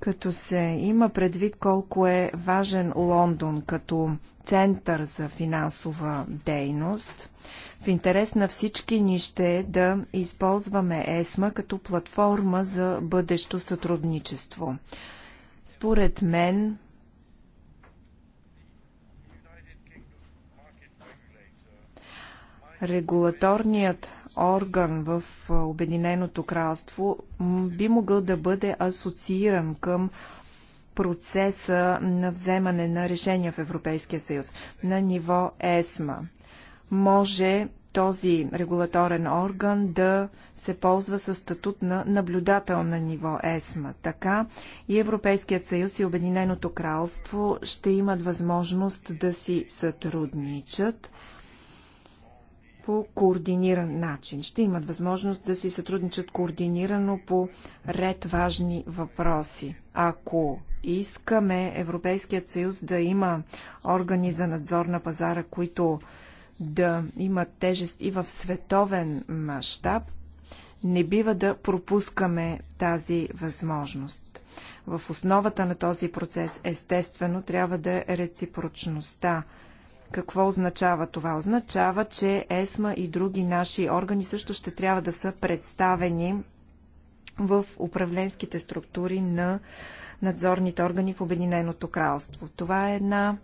Като се има предвид колко е важен Лондон като център за финансова дейност, в интерес на всички ни ще е да използваме ЕСМА като платформа за бъдещо сътрудничество. Според мен, регулаторният орган в Обединеното кралство би могъл да бъде асоцииран към процеса на вземане на решения в Европейския съюз на ниво ЕСМА. Може този регулаторен орган да се ползва със статут на наблюдател на ниво ЕСМА. Така и Европейският съюз и Обединеното кралство ще имат възможност да си сътрудничат по координиран начин. Ще имат възможност да си сътрудничат координирано по ред важни въпроси. Ако искаме Европейският съюз да има органи за надзор на пазара, които да имат тежест и в световен мащаб, не бива да пропускаме тази възможност. В основата на този процес, естествено, трябва да е реципрочността. Какво означава това? Означава, че ЕСМА и други наши органи също ще трябва да са представени в управленските структури на надзорните органи в Обединеното кралство. Това е една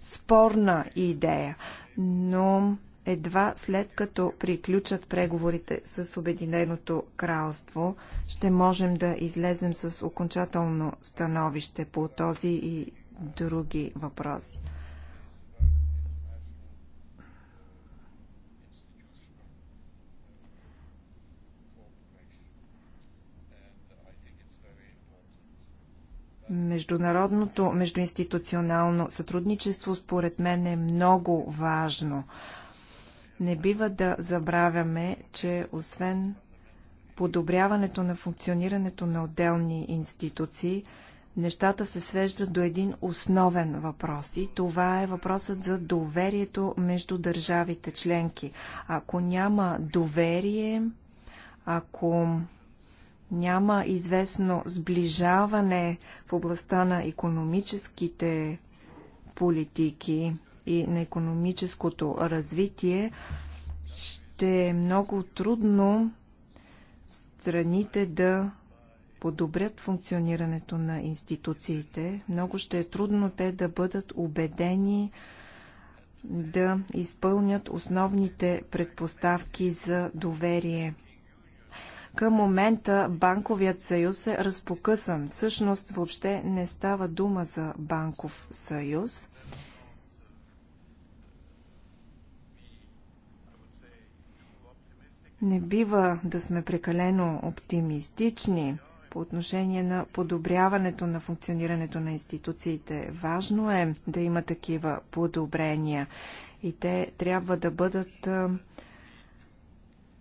спорна идея но едва след като приключат преговорите с Обединеното кралство, ще можем да излезем с окончателно становище по този и други въпроси. Международното междуинституционално сътрудничество според мен е много важно. Не бива да забравяме, че освен подобряването на функционирането на отделни институции, нещата се свеждат до един основен въпрос и това е въпросът за доверието между държавите членки. Ако няма доверие, ако няма известно сближаване в областта на економическите политики и на економическото развитие, ще е много трудно страните да подобрят функционирането на институциите. Много ще е трудно те да бъдат убедени да изпълнят основните предпоставки за доверие – към момента банковият съюз е разпокъсан. Всъщност въобще не става дума за банков съюз. Не бива да сме прекалено оптимистични по отношение на подобряването на функционирането на институциите. Важно е да има такива подобрения и те трябва да бъдат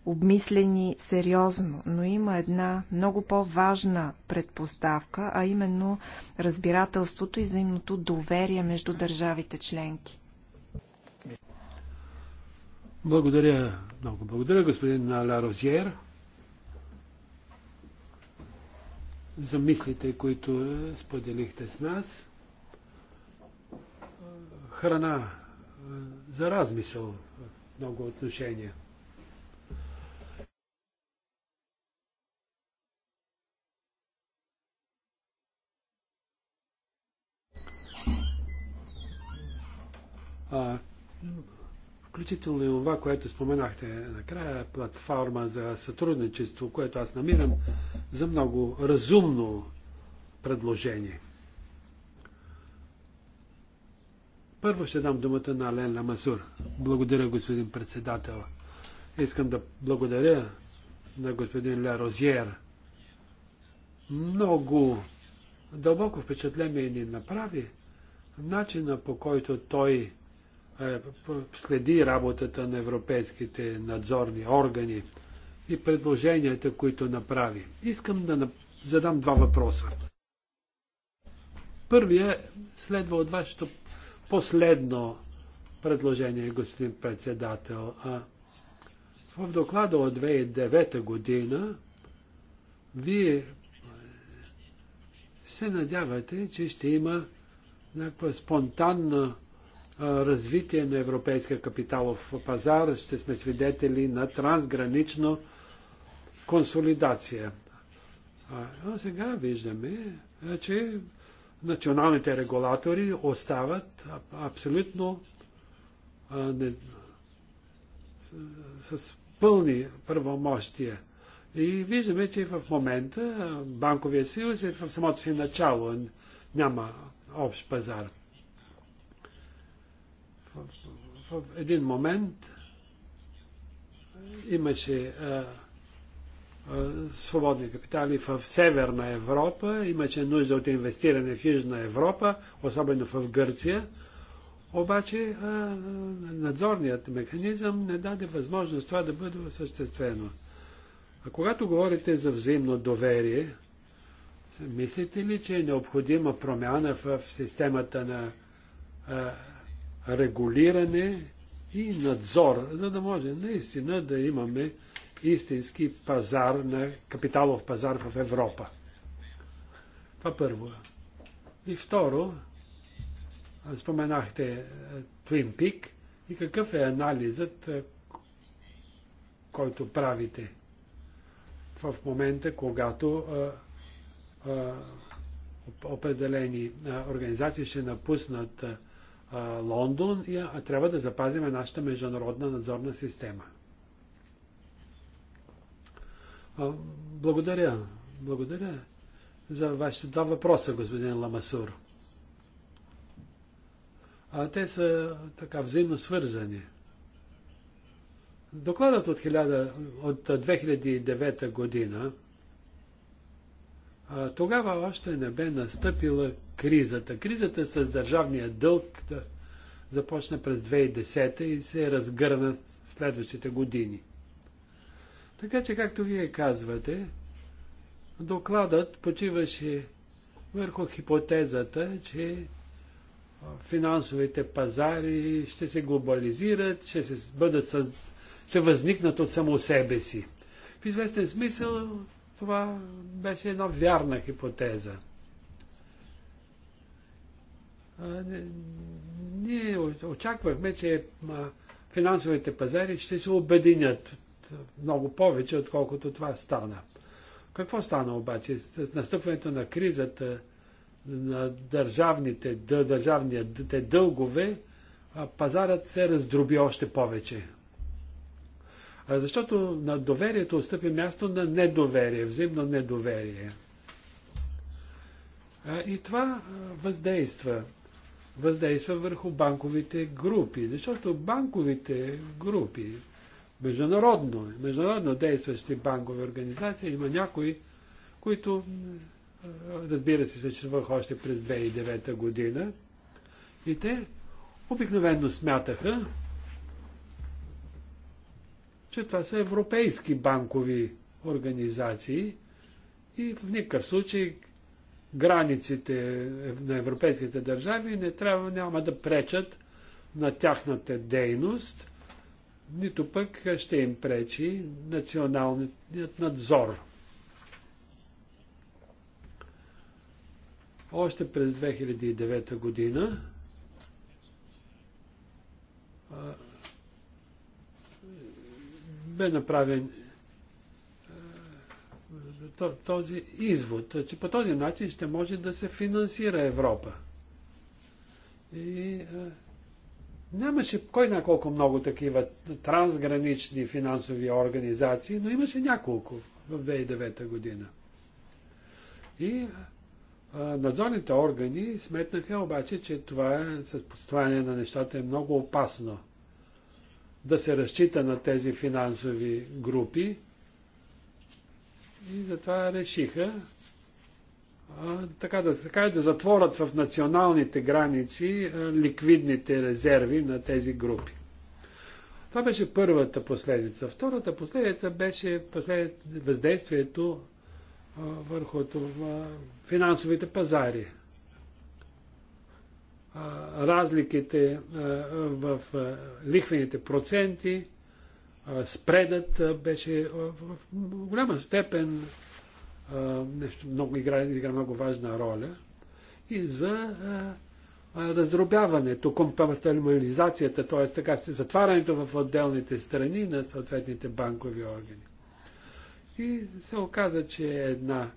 обмислени сериозно, но има една много по-важна предпоставка, а именно разбирателството и взаимното доверие между държавите членки. Благодаря, много благодаря, господин Ларозиер, за мислите, които споделихте с нас. Храна за размисъл в много отношения. включително и това, което споменахте накрая, платформа за сътрудничество, което аз намирам за много разумно предложение. Първо ще дам думата на Ален Масур. Благодаря, господин председател. Искам да благодаря на господин Ля Розиер. Много дълбоко впечатление ни направи начина по който той е, следи работата на европейските надзорни органи и предложенията, които направи. Искам да задам два въпроса. Първият следва от вашето последно предложение, господин председател. А в доклада от 2009 година вие се надявате, че ще има някаква спонтанна развитие на европейския капиталов пазар ще сме свидетели на трансгранично консолидация. А сега виждаме, че националните регулатори остават абсолютно а, не, с, с пълни правомощия. И виждаме, че в момента банковия съюз е в самото си начало. Няма общ пазар в, в, един момент имаше а, а, свободни капитали в Северна Европа, имаше нужда от инвестиране в Южна Европа, особено в Гърция. Обаче а, надзорният механизъм не даде възможност това да бъде осъществено. А когато говорите за взаимно доверие, мислите ли, че е необходима промяна в системата на а, регулиране и надзор, за да може наистина да имаме истински пазар на капиталов пазар в Европа. Това първо. И второ, споменахте е, Twin Peak и какъв е анализът, е, който правите в момента, когато а, е, а, определени а, организации ще напуснат Лондон, а трябва да запазиме нашата международна надзорна система. Благодаря. Благодаря за вашите два въпроса, господин Ламасур. А те са така взаимно свързани. Докладът от, 1000, от 2009 година а, тогава още не бе настъпила кризата. Кризата с държавния дълг да започна през 2010 и се разгърна в следващите години. Така че, както вие казвате, докладът почиваше върху хипотезата, че финансовите пазари ще се глобализират, ще, се бъдат съз... ще възникнат от само себе си. В известен смисъл това беше една вярна хипотеза. Ние очаквахме, че финансовите пазари ще се обединят много повече, отколкото това стана. Какво стана обаче? С настъпването на кризата на държавните, държавните дългове, пазарът се раздроби още повече. Защото на доверието отстъпи място на недоверие, взаимно недоверие. И това въздейства. Въздейства върху банковите групи, защото банковите групи, международно, международно действащи банкови организации, има някои, които, разбира се, съществуваха още през 2009 година, и те обикновено смятаха, че това са европейски банкови организации и в никакъв случай границите на европейските държави не трябва, няма да пречат на тяхната дейност, нито пък ще им пречи националният надзор. Още през 2009 година бе направен е, този извод, че по този начин ще може да се финансира Европа. И а, е, нямаше кой на колко много такива трансгранични финансови организации, но имаше няколко в 2009 година. И а, е, надзорните органи сметнаха обаче, че това е, състояние на нещата е много опасно да се разчита на тези финансови групи. И затова решиха а, така, да, така и да затворят в националните граници а, ликвидните резерви на тези групи. Това беше първата последица. Втората последица беше въздействието а, върху това, финансовите пазари разликите в лихвените проценти, спредът беше в голяма степен нещо много игра, игра много важна роля и за раздробяването, компартимализацията, т.е. така затварянето в отделните страни на съответните банкови органи. И се оказа, че една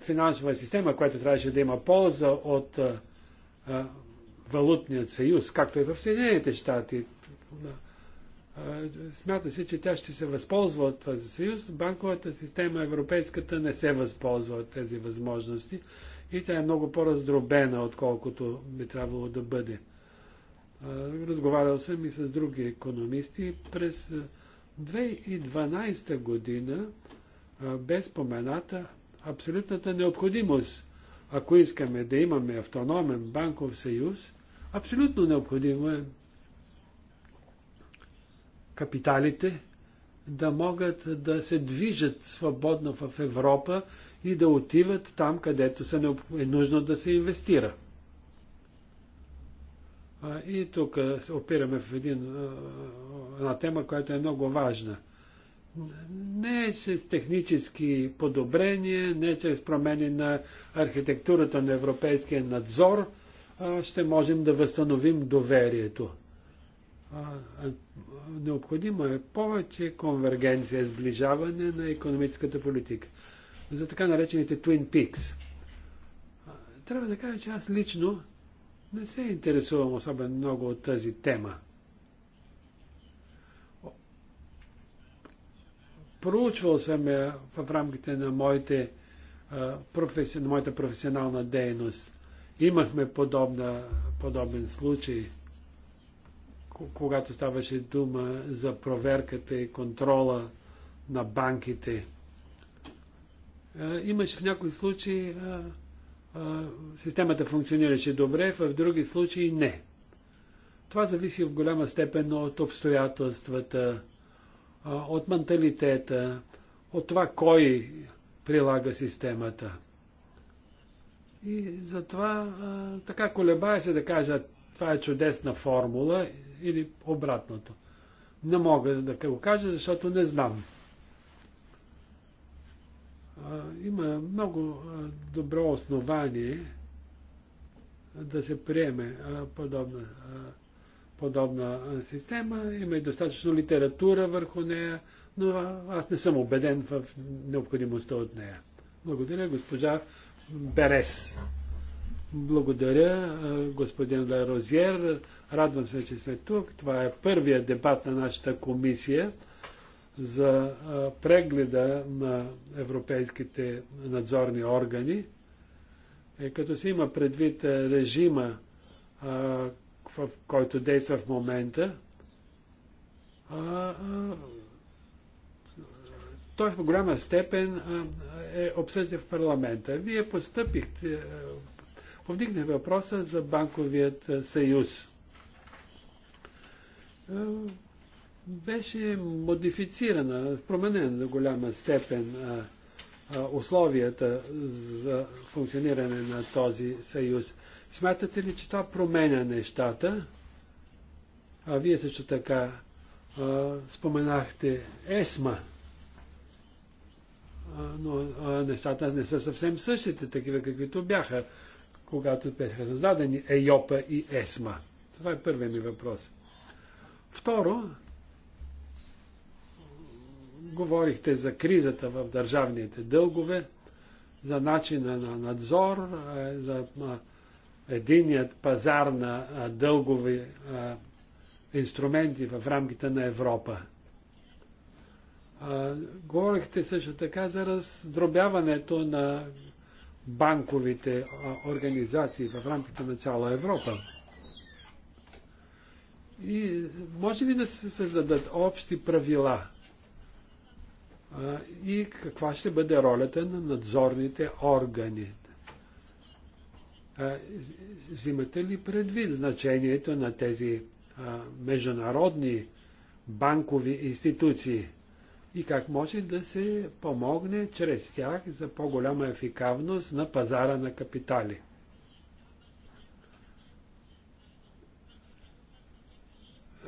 финансова система, която трябваше да има полза от валутният съюз, както е в Съединените щати. Смята се, че тя ще се възползва от този съюз. Банковата система европейската не се възползва от тези възможности и тя е много по-раздробена, отколкото би трябвало да бъде. Разговарял съм и с други економисти. През 2012 година бе спомената абсолютната необходимост ако искаме да имаме автономен банков съюз, абсолютно необходимо е капиталите да могат да се движат свободно в Европа и да отиват там, където са е нужно да се инвестира. И тук опираме в един, една тема, която е много важна – не чрез технически подобрения, не чрез промени на архитектурата на европейския надзор ще можем да възстановим доверието. Необходимо е повече конвергенция, сближаване на економическата политика. За така наречените Twin Peaks. Трябва да кажа, че аз лично не се интересувам особено много от тази тема. проучвал съм я в рамките на, моите, професи... на моята професионална дейност. Имахме подобна, подобен случай, когато ставаше дума за проверката и контрола на банките. Имаше в някои случаи системата функционираше добре, в други случаи не. Това зависи в голяма степен от обстоятелствата, от менталитета, от това кой прилага системата. И затова така колебая се да кажа, това е чудесна формула или обратното. Не мога да го кажа, защото не знам. има много добро основание да се приеме подобна подобна система. Има и достатъчно литература върху нея, но аз не съм убеден в необходимостта от нея. Благодаря, госпожа Берес. Благодаря, господин Ларозиер. Радвам се, че сме тук. Това е първият дебат на нашата комисия за прегледа на европейските надзорни органи. Е, като се има предвид режима, в който действа в момента, а, а, той в голяма степен а, е обсъждан в парламента. Вие постъпихте, повдигне въпроса за банковият съюз. А, беше модифицирана, променена до голяма степен а, а, условията за функциониране на този съюз. Смятате ли, че това променя нещата? А вие също така а, споменахте ЕСМА. А, но а, нещата не са съвсем същите, такива каквито бяха, когато бяха създадени ЕЙОПА и ЕСМА. Това е първият ми въпрос. Второ, говорихте за кризата в държавните дългове, за начина на надзор, е, за единият пазар на дългови инструменти в рамките на Европа. Говорихте също така за раздробяването на банковите организации в рамките на цяла Европа. И може ли да се създадат общи правила? И каква ще бъде ролята на надзорните органи? взимате ли предвид значението на тези международни банкови институции и как може да се помогне чрез тях за по-голяма ефикавност на пазара на капитали?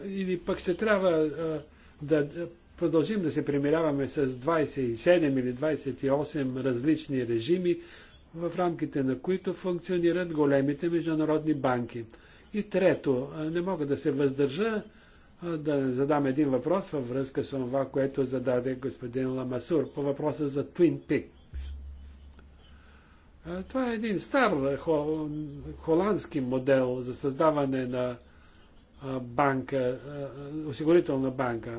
Или пък ще трябва а, да продължим да се примиряваме с 27 или 28 различни режими, в рамките на които функционират големите международни банки. И трето, не мога да се въздържа да задам един въпрос във връзка с това, което зададе господин Ламасур по въпроса за Twin Peaks. Това е един стар холандски модел за създаване на банка, осигурителна банка.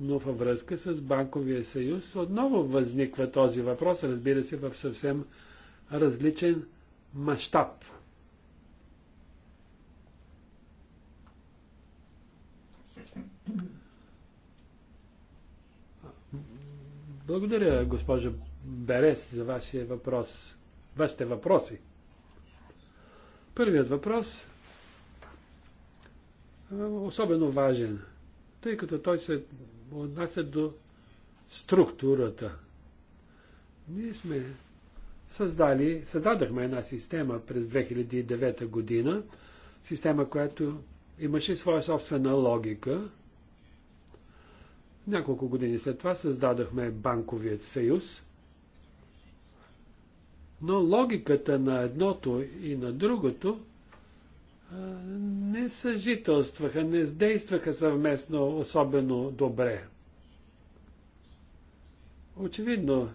Но във връзка с Банковия съюз отново възниква този въпрос, разбира се, в съвсем различен мащаб. Благодаря, госпожа Берес, за вашия въпрос. Вашите въпроси. Първият въпрос е особено важен, тъй като той се отнася до структурата. Ние сме създали, създадахме една система през 2009 година, система, която имаше своя собствена логика. Няколко години след това създадахме Банковият съюз, но логиката на едното и на другото не съжителстваха, не действаха съвместно особено добре. Очевидно,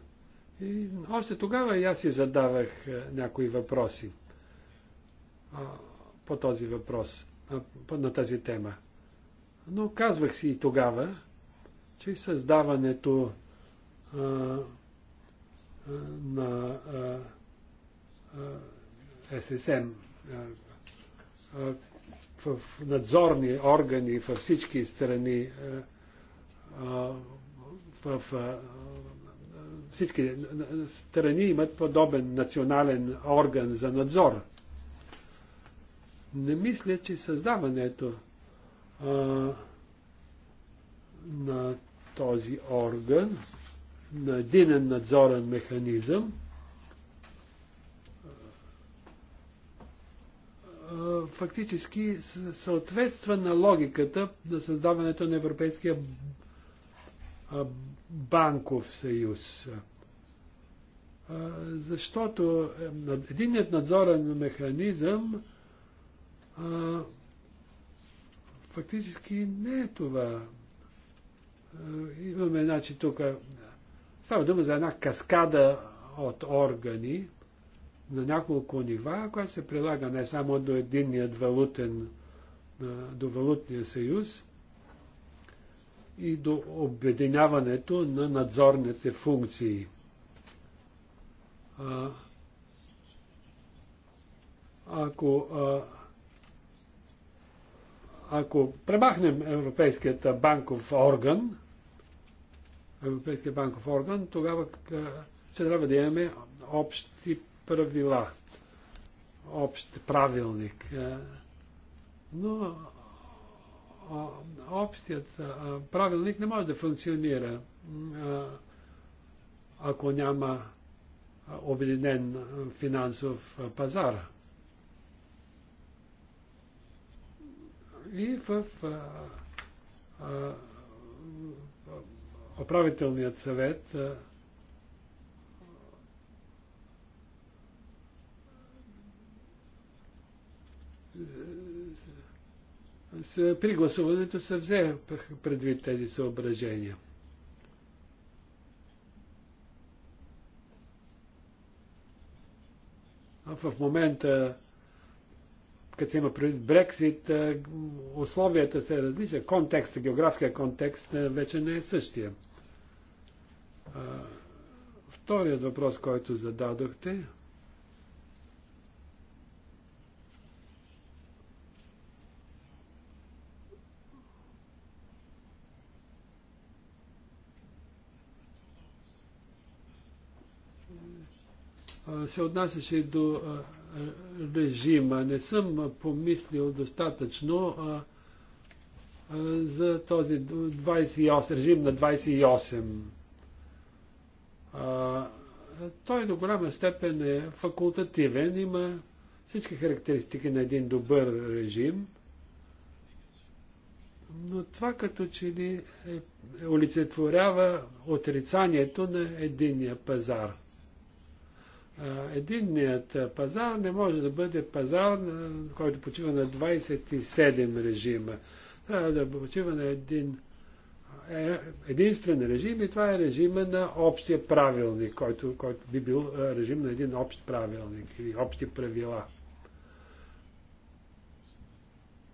и още тогава и аз си задавах е, някои въпроси по този въпрос, на тази тема. Но казвах си и тогава, че създаването а, на а, а, ССМ а, а, в надзорни органи във всички страни а, а, в а, всички страни имат подобен национален орган за надзор. Не мисля, че създаването а, на този орган, на единен надзорен механизъм, фактически съответства на логиката на създаването на Европейския банков съюз. Защото е, единият надзорен механизъм фактически не е това. Имаме, значи, тук става дума за една каскада от органи на няколко нива, която се прилага не само до единният валутен, до валутния съюз, и до обединяването на надзорните функции. А, ако, а, ако премахнем Европейският банков орган, Европейския банков орган, тогава ще трябва да имаме общи правила, общ правилник. Но общият правилник не може да функционира, ако няма обединен финансов пазар. И в управителният съвет а, при гласуването се взе предвид тези съображения. А в момента, като се има предвид Брексит, условията се различни. Контекст, географския контекст вече не е същия. Вторият въпрос, който зададохте, се отнасяше до режима. Не съм помислил достатъчно за този 28, режим на 28. той до голяма степен е факултативен, има всички характеристики на един добър режим, но това като че ли е, е олицетворява отрицанието на единния пазар. Единният пазар не може да бъде пазар, който почива на 27 режима. Трябва да почива на един е, единствен режим и това е режима на общия правилник, който, който би бил режим на един общ правилник или общи правила.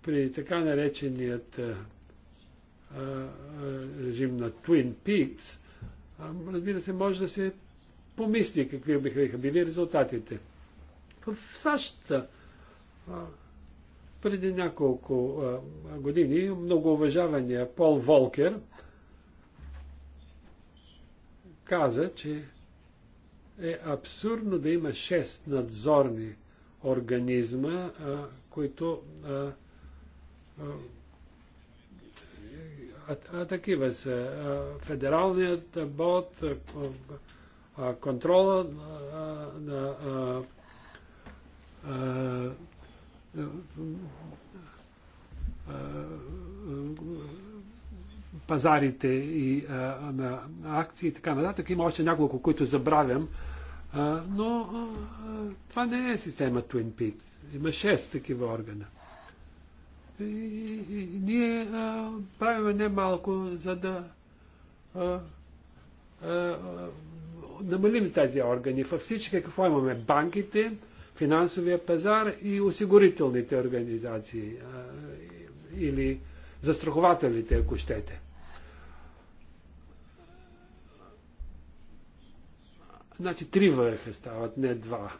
При така нареченият режим на Twin Peaks, разбира се, може да се помисли какви биха били резултатите. В САЩ преди няколко години много уважавания Пол Волкер каза, че е абсурдно да има 6 надзорни организма, а, които а, а, а, такива са. Федералният бот, контрола на пазарите и а, на акции и така нататък. Има още няколко, които забравям. А, но а, това не е система Twin Peaks. Има 6 такива органа. И, и, и ние а, правиме немалко, за да а, а, намалим тези органи. Във всички какво имаме? Банките, финансовия пазар и осигурителните организации или застрахователите, ако щете. Значи три върха стават, не два.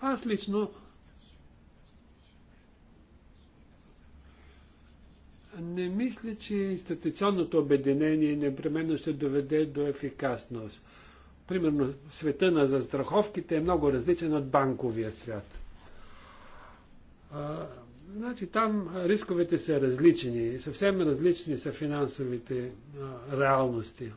Аз лично не мисля, че институционното обединение непременно ще доведе до ефикасност. Примерно, света на застраховките е много различен от банковия свят. А, значи, там рисковете са различни. Съвсем различни са финансовите а, реалности.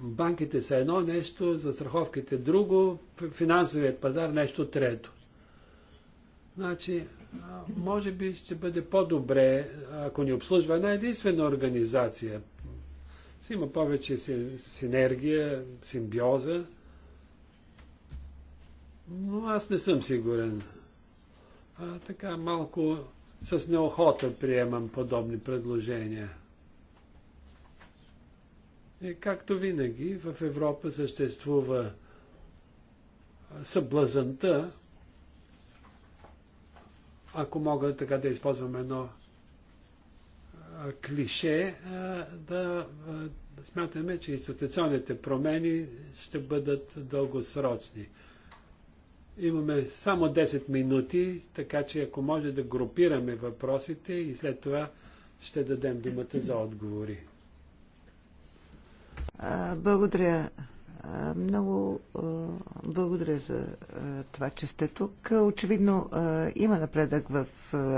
Банките са едно нещо, застраховките друго, финансовият пазар нещо трето. Значи, може би ще бъде по-добре, ако ни обслужва една единствена организация, ще има повече синергия, симбиоза. Но аз не съм сигурен. А, така малко с неохота приемам подобни предложения. И както винаги, в Европа съществува съблазънта, ако мога така да използвам едно клише да смятаме, че институционните промени ще бъдат дългосрочни. Имаме само 10 минути, така че ако може да групираме въпросите и след това ще дадем думата за отговори. Благодаря, много благодаря за това, че сте тук. Очевидно има напредък в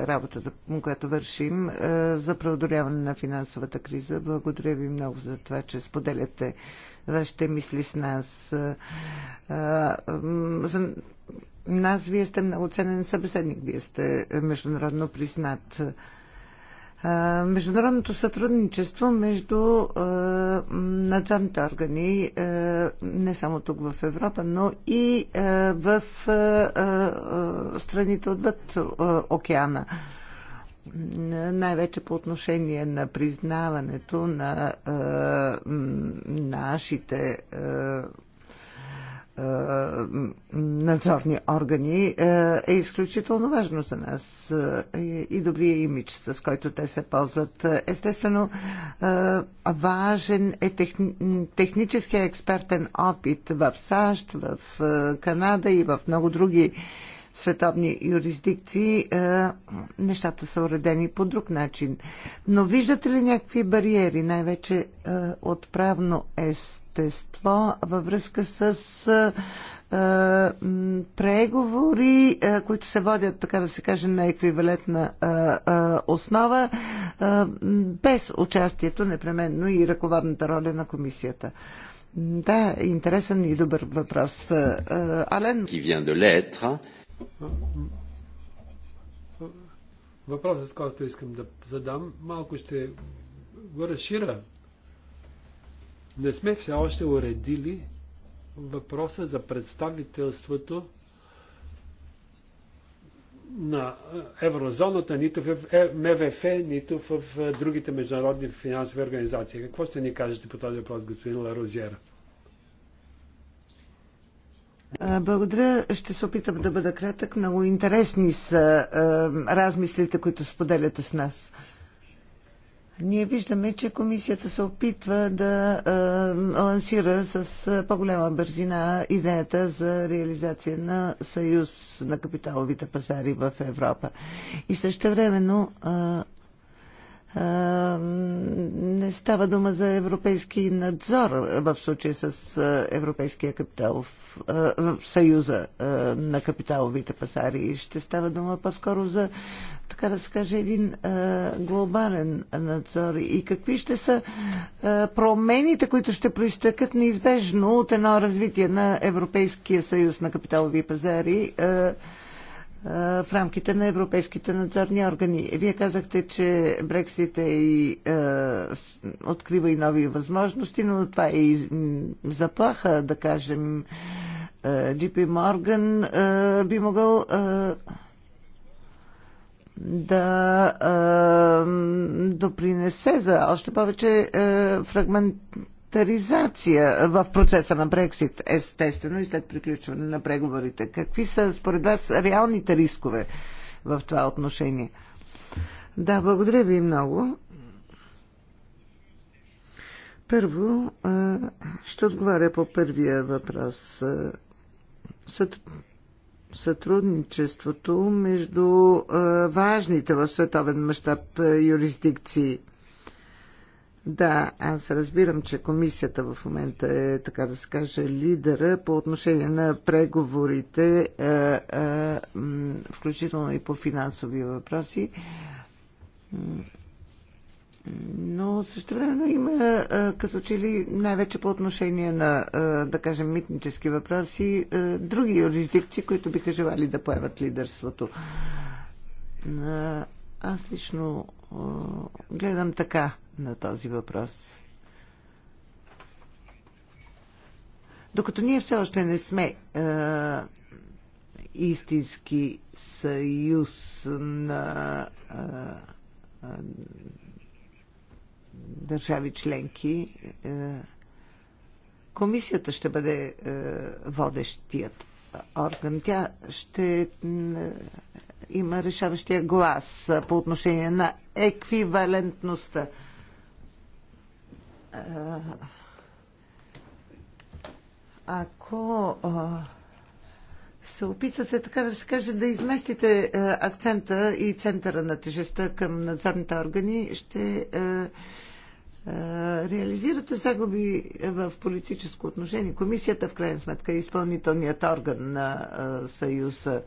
работата, която вършим за преодоляване на финансовата криза. Благодаря ви много за това, че споделяте вашите мисли с нас. За нас вие сте много ценен събеседник. Вие сте международно признат. Международното сътрудничество между надзорните органи, не само тук в Европа, но и в страните отвъд океана. Най-вече по отношение на признаването на нашите надзорни органи е изключително важно за нас и добрия имидж, с който те се ползват. Естествено, важен е техни... техническия експертен опит в САЩ, в Канада и в много други световни юрисдикции, е, нещата са уредени по друг начин. Но виждате ли някакви бариери, най-вече е, от правно естество, във връзка с е, преговори, които се водят, така да се каже, на еквивалентна основа, без участието непременно и ръководната роля на комисията. Да, интересен и добър въпрос. Ален. Qui Въпросът, който искам да задам, малко ще го разшира. Не сме все още уредили въпроса за представителството на е, еврозоната, нито в е, МВФ, нито в е, другите международни финансови организации. Какво ще ни кажете по този въпрос, господин Ларозиера? Благодаря. Ще се опитам да бъда кратък. Много интересни са размислите, които споделяте с нас. Ние виждаме, че комисията се опитва да а, лансира с по-голяма бързина идеята за реализация на съюз на капиталовите пазари в Европа. И също времено не става дума за европейски надзор в случая с Европейския капитал в, в Съюза на капиталовите пазари. Ще става дума по-скоро за, така да се каже, един глобален надзор. И какви ще са промените, които ще проистъкат неизбежно от едно развитие на Европейския съюз на капиталови пазари? в рамките на европейските надзорни органи. Вие казахте, че Брексит е и, е, открива и нови възможности, но това е и заплаха, да кажем. е, Морган е, би могъл е, да е, допринесе за още повече е, фрагмент милитаризация в процеса на Брексит, естествено, и след приключване на преговорите? Какви са според вас реалните рискове в това отношение? Да, благодаря ви много. Първо, ще отговаря по първия въпрос. Сътрудничеството между важните в световен мащаб юрисдикции. Да, аз разбирам, че комисията в момента е, така да се каже, лидера по отношение на преговорите, е, е, включително и по финансови въпроси. Но също време има е, като че ли най-вече по отношение на, е, да кажем, митнически въпроси, е, други юрисдикции, които биха желали да поемат лидерството. Аз лично гледам така на този въпрос. Докато ние все още не сме е, истински съюз на е, е, държави членки, е, комисията ще бъде е, водещият орган. Тя ще е, има решаващия глас по отношение на еквивалентността ако се опитате, така да се каже, да изместите акцента и центъра на тежестта към надзорните органи, ще реализирате загуби в политическо отношение. Комисията, в крайна сметка, е изпълнителният орган на Съюза.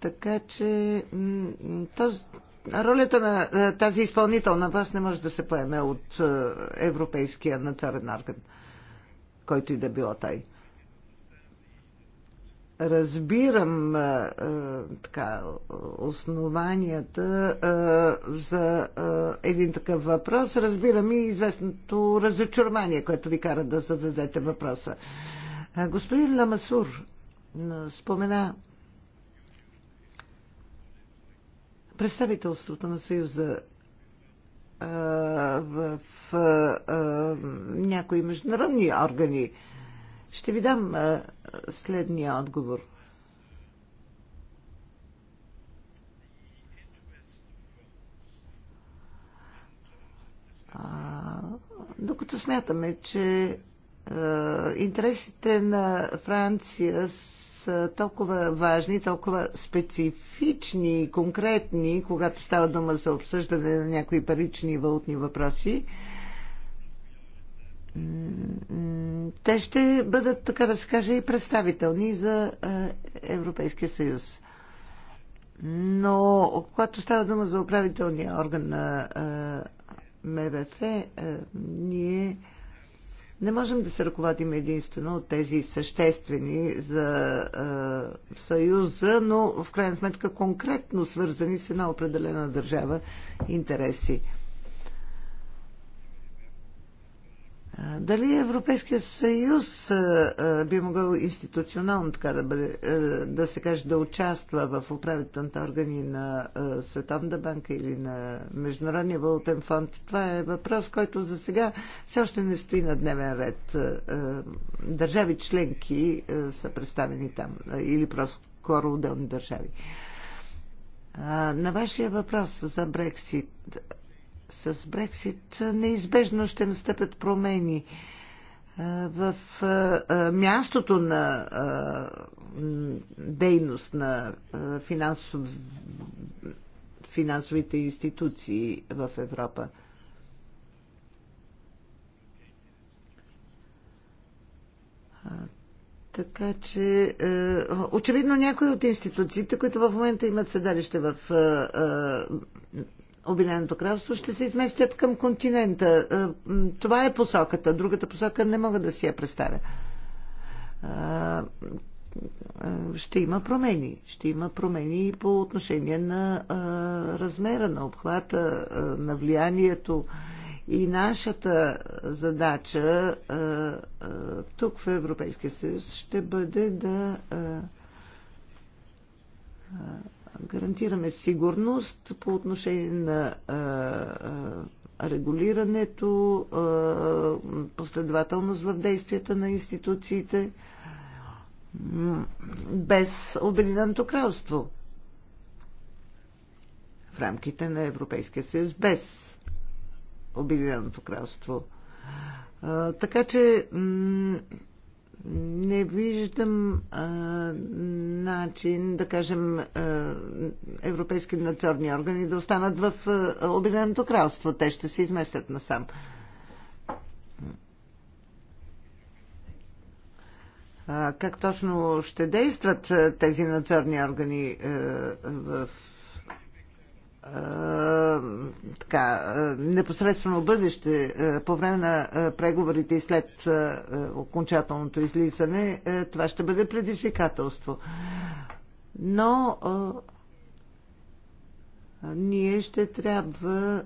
Така че този, ролята на е, тази изпълнителна власт не може да се поеме от е, Европейския надзорен орган, който и да било той. Разбирам а, е, така, основанията а, за а, един такъв въпрос. Разбирам и известното разочарование, което ви кара да зададете въпроса. А, господин Ламасур спомена представителството на Съюза в някои международни органи. Ще ви дам следния отговор. Докато смятаме, че интересите на Франция са толкова важни, толкова специфични и конкретни, когато става дума за обсъждане на някои парични и валутни въпроси, те ще бъдат, така да се каже, и представителни за Европейския съюз. Но когато става дума за управителния орган на МВФ, ние не можем да се ръководим единствено от тези съществени за е, Съюза, но в крайна сметка конкретно свързани с една определена държава интереси. Дали Европейския съюз би могъл институционално така да, бъде, да се каже да участва в управителните органи на Световната банка или на Международния валутен фонд? Това е въпрос, който за сега все още не стои на дневен ред. Държави членки са представени там или просто скоро отделни държави. На вашия въпрос за Брексит с Брексит неизбежно ще настъпят промени е, в е, е, мястото на дейност на финансов, финансовите институции в Европа. Така че, очевидно някои от институциите, които в момента имат седалище в Обединеното кралство ще се изместят към континента. Е, това е посоката. Другата посока не мога да си я представя. Е, е, ще има промени. Ще има промени и по отношение на размера, на обхвата, на влиянието. И нашата задача тук в Европейския съюз ще бъде да гарантираме сигурност по отношение на регулирането, последователност в действията на институциите без Обединеното кралство в рамките на Европейския съюз, без Обединеното кралство. Така че не виждам а, начин, да кажем, а, европейски надзорни органи да останат в Обединеното кралство. Те ще се изместят насам. А, как точно ще действат а, тези надзорни органи а, в е, така, е, непосредствено бъдеще, е, по време на преговорите и след окончателното излизане, това ще бъде предизвикателство. Но ние ще трябва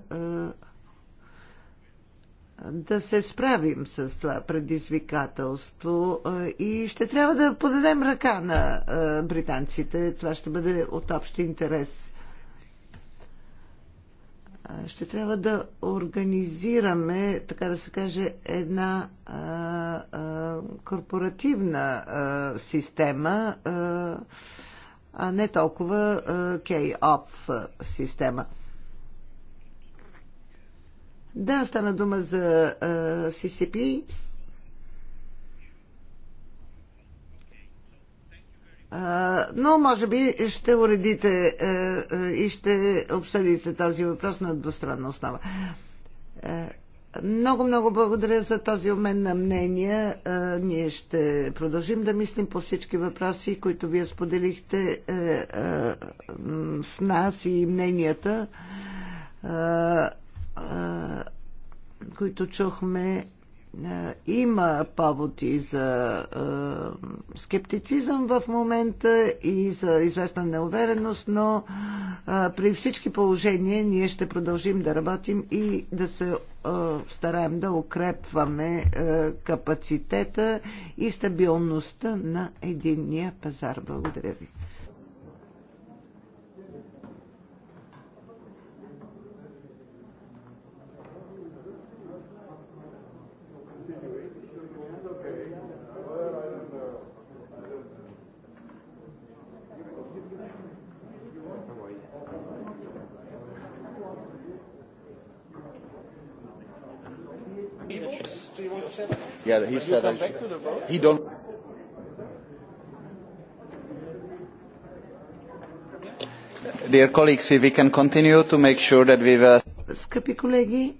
да се справим с това предизвикателство и ще трябва да подадем ръка на британците. Това ще бъде от общ интерес ще трябва да организираме, така да се каже, една а, а, корпоративна а, система, а, а не толкова K-OP система. Да, стана дума за а, CCP, но може би ще уредите е, е, и ще обсъдите този въпрос на двустранна основа. Е, много, много благодаря за този обмен на мнения. Ние ще продължим да мислим по всички въпроси, които вие споделихте с нас и мненията, които чухме е, има поводи за е, скептицизъм в момента и за известна неувереност, но е, при всички положения ние ще продължим да работим и да се е, стараем да укрепваме е, капацитета и стабилността на единния пазар. Благодаря ви. Yeah, he said I should. He don't. Dear colleagues, if we can continue to make sure that we were... Скъпи колеги,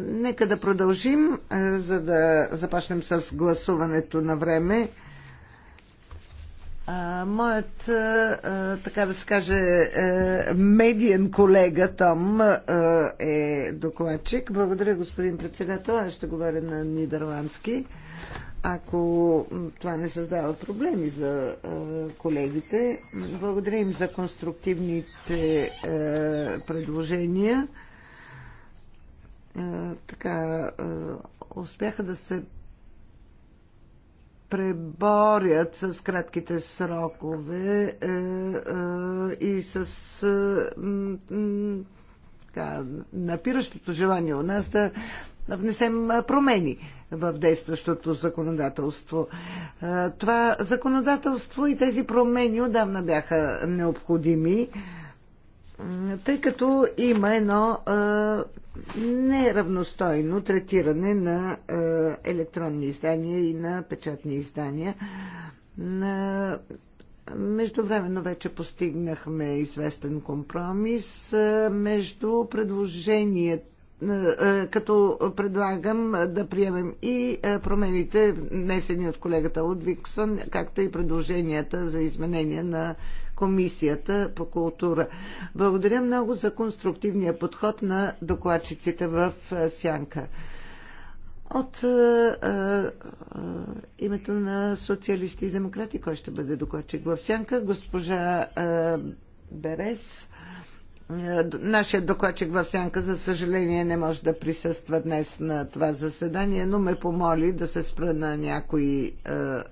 нека да продължим, за да започнем с гласуването на време. А, моят, а, така да се каже, а, медиен колега там а, е докладчик. Благодаря, господин председател. Аз ще говоря на нидерландски. Ако това не създава проблеми за а, колегите, благодаря им за конструктивните а, предложения. А, така, а, успяха да се преборят с кратките срокове е, е, и с е, така, напиращото желание у нас да внесем е, промени в действащото законодателство. Е, това законодателство и тези промени отдавна бяха необходими тъй като има едно а, неравностойно третиране на а, електронни издания и на печатни издания. На, Междувременно вече постигнахме известен компромис между предложението като предлагам да приемем и промените, внесени от колегата Лудвиксон, както и предложенията за изменение на Комисията по култура. Благодаря много за конструктивния подход на докладчиците в Сянка. От а, а, името на социалисти и демократи, кой ще бъде докладчик в Сянка? Госпожа а, Берес. Нашият докладчик в Сянка, за съжаление, не може да присъства днес на това заседание, но ме помоли да се спра на някои е,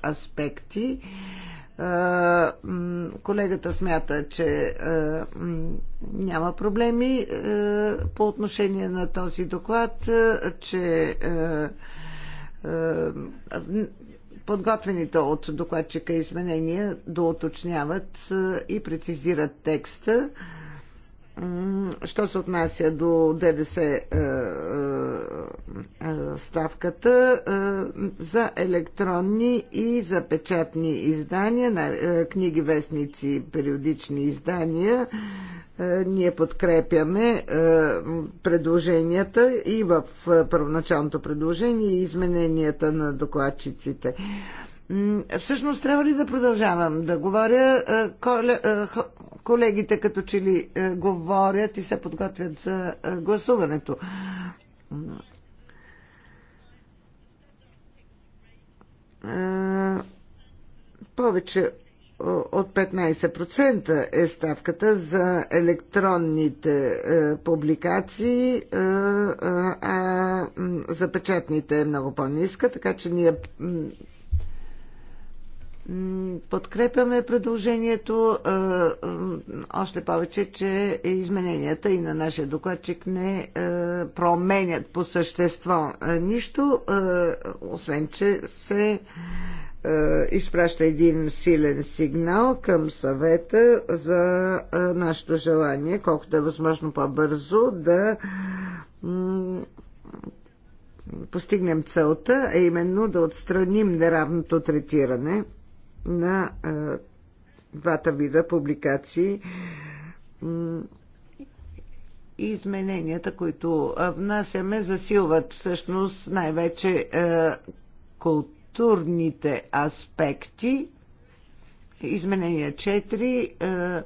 аспекти. Е, Колегата смята, че няма проблеми по отношение на този доклад, че подготвените от докладчика изменения доуточняват и прецизират текста. Що се отнася до ДДС е, е, ставката е, за електронни и за печатни издания, книги, вестници, периодични издания, ние подкрепяме предложенията и в първоначалното предложение и измененията на докладчиците. Всъщност трябва ли да продължавам да говоря? Е, е, колегите като че ли е, говорят и се подготвят за гласуването. Повече от 15% е ставката за електронните публикации, а за печатните е много по-ниска, така че ние Подкрепяме предложението, още повече, че измененията и на нашия докладчик не променят по същество нищо, освен че се изпраща един силен сигнал към съвета за нашето желание, колкото е възможно по-бързо да постигнем целта, а именно да отстраним неравното третиране на двата вида публикации измененията, които внасяме, засилват всъщност най-вече културните аспекти. Изменение 4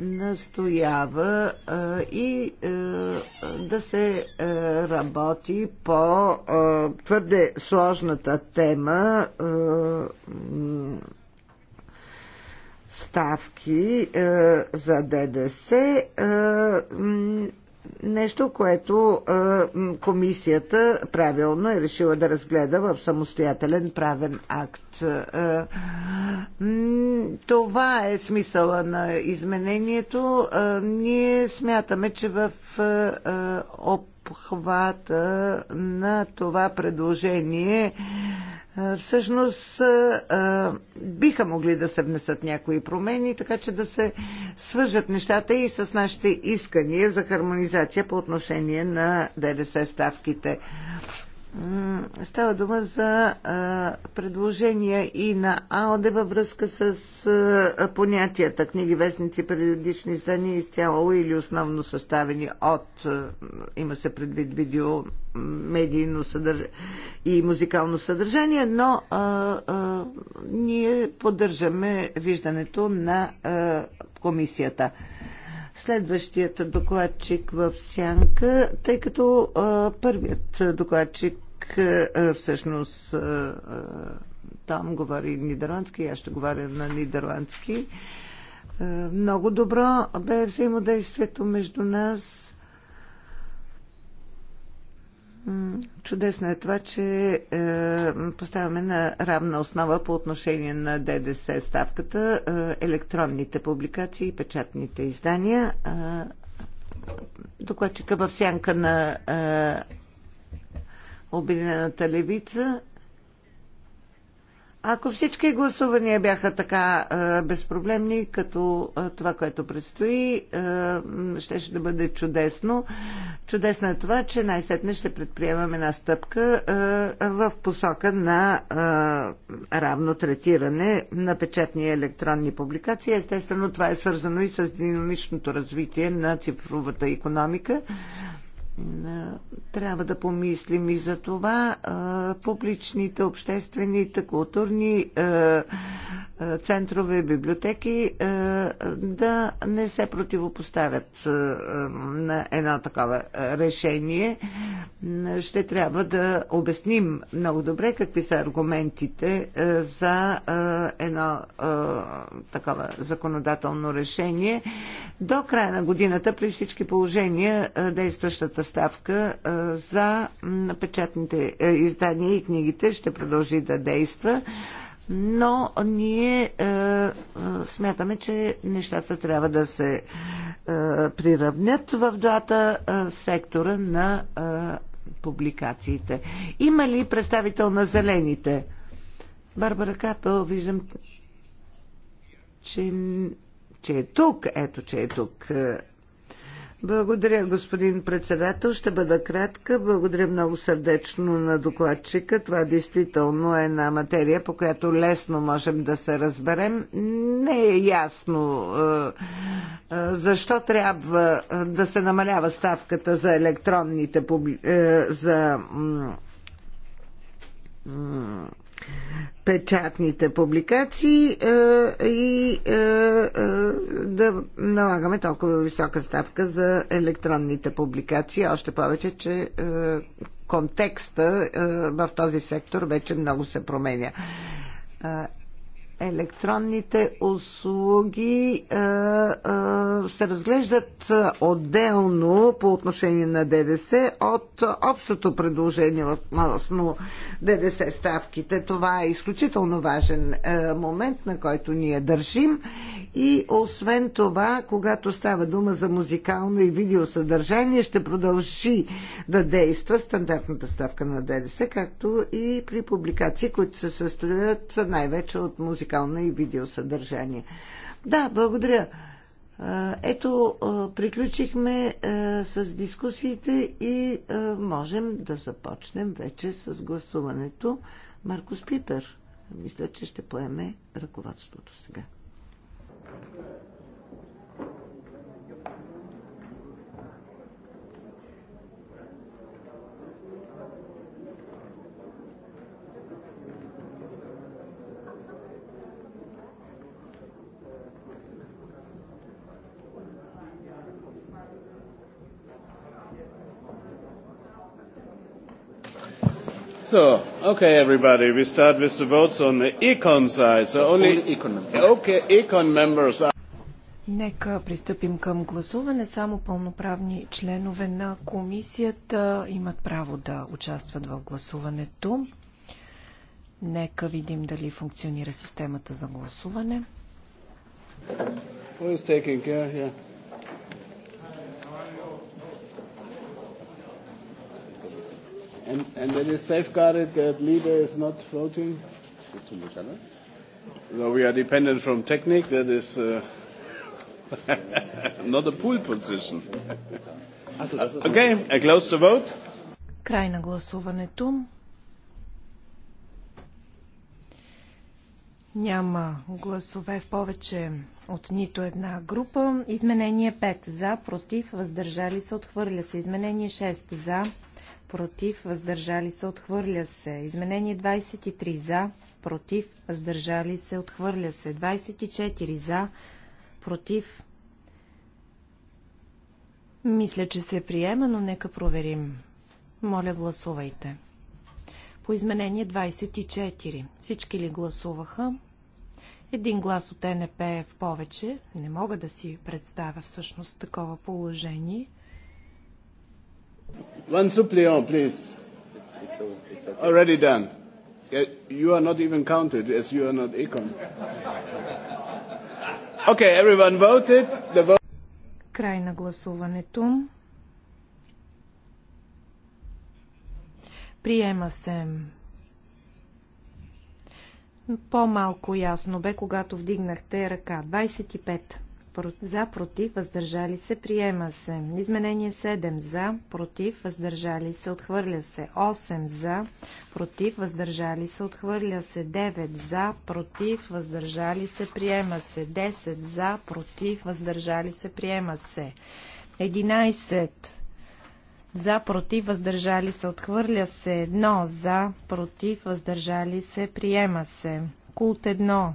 настоява и да се работи по твърде сложната тема ставки за ДДС нещо, което комисията правилно е решила да разгледа в самостоятелен правен акт. Това е смисъла на изменението. Ние смятаме, че в обхвата на това предложение всъщност биха могли да се внесат някои промени, така че да се свържат нещата и с нашите искания за хармонизация по отношение на ДДС ставките. Става дума за предложения и на АОДЕ във връзка с понятията книги, вестници, периодични издания изцяло или основно съставени от, има се предвид видео, медийно съдърж... и музикално съдържание, но а, а, ние поддържаме виждането на а, комисията следващият докладчик в сянка, тъй като а, първият докладчик а, всъщност а, там говори нидерландски, аз ще говоря на нидерландски. Много добро бе взаимодействието между нас. Чудесно е това, че е, поставяме на равна основа по отношение на ДДС ставката, е, електронните публикации и печатните издания. Е, докладчика в сянка на е, Обединената левица ако всички гласувания бяха така а, е, безпроблемни, като а, е, това, което предстои, а, е, щеше да бъде чудесно. Чудесно е това, че най-сетне ще предприемаме една стъпка а, в посока на а, равно третиране на печатни и електронни публикации. Естествено, това е свързано и с динамичното развитие на цифровата економика трябва да помислим и за това публичните, обществените, културни центрове, библиотеки да не се противопоставят на едно такова решение. Ще трябва да обясним много добре какви са аргументите за едно такова законодателно решение. До края на годината при всички положения действащата данъчната ставка за печатните е, издания и книгите ще продължи да действа, но ние е, е, смятаме, че нещата трябва да се приравнят в двата сектора на публикациите. Има ли представител на зелените? Барбара Капел, виждам, че, че е тук. Ето, че е тук. Благодаря, господин председател. Ще бъда кратка. Благодаря много сърдечно на докладчика. Това действително е една материя, по която лесно можем да се разберем. Не е ясно е, е, защо трябва е, да се намалява ставката за електронните за печатните публикации е, и е, е, да налагаме толкова висока ставка за електронните публикации, още повече, че контекста в този сектор вече много се променя електронните услуги а, е, а, е, се разглеждат отделно по отношение на ДДС от общото предложение относно ДДС ставките. Това е изключително важен а, е, момент, на който ние държим. И освен това, когато става дума за музикално и видеосъдържание, ще продължи да действа стандартната ставка на ДДС, както и при публикации, които се състоят най-вече от музикално музикално и видеосъдържание. Да, благодаря. Ето, приключихме с дискусиите и можем да започнем вече с гласуването. Маркус Пипер, мисля, че ще поеме ръководството сега. So, okay, everybody, we start with the votes on the econ side. So only, econ members. Okay, econ members are... Нека пристъпим към гласуване. Само пълноправни членове на комисията имат право да участват в гласуването. Нека видим дали функционира системата за гласуване. Who is taking care? Yeah. And, and that is safeguarded that leader is not floating? So we are dependent from technique. That is uh, not a pool position. okay, I close the vote. Край на гласуването. Няма гласове в повече от нито една група. Изменение 5 за, против, въздържали се, отхвърля се. Изменение 6 за, против, въздържали се, отхвърля се. Изменение 23 за, против, въздържали се, отхвърля се. 24 за, против. Мисля, че се приема, но нека проверим. Моля, гласувайте. По изменение 24. Всички ли гласуваха? Един глас от НП е в повече. Не мога да си представя всъщност такова положение. One suppliant, please. It's, it's, it's okay. Already done. Yeah, You are not even counted as you are not econ. Okay, everyone voted. The vote... Край на гласуването. Приема се. По-малко ясно бе, когато вдигнахте ръка. 25 за, против, въздържали се, приема се. Изменение 7 за, против, въздържали се, отхвърля се. 8 за, против, въздържали се, отхвърля се. 9 за, против, въздържали се, приема се. 10 за, против, въздържали се, приема се. 11 за, против, въздържали се, отхвърля се. 1 за, против, въздържали се, приема се. Култ 1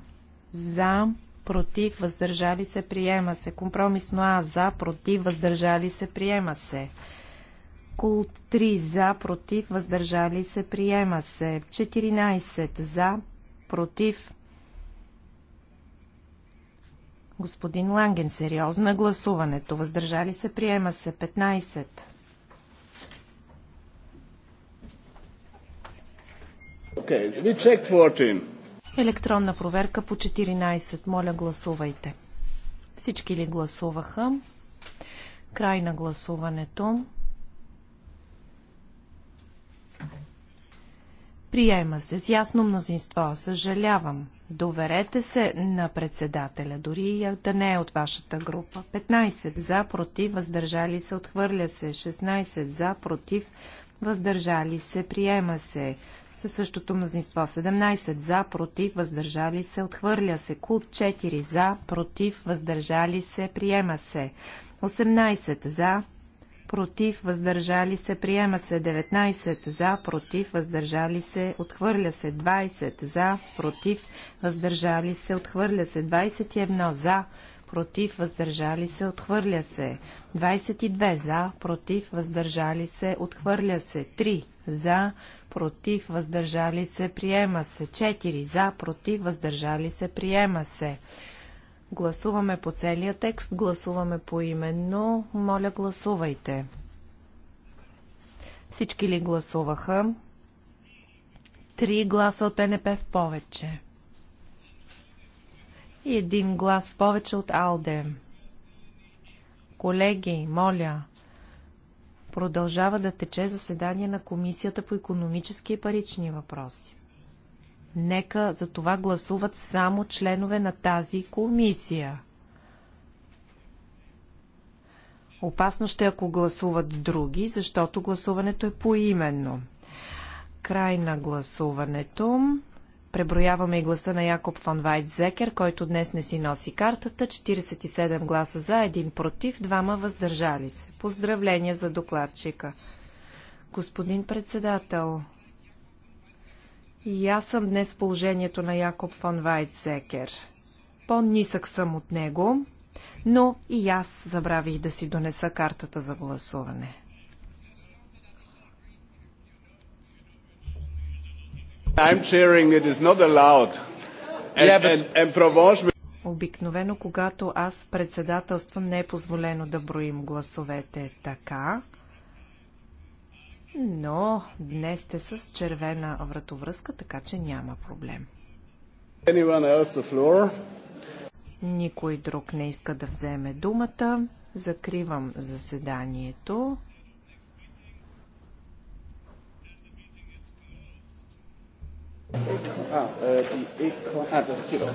за, против, въздържали се, приема се. Компромисно А за, против, въздържали се, приема се. Култ 3 за, против, въздържали се, приема се. 14 за, против. Господин Ланген, сериозно на е гласуването. Въздържали се, приема се. 15. Okay, we check 14. Електронна проверка по 14. Моля, гласувайте. Всички ли гласуваха? Край на гласуването. Приема се с ясно мнозинство. Съжалявам. Доверете се на председателя, дори да не е от вашата група. 15 за, против, въздържали се, отхвърля се. 16 за, против, въздържали се, приема се със същото мнозинство. 17 за, против, въздържали се, отхвърля се. Култ 4 за, против, въздържали се, приема се. 18 за, против, въздържали се, приема се 19 за, против, въздържали се, отхвърля се 20 за, против, въздържали се, отхвърля се 21 за, против, въздържали се, отхвърля се 22 за, против, въздържали се, отхвърля се 3 за, против, въздържали се, приема се. 4 за, против, въздържали се, приема се. Гласуваме по целия текст, гласуваме по именно. Моля, гласувайте. Всички ли гласуваха? Три гласа от НП в повече. И един глас в повече от АЛДЕ. Колеги, моля, продължава да тече заседание на Комисията по економически и парични въпроси. Нека за това гласуват само членове на тази комисия. Опасно ще ако гласуват други, защото гласуването е поименно. Край на гласуването. Преброяваме и гласа на Якоб фон Вайтзекер, който днес не си носи картата. 47 гласа за, един против, двама въздържали се. Поздравления за докладчика. Господин председател, и аз съм днес в положението на Якоб фон Вайтзекер. По-нисък съм от него, но и аз забравих да си донеса картата за гласуване. Обикновено, когато аз председателствам, не е позволено да броим гласовете така. Но днес сте с червена вратовръзка, така че няма проблем. Никой друг не иска да вземе думата. Закривам заседанието. Ah, äh, die Econ. Ah, das ist hier doch.